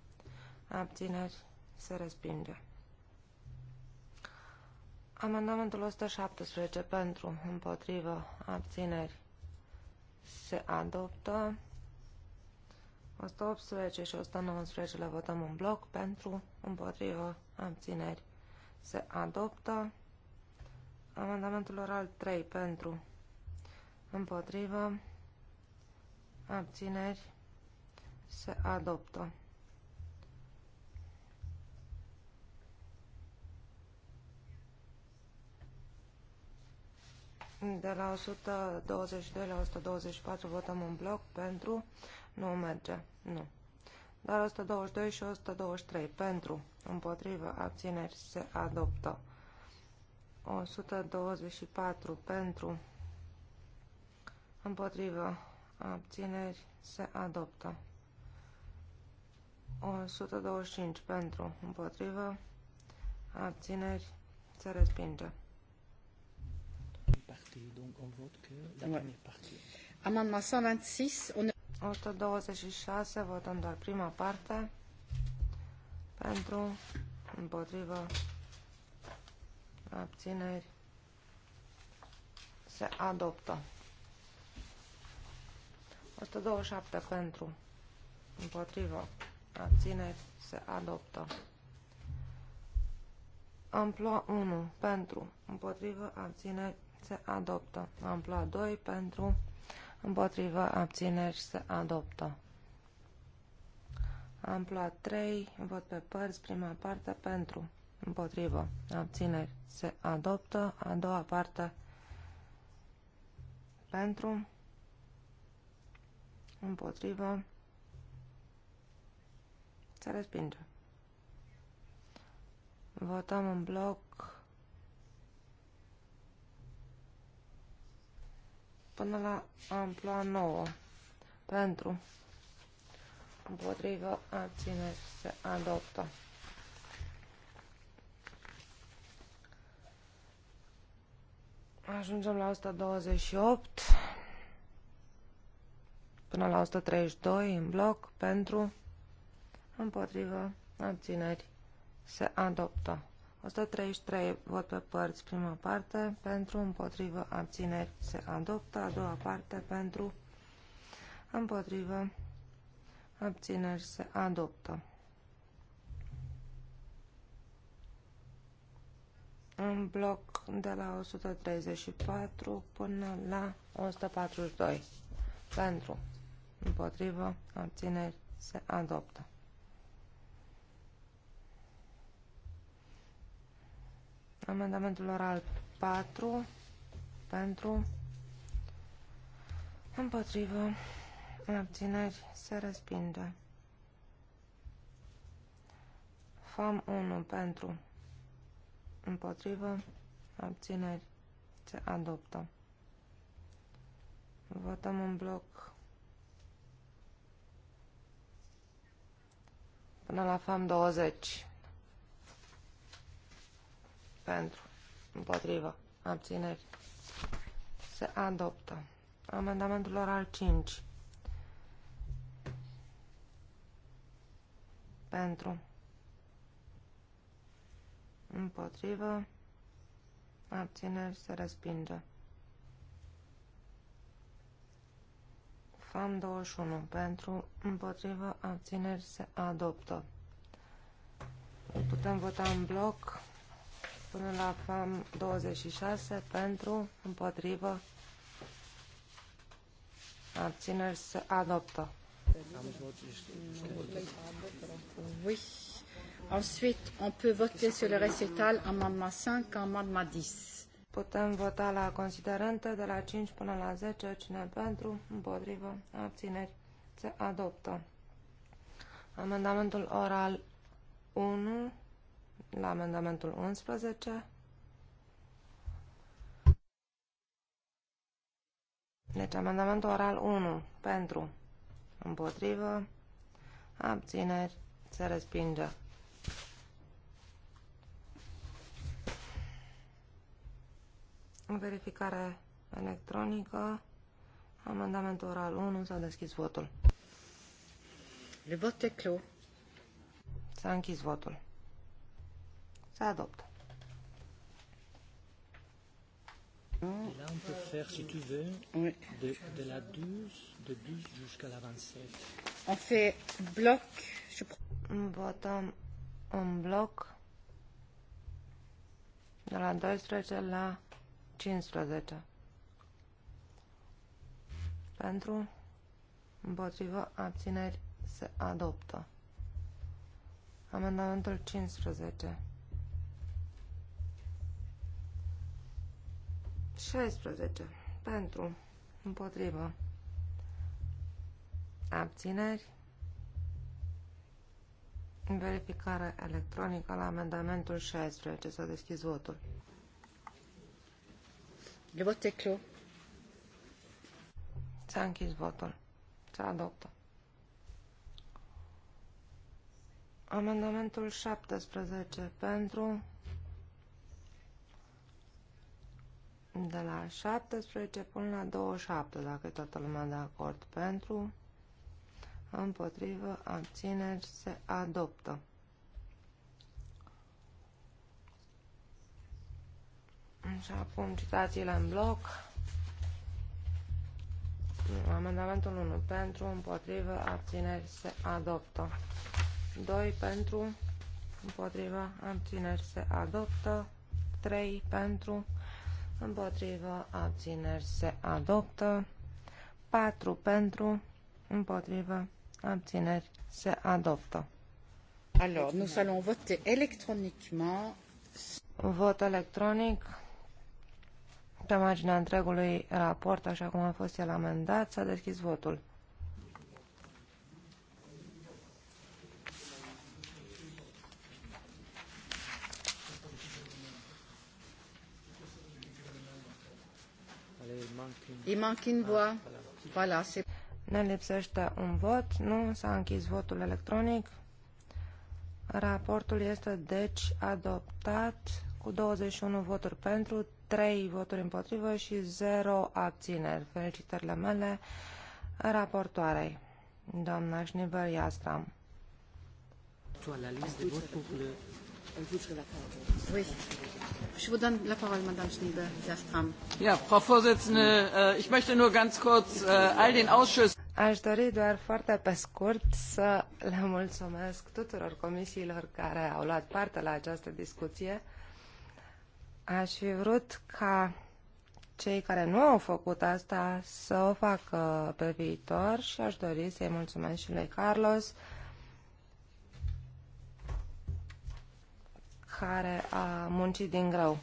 abțineri, se respinge. Amendamentul 117 pentru, împotrivă, abțineri se adoptă. 118 și 119 le votăm în bloc pentru, împotrivă, abțineri. Se adoptă amendamentul oral 3 pentru, împotrivă, abțineri. Se adoptă. De la 122 la 124 votăm un bloc pentru, nu merge. Nu. Doar 122 și 123. Pentru. Împotrivă. Abțineri. Se adoptă. 124. Pentru. Împotrivă. Abțineri. Se adoptă. 125. Pentru. Împotrivă. Abțineri. Se respinge. Amendement 126. 126, votăm doar prima parte. Pentru, împotrivă, abțineri, se adoptă. 127 pentru, împotrivă, abțineri, se adoptă. Amploa 1 pentru, împotrivă, abțineri, se adoptă. Amploa 2 pentru, împotrivă, abțineri, se adoptă. Ampla 3, vot pe părți, prima parte, pentru, împotrivă, abțineri, se adoptă, a doua parte, pentru, împotrivă, se respinge. Votăm în bloc până la amploa 9. Pentru. Împotrivă. ține Se adoptă. Ajungem la 128 până la 132 în bloc pentru împotrivă abțineri se adoptă. 133 vot pe părți, prima parte, pentru, împotrivă, abțineri, se adoptă. A doua parte, pentru, împotrivă, abțineri, se adoptă. În bloc de la 134 până la 142. Pentru, împotrivă, abțineri, se adoptă. Amendamentul oral 4 pentru împotrivă abțineri se respinge. FAM 1 pentru împotrivă abțineri se adoptă. Votăm în bloc până la FAM 20 pentru, împotrivă, abțineri, se adoptă. Amendamentul oral 5, pentru, împotrivă, abțineri, se respinge. FAM 21 pentru, împotrivă, abțineri, se adoptă. Putem vota în bloc până la FAM 26 pentru, împotrivă, abțineri să adoptă. Oui. Ensuite, on peut voter sur le récital amendement 5, amendement 10. Putem vota la considerente de la 5 până la 10, cine pentru, împotrivă, abțineri, se adoptă. Amendamentul oral 1 la amendamentul 11. Deci amendamentul oral 1 pentru, împotrivă, abțineri, se respinge. Verificare electronică, amendamentul oral 1, s-a deschis votul. Le vot e clos. S-a închis votul. Se adoptă. là, on peut faire, si tu veux, oui. de, de la 12, de 12 jusqu'à la 27. On fait bloc. Je... On Votăm un bloc de la 12 à la 15. Pentru, împotrivă, abțineri se adoptă. Amendamentul 15. 16. Pentru. Împotrivă. Abțineri. Verificare electronică la amendamentul 16. S-a deschis votul. Le vot e S-a închis votul. Se adoptă. Amendamentul 17. Pentru. de la 17 până la 27, dacă toată lumea de acord pentru, împotrivă, abțineri, se adoptă. Și acum citațiile în bloc. Amendamentul 1 pentru, împotrivă, abțineri, se adoptă. 2 pentru, împotrivă, abțineri, se adoptă. 3 pentru, împotrivă, abțineri, se adoptă. 4 pentru, împotrivă, abțineri, se adoptă. Alors, nous allons voter électroniquement. Vot electronic pe marginea întregului raport, așa cum a fost el amendat, s-a deschis votul. Il manque une voix. Voilà, Ne lipsește un vot. Nu s-a închis votul electronic. Raportul este deci adoptat cu 21 voturi pentru, 3 voturi împotrivă și 0 abțineri. Felicitările mele raportoarei, doamna Schneeber Iastram. Tu la liste de vot pour le... Je vous donne la parole, Madame Schneeber-Jastram. Ja, Frau Vorsitzende, ich möchte nur ganz kurz all den Ausschüssen... Aș dori doar foarte pe scurt să le mulțumesc tuturor comisiilor care au luat parte la această discuție. Aș fi vrut ca cei care nu au făcut asta să o facă pe viitor și aș dori să-i mulțumesc și lui Carlos, care a muncit din greu.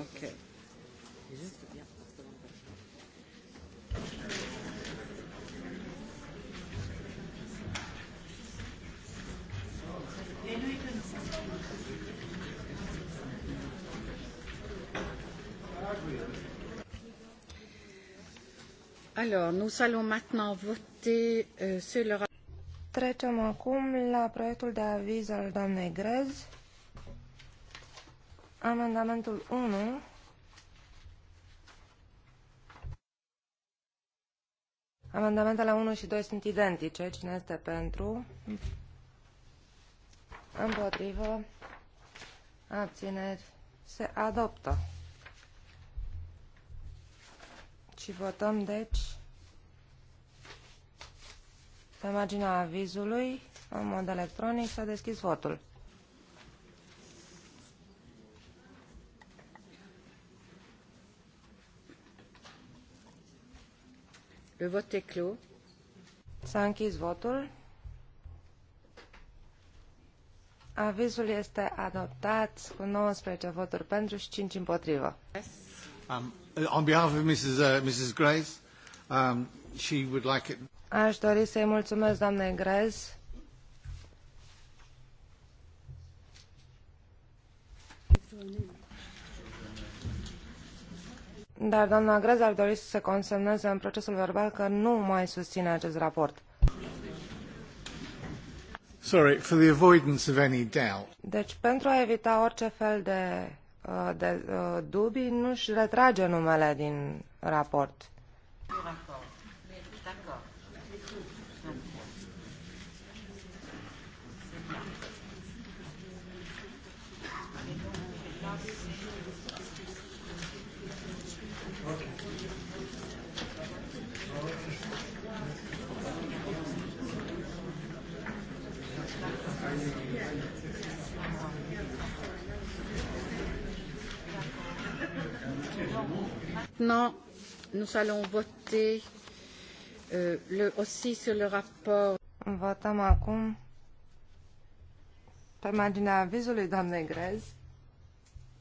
Okay. Is it? Alors, nous allons maintenant voter euh, sur le Trecem acum la proiectul de aviz al doamnei Grez. Amendamentul 1. Amendamentele 1 și 2 sunt identice. Cine este pentru? Împotrivă. Abțineri. Se adoptă. și votăm, deci, pe marginea avizului, în mod electronic, s-a deschis votul. Le vot e clos. S-a închis votul. Avizul este adoptat cu 19 voturi pentru și 5 împotrivă. Yes. Um. Uh, on behalf of Mrs. Uh, Mrs. Grace, um, she would like it. Aș dori să-i mulțumesc doamnei Grace Dar doamna Grez ar dori să se consemneze în procesul verbal că nu mai susține acest raport. Sorry, for the avoidance of any doubt. Deci, pentru a evita orice fel de Uh, de uh, dubii, nu își retrage numele din raport. Maintenant, nous allons voter euh, le, aussi sur le rapport. Votăm acum pe marginea avizului doamnei Grez,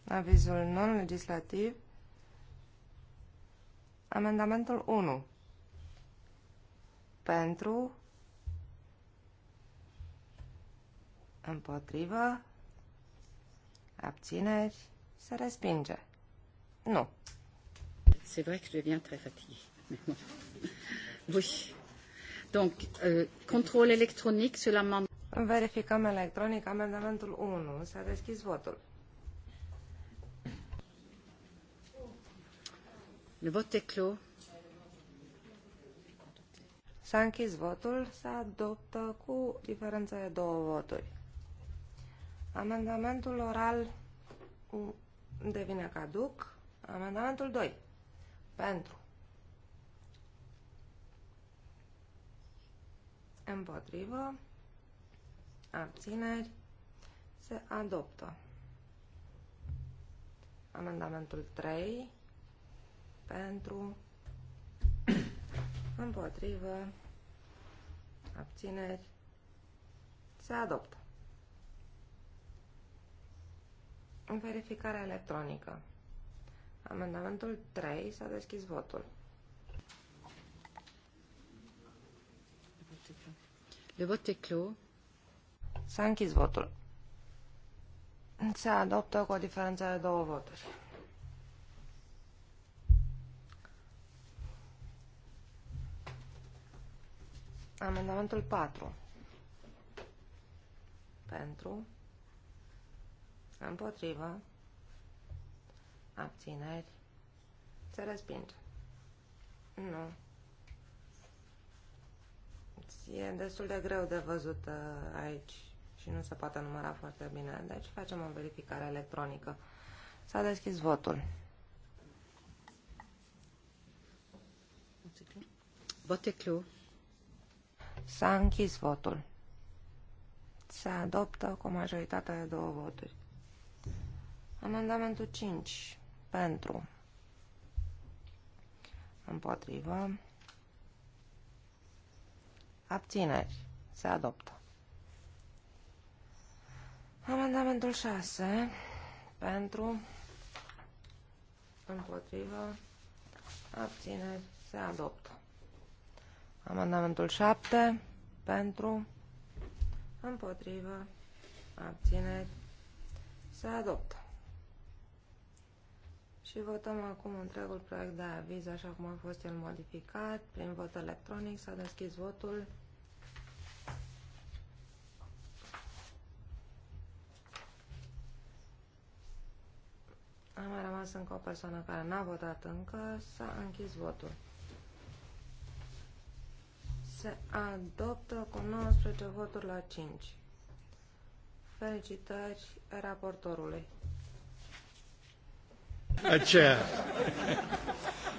avizul non-legislativ, amendamentul 1 pentru, împotrivă, abțineri, se respinge. Nu. C'est vrai que je viens très fatiguée. Mais bon. Oui. Donc, euh, contrôle électronique sur l'amendement. Verificăm electronic amendamentul 1. S-a deschis votul. Le vot est clos. S-a închis votul, S-a adoptat cu diferența de două voturi. Amendamentul oral devine caduc. Amendamentul 2. Pentru. Împotrivă. Abțineri. Se adoptă. Amendamentul 3. Pentru. Împotrivă. Abțineri. Se adoptă. Verificarea electronică. Amendamentul 3. S-a deschis votul. Le vot e clos. S-a închis votul. Se adoptă cu o diferență de două voturi. Amendamentul 4. Pentru. Împotriva abțineri, se respinge. Nu. E destul de greu de văzut uh, aici și nu se poate număra foarte bine, deci facem o verificare electronică. S-a deschis votul. S-a închis votul. Se adoptă cu majoritatea de două voturi. Amendamentul 5 pentru, împotrivă, abțineri, se adoptă. Amendamentul 6, pentru, împotrivă, abțineri, se adoptă. Amendamentul 7, pentru, împotrivă, abțineri, se adoptă. Și votăm acum întregul proiect de aviz așa cum a fost el modificat. Prin vot electronic s-a deschis votul. A mai rămas încă o persoană care n-a votat încă. S-a închis votul. Se adoptă cu 19 voturi la 5. Felicitări raportorului. A chair.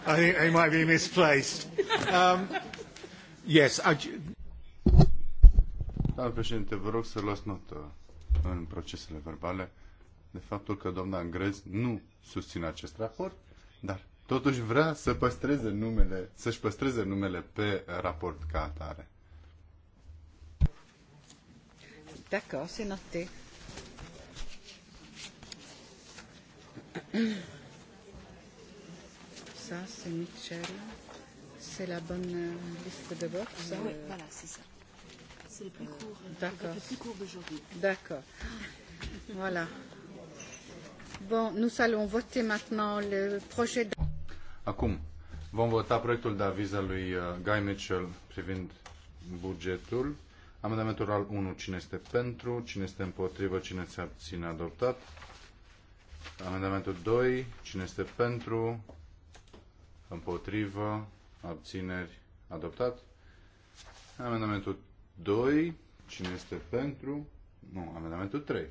I think they might be misplaced. Um, yes, I... Doamna președinte, vă rog să luați notă în procesele verbale de faptul că doamna Angrez nu susține acest raport, dar totuși vrea să păstreze numele, să-și păstreze numele pe raport ca atare. D'accord, c'est noté ça, c'est Mitchell. C'est la bonne liste de vote, ça Oui, voilà, c'est ça. C'est le plus court, D'accord. Euh, le plus court d'aujourd'hui. D'accord. voilà. Bon, nous allons voter maintenant le projet de... Acum, vom vota proiectul de aviz al lui uh, Guy Mitchell privind bugetul. Amendamentul al 1, cine este pentru, cine este împotrivă, cine se abține adoptat. Amendamentul 2, cine este pentru, împotrivă, abțineri, adoptat. Amendamentul 2, cine este pentru? Nu, amendamentul 3.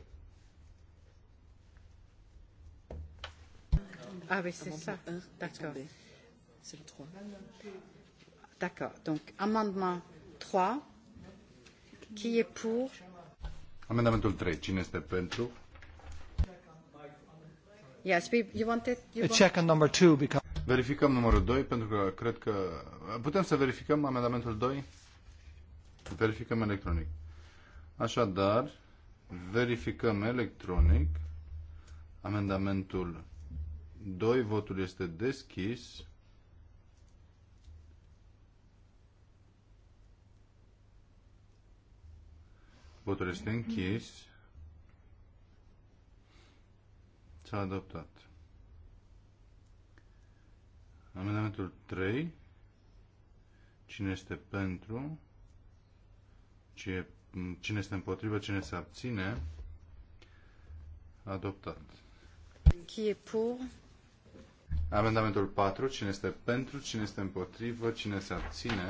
Ah oui, c'est ça. D'accord. C'est le 3. D'accord. Donc, amendement 3. Qui est pour Amendement 3. Qui est pour Yes, we, you wanted, you want... check on number 2 because Verificăm numărul 2, pentru că cred că... Putem să verificăm amendamentul 2? Verificăm electronic. Așadar, verificăm electronic amendamentul 2, votul este deschis. Votul este închis. S-a adoptat. Amendamentul 3. Cine este pentru? Cine este împotrivă? Cine se abține? Adoptat. Qui est pour? Amendamentul 4. Cine este pentru? Cine este împotrivă? Cine se abține?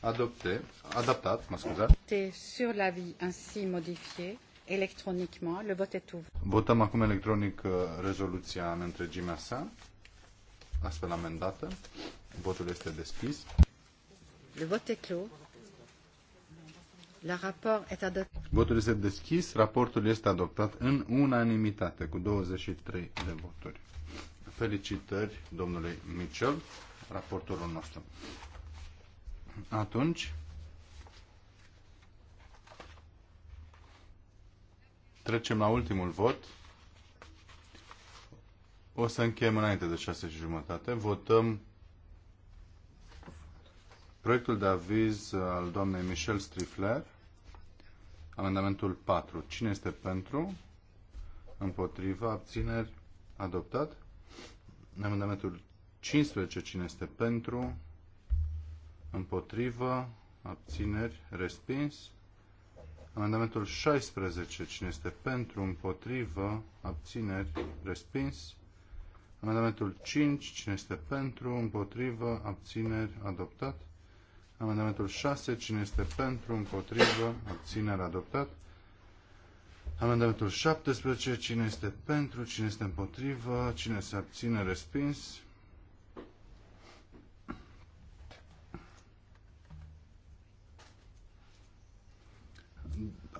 Adopté. Adaptat, mă scuzați. Sur la vie ainsi modifié électroniquement. Le vote est ouvert. Votăm acum electronic uh, rezoluția în întregimea sa astfel amendată. Votul este deschis. Le vot est clos. La raport est Votul este deschis, raportul este adoptat în unanimitate cu 23 de voturi. Felicitări domnului Mitchell, raportorul nostru. Atunci, trecem la ultimul vot. O să încheiem înainte de șase și jumătate. Votăm proiectul de aviz al doamnei Michel Strifler, amendamentul 4. Cine este pentru? Împotriva? Abțineri? Adoptat. Amendamentul 15. Cine este pentru? Împotrivă? Abțineri? Respins. Amendamentul 16. Cine este pentru? Împotrivă? Abțineri? Respins. Amendamentul 5, cine este pentru, împotrivă, abțineri, adoptat. Amendamentul 6, cine este pentru, împotrivă, abțineri, adoptat. Amendamentul 17, cine este pentru, cine este împotrivă, cine se abține, respins.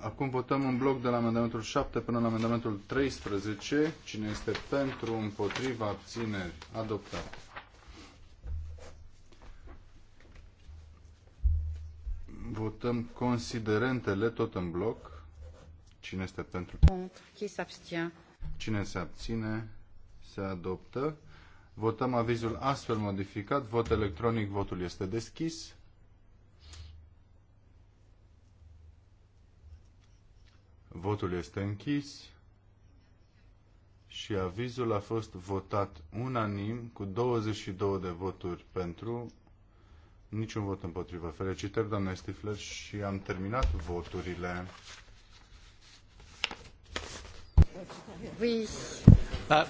Acum votăm un bloc de la amendamentul 7 până la amendamentul 13. Cine este pentru, împotriva, abțineri, adoptat. Votăm considerentele tot în bloc. Cine este pentru? Cine se abține, se adoptă. Votăm avizul astfel modificat. Vot electronic, votul este deschis. Votul este închis și avizul a fost votat unanim cu 22 de voturi pentru, niciun vot împotrivă. Felicitări, doamne Stifler, și am terminat voturile. Uh,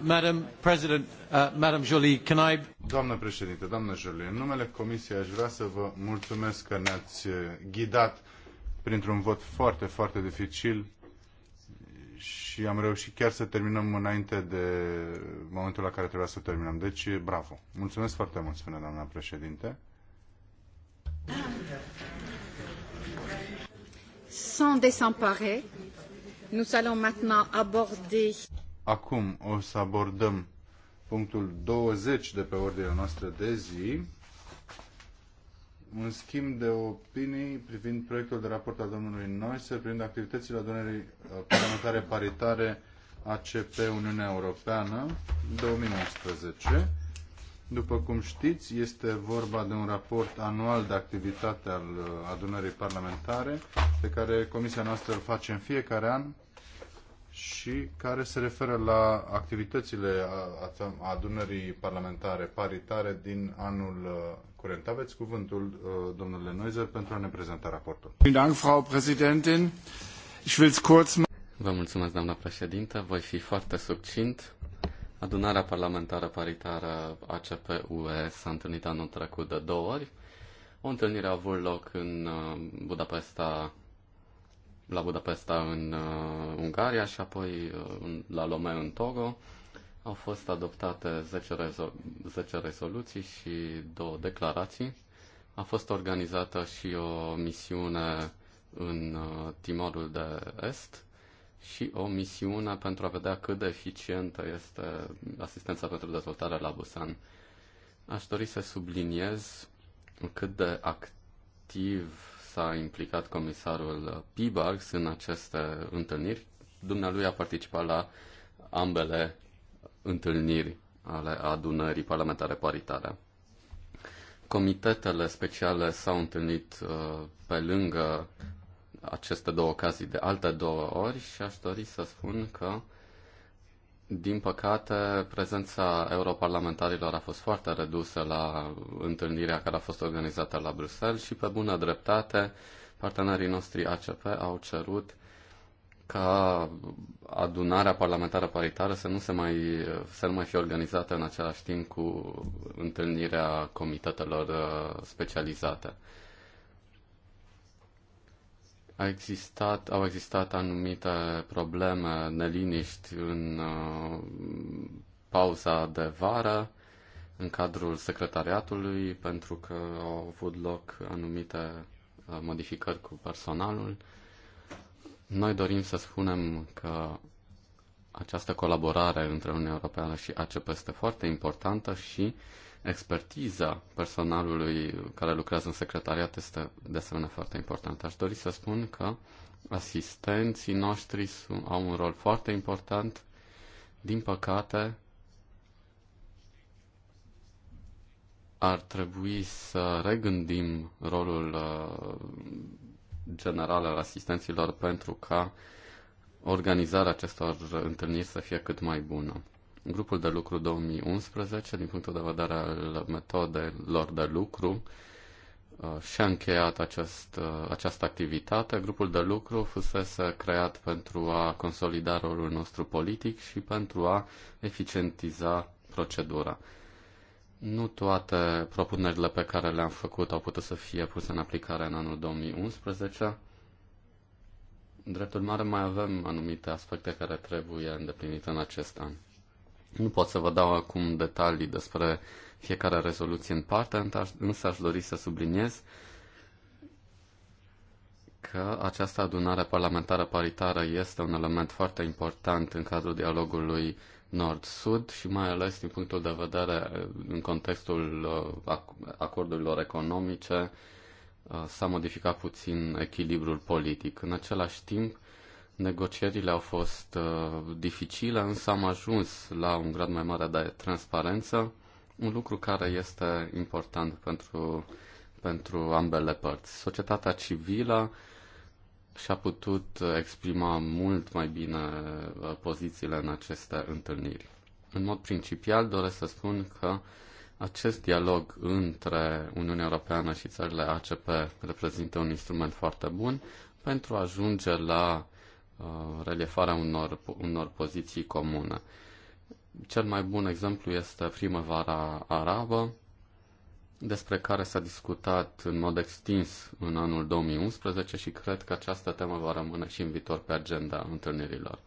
Madam President, uh, Madam can I... Doamnă președinte, doamnă Jolie, în numele Comisiei aș vrea să vă mulțumesc că ne-ați ghidat printr-un vot foarte, foarte dificil și am reușit chiar să terminăm înainte de momentul la care trebuia să terminăm. Deci, bravo! Mulțumesc foarte mult, spune doamna președinte. Sans desemparer, nous allons maintenant aborder... Acum o să abordăm punctul 20 de pe ordinea noastră de zi un schimb de opinii privind proiectul de raport al domnului Neusser privind activitățile adunării uh, parlamentare paritare ACP Uniunea Europeană 2011. După cum știți, este vorba de un raport anual de activitate al uh, adunării parlamentare pe care comisia noastră îl face în fiecare an și care se referă la activitățile adunării parlamentare paritare din anul uh, curent. Aveți cuvântul, uh, domnule Noizer, pentru a ne prezenta raportul. Vă mulțumesc, doamna președintă. Voi fi foarte succint. Adunarea parlamentară paritară ACP-UE s-a întâlnit anul trecut de două ori. O întâlnire a avut loc în uh, Budapesta la Budapesta în uh, Ungaria și apoi uh, la Lomé în Togo. Au fost adoptate 10, rezo- 10 rezoluții și două declarații. A fost organizată și o misiune în uh, Timorul de Est și o misiune pentru a vedea cât de eficientă este asistența pentru dezvoltare la Busan. Aș dori să subliniez cât de activ s-a implicat comisarul Pibargs în aceste întâlniri. Dumnealui a participat la ambele întâlniri ale adunării parlamentare paritare. Comitetele speciale s-au întâlnit uh, pe lângă aceste două ocazii de alte două ori și aș dori să spun că din păcate, prezența europarlamentarilor a fost foarte redusă la întâlnirea care a fost organizată la Bruxelles și, pe bună dreptate, partenerii noștri ACP au cerut ca adunarea parlamentară paritară să nu, se mai, să nu mai fie organizată în același timp cu întâlnirea comitetelor uh, specializate. A existat, au existat anumite probleme, neliniști în uh, pauza de vară în cadrul secretariatului pentru că au avut loc anumite uh, modificări cu personalul. Noi dorim să spunem că această colaborare între Uniunea Europeană și ACP este foarte importantă și uh, expertiza personalului care lucrează în secretariat este de asemenea foarte importantă. Aș dori să spun că asistenții noștri au un rol foarte important. Din păcate, ar trebui să regândim rolul uh, general al asistenților pentru ca organizarea acestor întâlniri să fie cât mai bună grupul de lucru 2011, din punctul de vedere al metodelor de lucru, uh, și-a încheiat acest, uh, această activitate. Grupul de lucru fusese creat pentru a consolida rolul nostru politic și pentru a eficientiza procedura. Nu toate propunerile pe care le-am făcut au putut să fie puse în aplicare în anul 2011. Drept urmare, mai avem anumite aspecte care trebuie îndeplinite în acest an. Nu pot să vă dau acum detalii despre fiecare rezoluție în parte, însă aș dori să subliniez că această adunare parlamentară paritară este un element foarte important în cadrul dialogului Nord-Sud și mai ales din punctul de vedere în contextul uh, acordurilor economice uh, s-a modificat puțin echilibrul politic. În același timp, Negocierile au fost uh, dificile, însă am ajuns la un grad mai mare de transparență, un lucru care este important pentru, pentru ambele părți. Societatea civilă și-a putut exprima mult mai bine uh, pozițiile în aceste întâlniri. În mod principal, doresc să spun că acest dialog între Uniunea Europeană și țările ACP reprezintă un instrument foarte bun pentru a ajunge la Uh, relefarea unor, unor poziții comune. Cel mai bun exemplu este primăvara arabă, despre care s-a discutat în mod extins în anul 2011 și cred că această temă va rămâne și în viitor pe agenda întâlnirilor.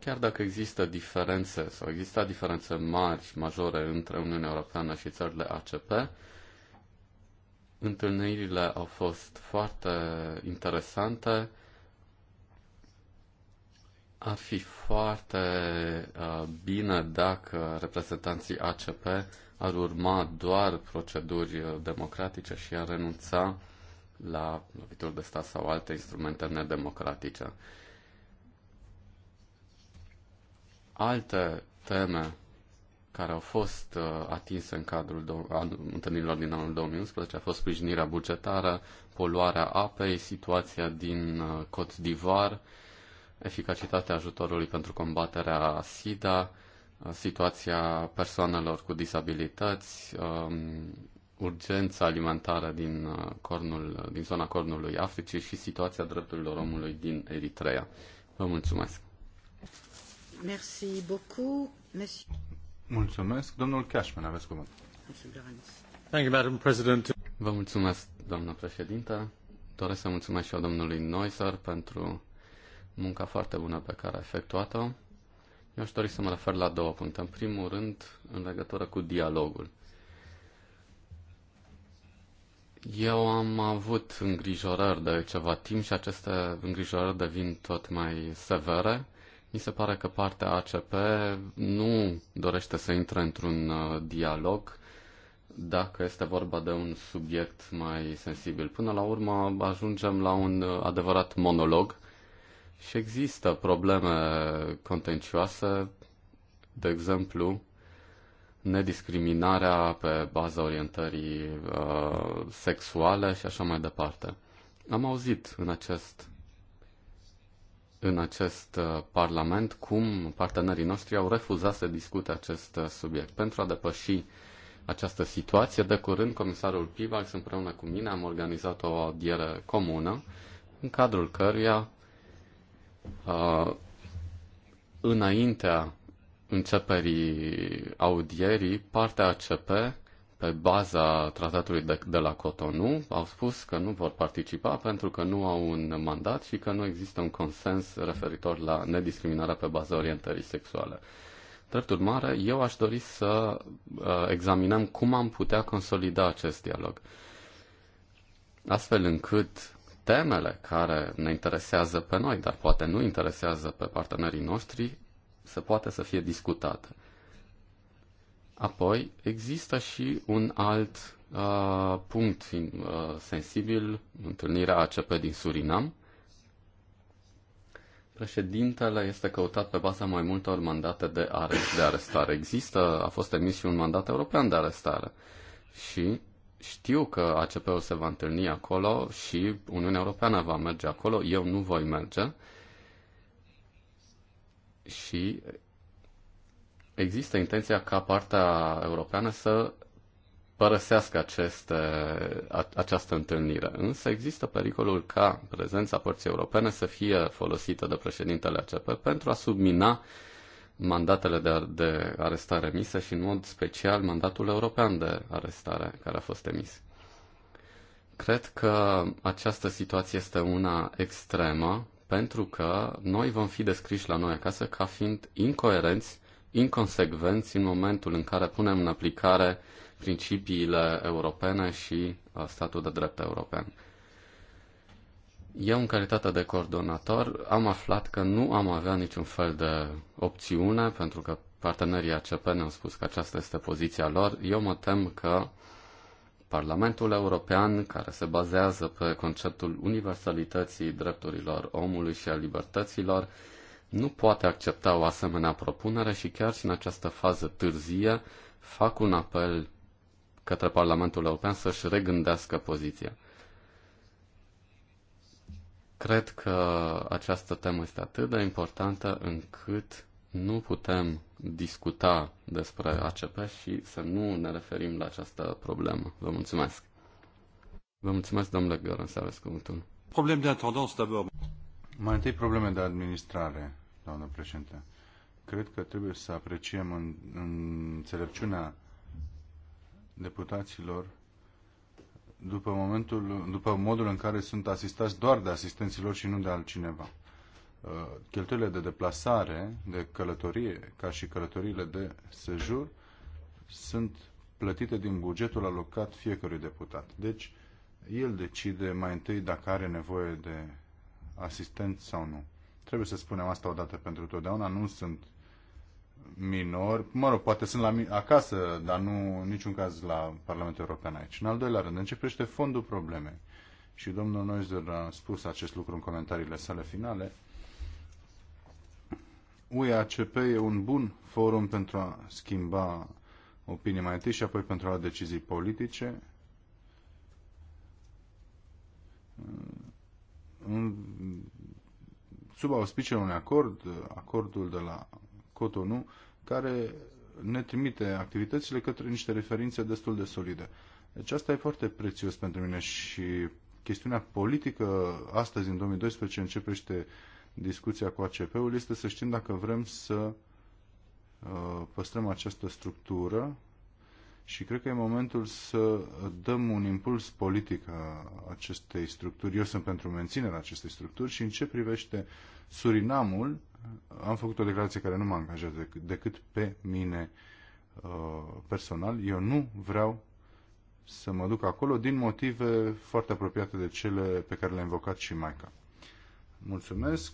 Chiar dacă există diferențe sau există diferențe mari, majore între Uniunea Europeană și țările ACP, întâlnirile au fost foarte interesante, ar fi foarte uh, bine dacă reprezentanții ACP ar urma doar proceduri uh, democratice și ar renunța la lovituri de stat sau alte instrumente nedemocratice. Alte teme care au fost uh, atinse în cadrul întâlnirilor din anul 2011 a fost sprijinirea bugetară, poluarea apei, situația din uh, Cote d'Ivoire, eficacitatea ajutorului pentru combaterea SIDA, situația persoanelor cu disabilități, um, urgența alimentară din, uh, cornul, din zona cornului Africii și situația drepturilor omului din Eritrea. Vă mulțumesc! Merci beaucoup, monsieur. Mulțumesc. Domnul Cashman, aveți cuvânt. Thank you, Madam President. Vă mulțumesc, doamnă președintă. Doresc să mulțumesc și eu domnului Neusser pentru munca foarte bună pe care a efectuat-o. Eu aș dori să mă refer la două puncte. În primul rând, în legătură cu dialogul. Eu am avut îngrijorări de ceva timp și aceste îngrijorări devin tot mai severe. Mi se pare că partea ACP nu dorește să intre într-un uh, dialog dacă este vorba de un subiect mai sensibil. Până la urmă ajungem la un uh, adevărat monolog și există probleme contencioase, de exemplu, nediscriminarea pe baza orientării uh, sexuale și așa mai departe. Am auzit în acest, în acest uh, parlament cum partenerii noștri au refuzat să discute acest uh, subiect. Pentru a depăși această situație, de curând comisarul Pivax împreună cu mine am organizat o audiere comună în cadrul căruia uh, înaintea începerii audierii, partea ACP, pe baza tratatului de, de la Cotonou, au spus că nu vor participa pentru că nu au un mandat și că nu există un consens referitor la nediscriminarea pe baza orientării sexuale. Drept urmare, eu aș dori să uh, examinăm cum am putea consolida acest dialog, astfel încât temele care ne interesează pe noi, dar poate nu interesează pe partenerii noștri, să poate să fie discutate. Apoi, există și un alt uh, punct uh, sensibil, întâlnirea ACP din Surinam. Președintele este căutat pe baza mai multor mandate de, arest, de arestare. Există, a fost emis și un mandat european de arestare. Și știu că ACP-ul se va întâlni acolo și Uniunea Europeană va merge acolo, eu nu voi merge. Și există intenția ca partea europeană să părăsească aceste, această întâlnire. Însă există pericolul ca prezența părții europene să fie folosită de președintele ACP pentru a submina uh, mandatele de, de arestare emise și, în mod special, mandatul european de arestare care a fost emis. Cred că această situație este una extremă, pentru că noi vom fi descriși la noi acasă ca fiind incoerenți, inconsecvenți în momentul în care punem în aplicare principiile europene și uh, statul de drept european. Eu, în calitate de coordonator, am aflat că nu am avea niciun fel de opțiune, pentru că partenerii ACP ne-au spus că aceasta este poziția lor. Eu mă tem că Parlamentul European, care se bazează pe conceptul universalității drepturilor omului și a libertăților, nu poate accepta o asemenea propunere și chiar și în această fază târzie fac un apel către Parlamentul European să-și regândească poziția. Cred că această temă este atât de importantă încât nu putem discuta despre ACP și să nu ne referim la această problemă. Vă mulțumesc. Vă mulțumesc, domnule Găran, să aveți cuvântul. Probleme de intendanță, vă... Mai întâi probleme de administrare, doamnă președinte. Cred că trebuie să apreciem în, în înțelepciunea deputaților după, momentul, după modul în care sunt asistați doar de lor și nu de altcineva. Uh, cheltuielile de deplasare, de călătorie, ca și călătoriile de sejur, sunt plătite din bugetul alocat fiecărui deputat. Deci, el decide mai întâi dacă are nevoie de asistenți sau nu. Trebuie să spunem asta odată pentru totdeauna, nu sunt minori, mă rog, poate sunt la, acasă, dar nu în niciun caz la Parlamentul European aici. În al doilea rând, începește fondul problemei. Și domnul Noizer a spus acest lucru în comentariile sale finale. UEACP e un bun forum pentru a schimba opinii mai întâi și apoi pentru a lua decizii politice. Sub auspiciul unui acord, acordul de la Cotonou, care ne trimite activitățile către niște referințe destul de solide. Deci asta e foarte prețios pentru mine și chestiunea politică astăzi, în 2012, începește discuția cu ACP-ul, este să știm dacă vrem să uh, păstrăm această structură și cred că e momentul să dăm un impuls politic a acestei structuri. Eu sunt pentru menținerea acestei structuri și în ce privește Surinamul, am făcut o declarație care nu m-a angajat decât, decât pe mine uh, personal. Eu nu vreau să mă duc acolo din motive foarte apropiate de cele pe care le-a invocat și Maica. Mulțumesc.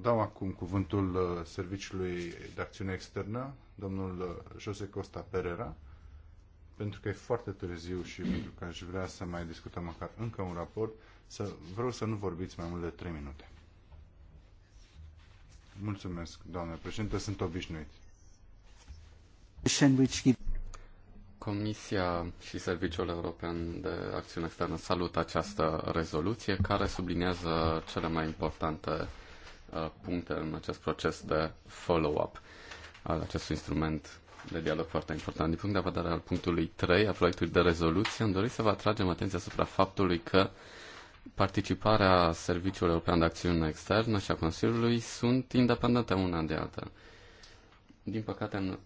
Dau acum cuvântul uh, Serviciului de Acțiune Externă, domnul uh, Jose Costa Pereira, pentru că e foarte târziu și pentru că aș vrea să mai discutăm măcar încă un raport, să vreau să nu vorbiți mai mult de 3 minute. Mulțumesc, doamnă președinte, sunt obișnuit. Comisia și Serviciul European de Acțiune Externă salută această rezoluție care subliniază cele mai importante uh, puncte în acest proces de follow-up al acestui instrument de dialog foarte important. Din punct de vedere al punctului 3 a proiectului de rezoluție, am dorit să vă atragem atenția asupra faptului că participarea Serviciului European de Acțiune Externă și a Consiliului sunt independente una de alta. Din păcate, în,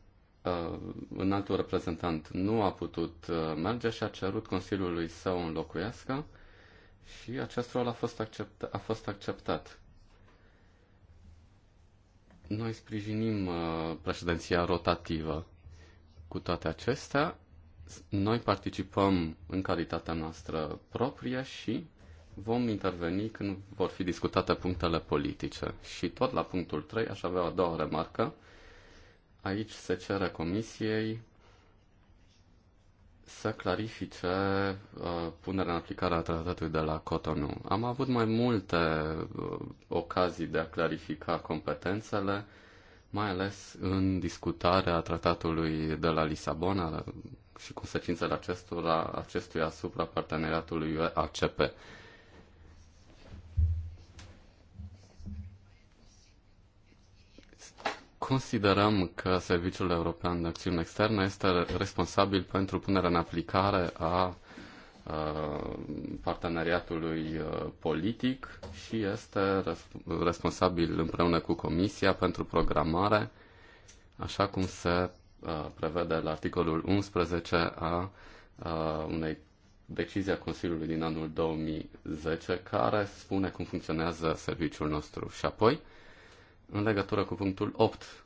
uh, în altul reprezentant nu a putut uh, merge și a cerut Consiliului să o înlocuiască și acest rol a fost, accept, a fost acceptat. Noi sprijinim uh, președinția rotativă. Cu toate acestea, noi participăm în calitatea noastră proprie și vom interveni când vor fi discutate punctele politice. Și tot la punctul 3 aș avea o doua remarcă. Aici se cere Comisiei să clarifice uh, punerea în aplicare a tratatului de la Cotonou. Am avut mai multe uh, ocazii de a clarifica competențele, mai ales în discutarea tratatului de la Lisabona și consecințele acestora, acestuia asupra parteneriatului ACP. Considerăm că Serviciul European de Acțiune Externă este responsabil pentru punerea în aplicare a parteneriatului politic și este responsabil împreună cu Comisia pentru programare, așa cum se prevede la articolul 11 a unei decizii a Consiliului din anul 2010, care spune cum funcționează serviciul nostru. Și apoi, în legătură cu punctul 8,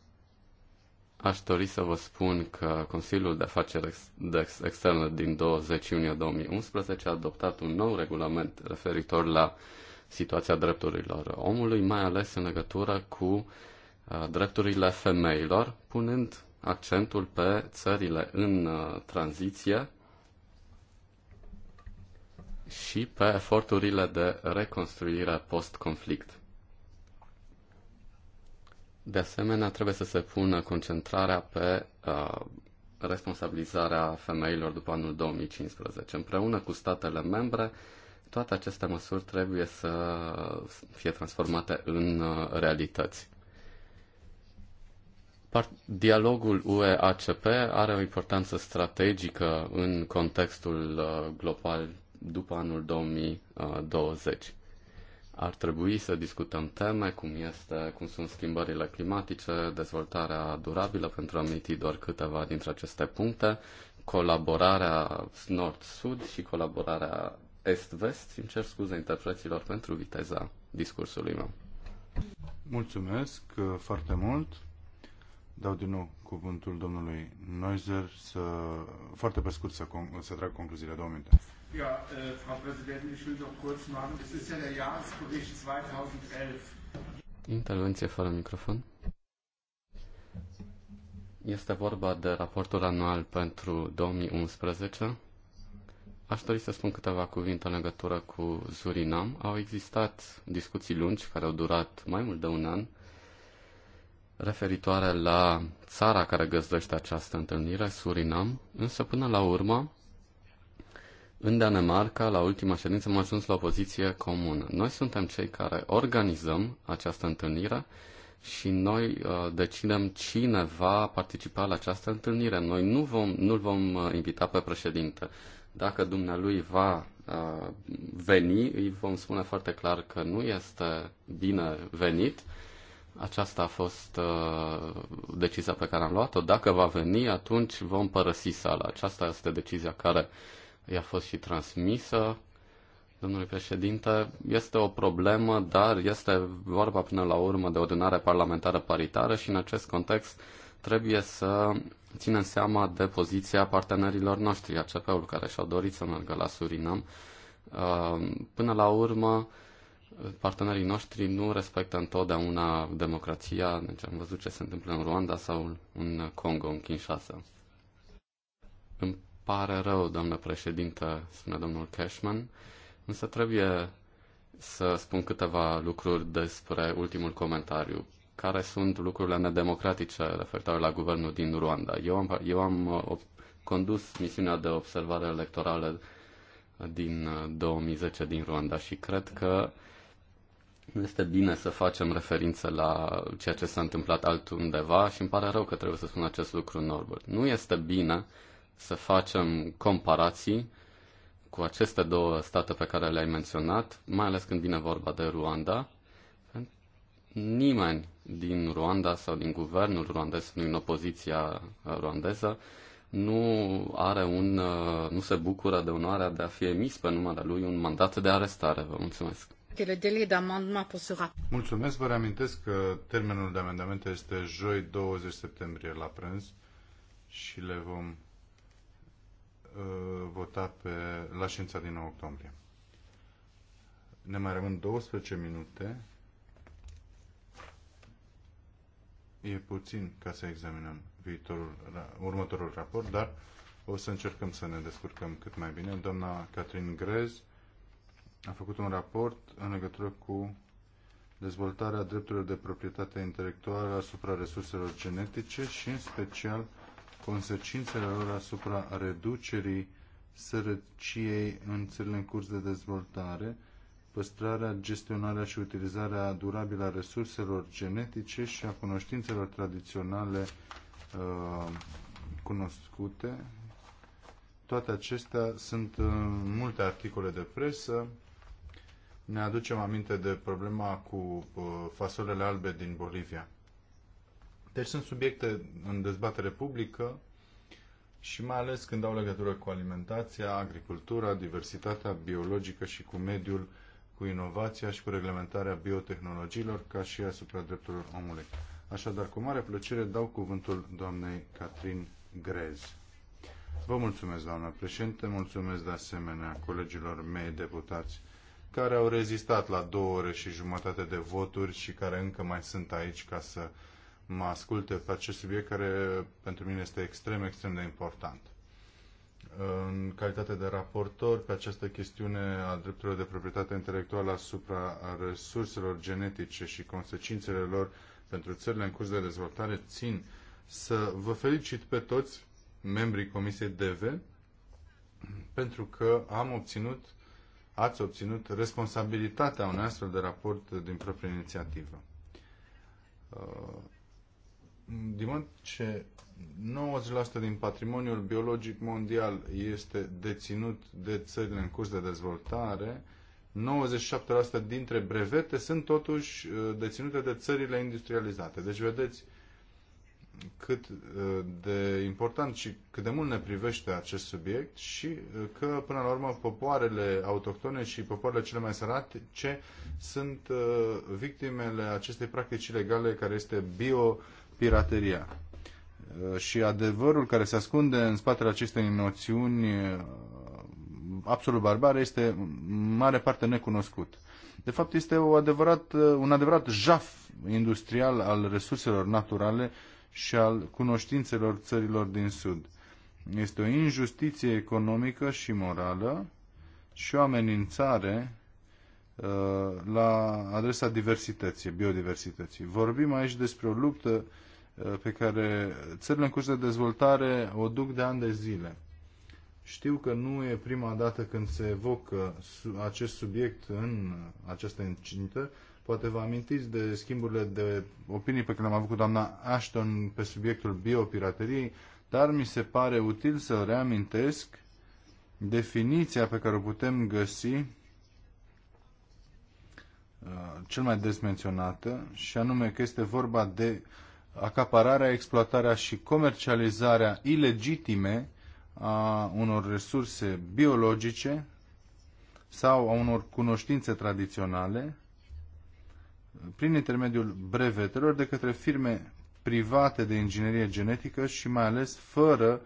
aș dori să vă spun că Consiliul de Afaceri Ex- de Externe din 20 iunie 2011 a adoptat un nou regulament referitor la situația drepturilor omului, mai ales în legătură cu uh, drepturile femeilor, punând accentul pe țările în uh, tranziție și pe eforturile de reconstruire post-conflict. De asemenea, trebuie să se pună concentrarea pe uh, responsabilizarea femeilor după anul 2015. Împreună cu statele membre, toate aceste măsuri trebuie să fie transformate în uh, realități. Dialogul UE-ACP are o importanță strategică în contextul uh, global după anul 2020 ar trebui să discutăm teme cum, este, cum sunt schimbările climatice, dezvoltarea durabilă, pentru a miti doar câteva dintre aceste puncte, colaborarea nord-sud și colaborarea est-vest îmi cer scuze interpreților pentru viteza discursului meu. Mulțumesc uh, foarte mult. Dau din nou cuvântul domnului Neuser să, foarte pe scurt, să, să trag concluziile două minute. Ja, äh, Frau Präsidentin, ich will noch kurz machen. Es ist ja der Jahresbericht 2011. Intervenție fără microfon. Este vorba de raportul anual pentru 2011. Aș dori să spun câteva cuvinte în legătură cu Surinam. Au existat discuții lungi care au durat mai mult de un an referitoare la țara care găzduiește această întâlnire, Surinam, însă până la urmă în Danemarca, la ultima ședință, am ajuns la o poziție comună. Noi suntem cei care organizăm această întâlnire și noi uh, decidem cine va participa la această întâlnire. Noi nu vom, nu vom uh, invita pe președinte. Dacă dumnealui va uh, veni, îi vom spune foarte clar că nu este bine venit. Aceasta a fost uh, decizia pe care am luat-o. Dacă va veni, atunci vom părăsi sala. Aceasta este decizia care uh, i-a fost și transmisă domnului președinte. Este o problemă, dar este vorba până la urmă de o adunare parlamentară paritară și în acest context trebuie să ținem seama de poziția partenerilor noștri, ACP-ul, care și-au dorit să meargă la Surinam. Uh, până la urmă, partenerii noștri nu respectă întotdeauna democrația, deci am văzut ce se întâmplă în Rwanda sau în Congo, în Kinshasa pare rău, doamnă președintă, spune domnul Cashman, însă trebuie să spun câteva lucruri despre ultimul comentariu. Care sunt lucrurile nedemocratice referitoare la guvernul din Ruanda? Eu am, eu am uh, condus misiunea de observare electorală din 2010 uh, din Ruanda și cred că nu este bine să facem referință la ceea ce s-a întâmplat altundeva și îmi pare rău că trebuie să spun acest lucru, Norbert. Nu este bine uh, să facem comparații cu aceste două state pe care le-ai menționat, mai ales când vine vorba de Ruanda. Nimeni din Ruanda sau din guvernul ruandez, din opoziția ruandeză, nu are un, nu se bucură de onoarea de a fi emis pe numele lui un mandat de arestare. Vă mulțumesc. Mulțumesc, vă reamintesc că termenul de amendamente este joi 20 septembrie la prânz și le vom Uh, vota pe, la ședința din 9 octombrie. Ne mai rămân 12 minute. E puțin ca să examinăm viitorul, următorul raport, dar o să încercăm să ne descurcăm cât mai bine. Doamna Catherine Grez a făcut un raport în legătură cu dezvoltarea drepturilor de proprietate intelectuală asupra resurselor genetice și, în special, consecințele lor asupra reducerii sărăciei în țările în curs de dezvoltare, păstrarea, gestionarea și utilizarea durabilă a resurselor genetice și a cunoștințelor tradiționale uh, cunoscute. Toate acestea sunt uh, multe articole de presă. Ne aducem aminte de problema cu uh, fasolele albe din Bolivia. Deci sunt subiecte în dezbatere publică și mai ales când au legătură cu alimentația, agricultura, diversitatea biologică și cu mediul, cu inovația și cu reglementarea biotehnologiilor, ca și asupra drepturilor omului. Așadar, cu mare plăcere dau cuvântul doamnei Catrin Grez. Vă mulțumesc, doamna președinte, mulțumesc de asemenea colegilor mei deputați care au rezistat la două ore și jumătate de voturi și care încă mai sunt aici ca să mă asculte pe acest subiect care pentru mine este extrem, extrem de important. În calitate de raportor pe această chestiune a drepturilor de proprietate intelectuală asupra resurselor genetice și consecințele lor pentru țările în curs de dezvoltare, țin să vă felicit pe toți membrii Comisiei DV pentru că am obținut, ați obținut responsabilitatea unui astfel de raport din proprie inițiativă. Uh, din moment ce 90% din patrimoniul biologic mondial este deținut de țările în curs de dezvoltare, 97% dintre brevete sunt totuși uh, deținute de țările industrializate. Deci vedeți cât uh, de important și cât de mult ne privește acest subiect și uh, că, până la urmă, popoarele autohtone și popoarele cele mai sărate ce sunt victimele acestei practici ilegale care este bio- pirateria. Uh, și adevărul care se ascunde în spatele acestei noțiuni uh, absolut barbare este în mare parte necunoscut. De fapt, este o adevărat, uh, un adevărat jaf industrial al resurselor naturale și al cunoștințelor țărilor din Sud. Este o injustiție economică și morală și o amenințare uh, la adresa diversității, biodiversității. Vorbim aici despre o luptă Uh, pe care țările în curs de dezvoltare o duc de ani de zile. Știu că nu e prima dată când se evocă acest subiect în această încintă. Poate vă amintiți de schimburile de opinii pe care le-am avut cu doamna Ashton pe subiectul biopirateriei, dar mi se pare util să reamintesc definiția pe care o putem găsi uh, cel mai des menționată, și anume că este vorba de uh, acapararea, exploatarea și comercializarea ilegitime a unor resurse biologice sau a unor cunoștințe tradiționale prin intermediul brevetelor de către firme private de inginerie genetică și mai ales fără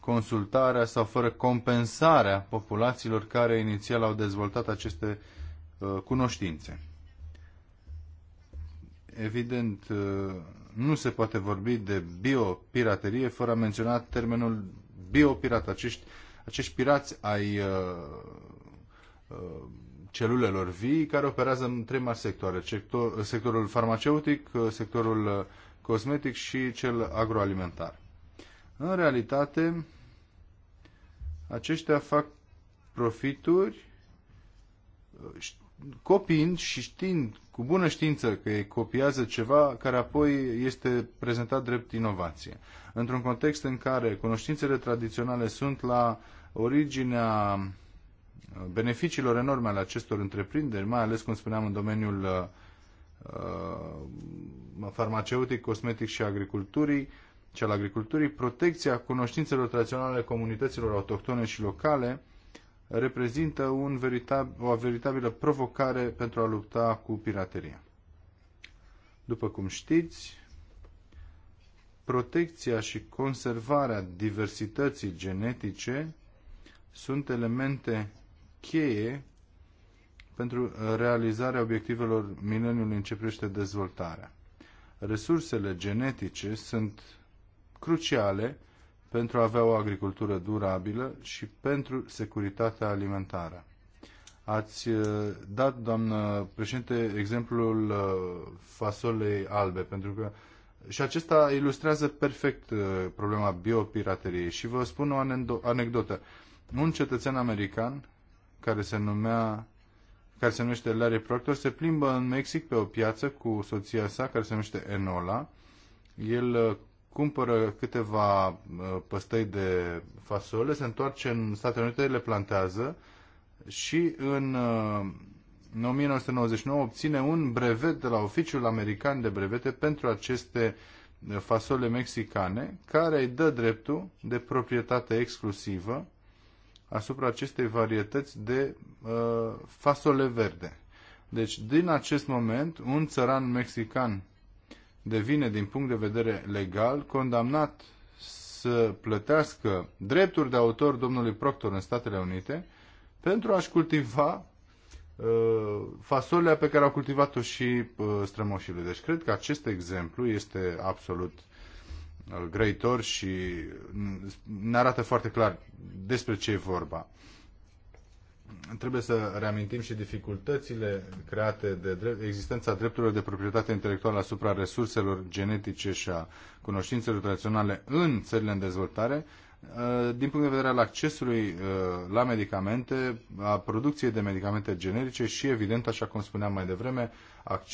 consultarea sau fără compensarea populațiilor care inițial au dezvoltat aceste uh, cunoștințe evident, uh, nu se poate vorbi de biopiraterie fără a menționa termenul biopirat, acești, acești pirați ai uh, uh, celulelor vii care operează în trei mari sectoare, sectorul farmaceutic, uh, sectorul uh, cosmetic și cel agroalimentar. În realitate, aceștia fac profituri copiind și știind cu bună știință că ei copiază ceva care apoi este prezentat drept inovație. Într-un context în care cunoștințele tradiționale sunt la originea uh, beneficiilor enorme ale acestor întreprinderi, mai ales, cum spuneam, în domeniul uh, uh farmaceutic, cosmetic și agriculturii, cel agriculturii, protecția cunoștințelor tradiționale comunităților autohtone și locale, reprezintă un veritab- o veritabilă provocare pentru a lupta cu pirateria. După cum știți, protecția și conservarea diversității genetice sunt elemente cheie pentru realizarea obiectivelor mileniului în ce privește dezvoltarea. Resursele genetice sunt cruciale pentru a avea o agricultură durabilă și pentru securitatea alimentară. Ați uh, dat, doamnă președinte, exemplul uh, fasolei albe, pentru că și acesta ilustrează perfect uh, problema biopirateriei. Și vă spun o anecdotă. Un cetățean american care se numea care se numește Larry Proctor, se plimbă în Mexic pe o piață cu soția sa, care se numește Enola. El cumpără câteva uh, păstăi de fasole, se întoarce în Statele Unite, le plantează și în, uh, în 1999 obține un brevet de la oficiul american de brevete pentru aceste uh, fasole mexicane, care îi dă dreptul de proprietate exclusivă asupra acestei varietăți de uh, fasole verde. Deci, din acest moment, un țăran mexican devine, din punct de vedere legal, condamnat să plătească drepturi de autor domnului Proctor în Statele Unite pentru a-și cultiva uh, fasolea pe care au cultivat-o și uh, strămoșile. Deci cred că acest exemplu este absolut uh, greitor și mm, ne arată foarte clar despre ce e vorba trebuie să reamintim și dificultățile create de drept, existența drepturilor de proprietate intelectuală asupra resurselor genetice și a cunoștințelor tradiționale în țările în dezvoltare, uh, din punct de vedere al accesului uh, la medicamente, a producției de medicamente generice și, evident, așa cum spuneam mai devreme,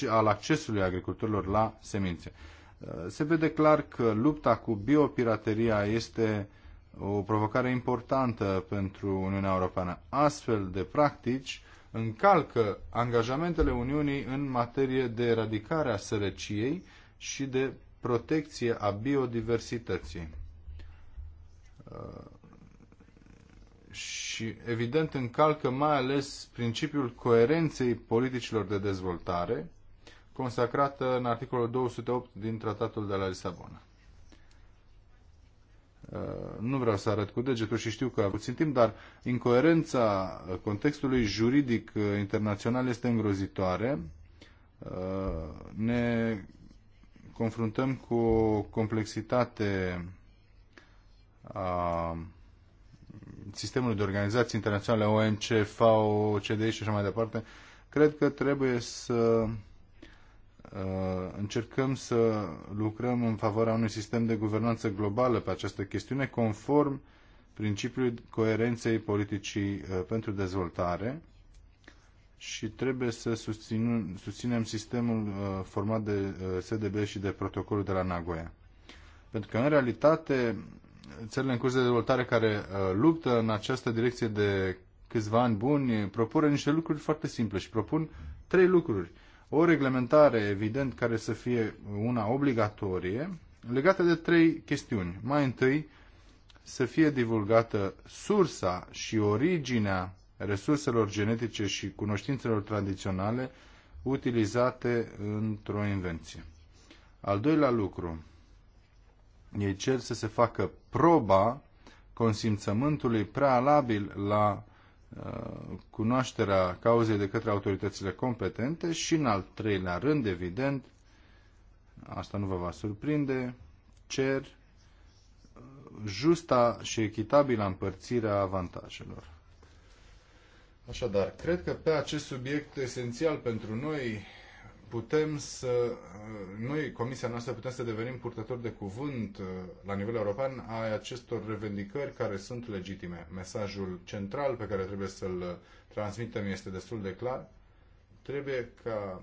al accesului agricultorilor la semințe. Uh, se vede clar că lupta cu biopirateria este uh, o provocare importantă pentru Uniunea Europeană. Astfel de practici încalcă angajamentele Uniunii în materie de eradicare a sărăciei și de protecție a biodiversității. Uh, și, evident, încalcă mai ales principiul coerenței politicilor de dezvoltare, consacrată în articolul 208 din Tratatul de la Lisabona. Uh, nu vreau să arăt cu degetul și știu că a puțin timp, dar incoerența contextului juridic uh, internațional este îngrozitoare. Uh, ne confruntăm cu o complexitate a sistemului de organizații internaționale, OMC, FAO, CDI și așa mai departe. Cred că trebuie să Uh, încercăm să lucrăm în favoarea unui sistem de guvernanță globală pe această chestiune, conform principiului coerenței politicii uh, pentru dezvoltare și trebuie să susținem, susținem sistemul uh, format de SDB și de protocolul de la Nagoya. Pentru că, în realitate, țările în curs de dezvoltare care luptă în această direcție de câțiva ani buni propun niște lucruri foarte simple și propun trei lucruri – o reglementare, evident, care să fie una obligatorie, legată de trei chestiuni. Mai întâi, să fie divulgată sursa și originea resurselor genetice și cunoștințelor tradiționale utilizate într-o invenție. Al doilea lucru, ei cer să se facă proba consimțământului prealabil la Uh, cunoașterea cauzei de către autoritățile competente și, în al treilea rând, evident, asta nu vă va surprinde, cer uh, justa și echitabilă împărțire a avantajelor. Așadar, cred că pe acest subiect esențial pentru noi, putem să, uh, noi, Comisia noastră, putem să devenim purtători de cuvânt uh, la nivel european a acestor revendicări care sunt legitime. Mesajul central pe care trebuie să-l uh, transmitem este destul de clar. Trebuie ca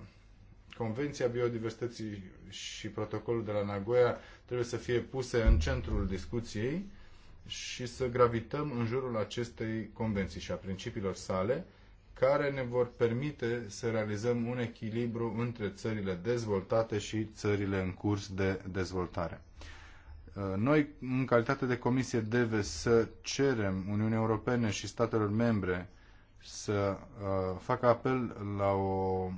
Convenția Biodiversității și protocolul de la Nagoya trebuie să fie puse în centrul discuției și să gravităm în jurul acestei convenții și a principiilor sale, care ne vor permite să realizăm un echilibru între țările dezvoltate și țările în curs de dezvoltare. Uh, noi, în calitate de comisie, deve să cerem Uniunii Europene și statelor membre să uh, facă apel la o uh,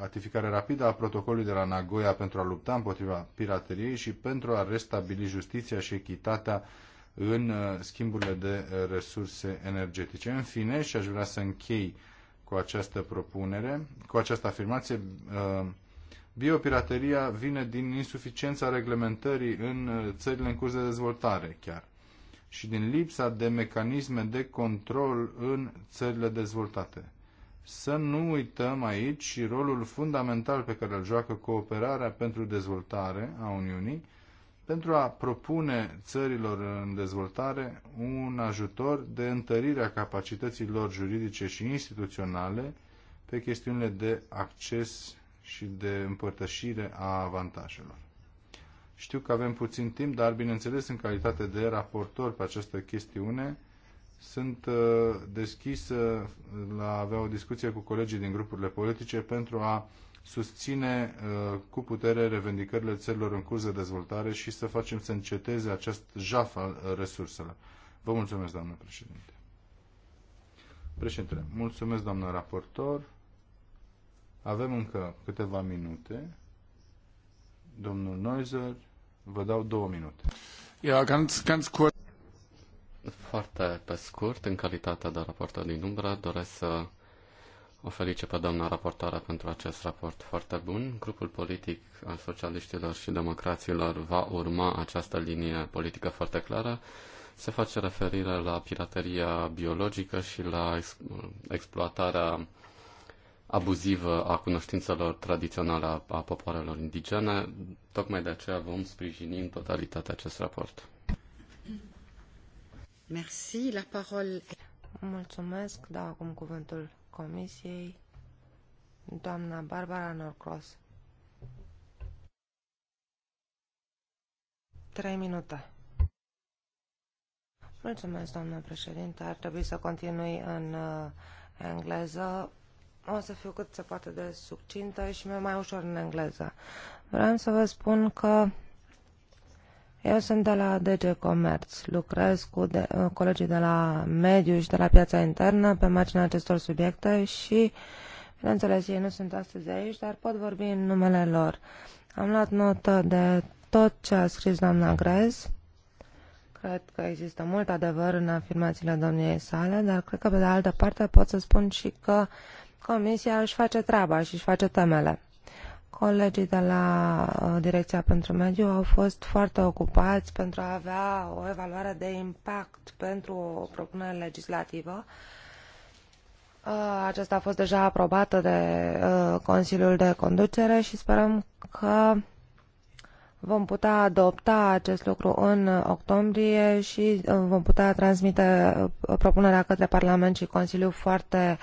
ratificare rapidă a protocolului de la Nagoya pentru a lupta împotriva pirateriei și pentru a restabili justiția și echitatea în uh, schimburile de uh, resurse energetice. În fine, și aș vrea să închei cu această propunere, cu această afirmație, uh, biopirateria vine din insuficiența reglementării în țările în curs de dezvoltare chiar și din lipsa de mecanisme de control în țările dezvoltate. Să nu uităm aici rolul fundamental pe care îl joacă cooperarea pentru dezvoltare a Uniunii, pentru a propune țărilor în dezvoltare un ajutor de întărire a capacităților juridice și instituționale pe chestiunile de acces și de împărtășire a avantajelor. Știu că avem puțin timp, dar bineînțeles în calitate de raportor pe această chestiune sunt uh, deschis la avea o discuție cu colegii din grupurile politice pentru a susține uh, cu putere revendicările țărilor în curs de dezvoltare și să facem să înceteze acest jaf al uh, resurselor. Vă mulțumesc, doamnă președinte. Președinte, mulțumesc, doamnă raportor. Avem încă câteva minute. Domnul Neuser, vă dau două minute. Ja, ganz, ganz Foarte pe scurt, în calitatea de raportor din umbră, doresc să o felice pe doamna raportoare pentru acest raport foarte bun. Grupul politic al socialiștilor și democraților va urma această linie politică foarte clară. Se face referire la pirateria biologică și la exploatarea abuzivă a cunoștințelor tradiționale a popoarelor indigene. Tocmai de aceea vom sprijini în totalitate acest raport. Merci. La parole. Mulțumesc. Da, acum cuvântul Comisiei, doamna Barbara Norcross. Trei minute. Mulțumesc, doamnă președinte. Ar trebui să continui în uh, engleză. O să fiu cât se poate de succintă și mai ușor în engleză. Vreau să vă spun că eu sunt de la DG Comerț, lucrez cu de, uh, colegii de la mediu și de la piața internă pe marginea acestor subiecte și, bineînțeles, ei nu sunt astăzi aici, dar pot vorbi în numele lor. Am luat notă de tot ce a scris doamna Grez. Cred că există mult adevăr în afirmațiile domniei sale, dar cred că, pe de altă parte, pot să spun și că Comisia își face treaba și își face temele. Colegii de la uh, Direcția pentru Mediu au fost foarte ocupați pentru a avea o evaluare de impact pentru o propunere legislativă. Uh, aceasta a fost deja aprobată de uh, Consiliul de Conducere și sperăm că vom putea adopta acest lucru în octombrie și vom putea transmite propunerea către Parlament și Consiliu foarte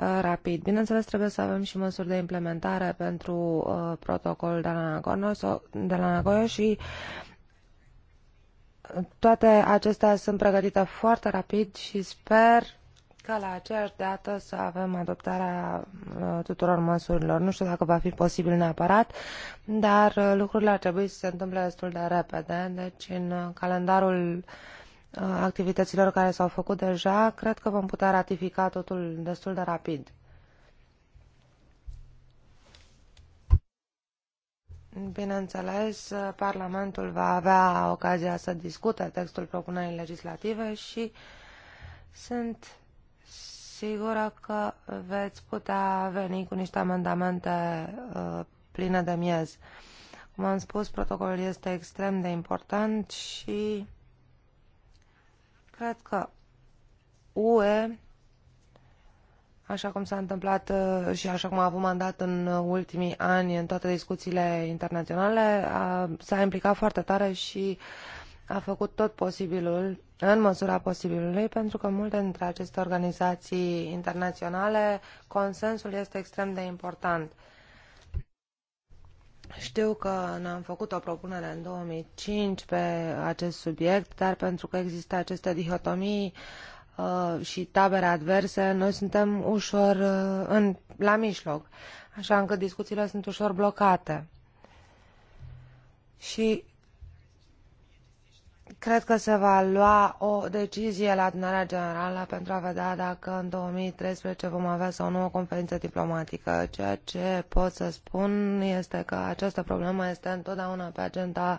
Uh, rapid. Bineînțeles, trebuie să avem și măsuri de implementare pentru uh, protocolul de la, Nagorno, de la Nagoya și uh, toate acestea sunt pregătite foarte rapid și sper ca la aceeași dată să avem adoptarea uh, tuturor măsurilor. Nu știu dacă va fi posibil neapărat, dar lucrurile ar trebui să se întâmple destul de repede. Deci în calendarul uh, Uh, activităților care s-au făcut deja, cred că vom putea ratifica totul destul de rapid. Bineînțeles, uh, Parlamentul va avea ocazia să discute textul propunerii legislative și sunt sigură că veți putea veni cu niște amendamente uh, pline de miez. Cum am spus, protocolul este extrem de important și Cred că UE, așa cum s-a întâmplat uh, și așa cum a avut mandat în ultimii ani în toate discuțiile internaționale, s-a implicat foarte tare și a făcut tot posibilul, în măsura posibilului, pentru că multe dintre aceste organizații internaționale, consensul este extrem de important. Uh, știu că ne-am făcut o propunere în 2005 pe acest subiect, dar pentru că există aceste dihotomii uh, și tabere adverse, noi suntem ușor uh, în, la mijloc, așa încât discuțiile sunt ușor blocate. Și Cred că se va lua o decizie la adunarea generală pentru a vedea dacă în 2013 vom avea sau nu o conferință diplomatică. Ceea ce pot să spun este că această problemă este întotdeauna pe agenda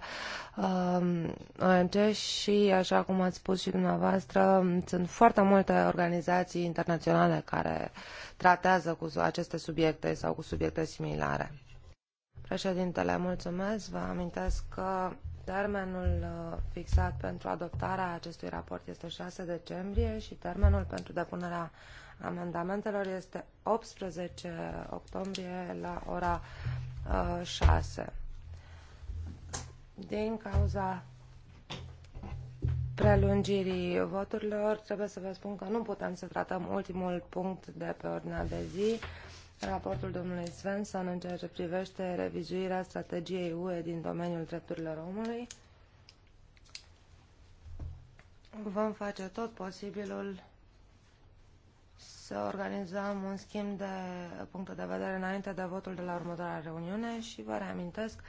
um, OMC și, așa cum ați spus și dumneavoastră, sunt foarte multe organizații internaționale care tratează cu aceste subiecte sau cu subiecte similare. Președintele, mulțumesc. Vă amintesc că Termenul uh, fixat pentru adoptarea acestui raport este 6 decembrie și termenul pentru depunerea amendamentelor este 18 octombrie la ora 6. Uh, Din cauza prelungirii voturilor, trebuie să vă spun că nu putem să tratăm ultimul punct de pe ordinea de zi, raportul domnului Svensson în ceea ce privește revizuirea strategiei UE din domeniul drepturilor omului. Vom face tot posibilul să organizăm un schimb de puncte de vedere înainte de votul de la următoarea reuniune și vă reamintesc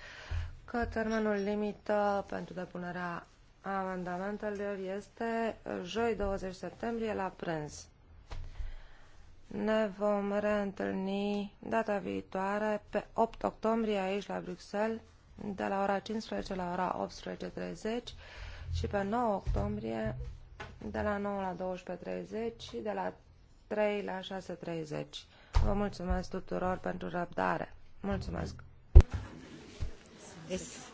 că termenul limită pentru depunerea amendamentelor este joi 20 septembrie la prânz. Ne vom reîntâlni data viitoare, pe 8 octombrie, aici la Bruxelles, de la ora 15 la ora 18.30 și pe 9 octombrie de la 9 la 12.30 și de la 3 la 6.30. Vă mulțumesc tuturor pentru răbdare. Mulțumesc! Yes.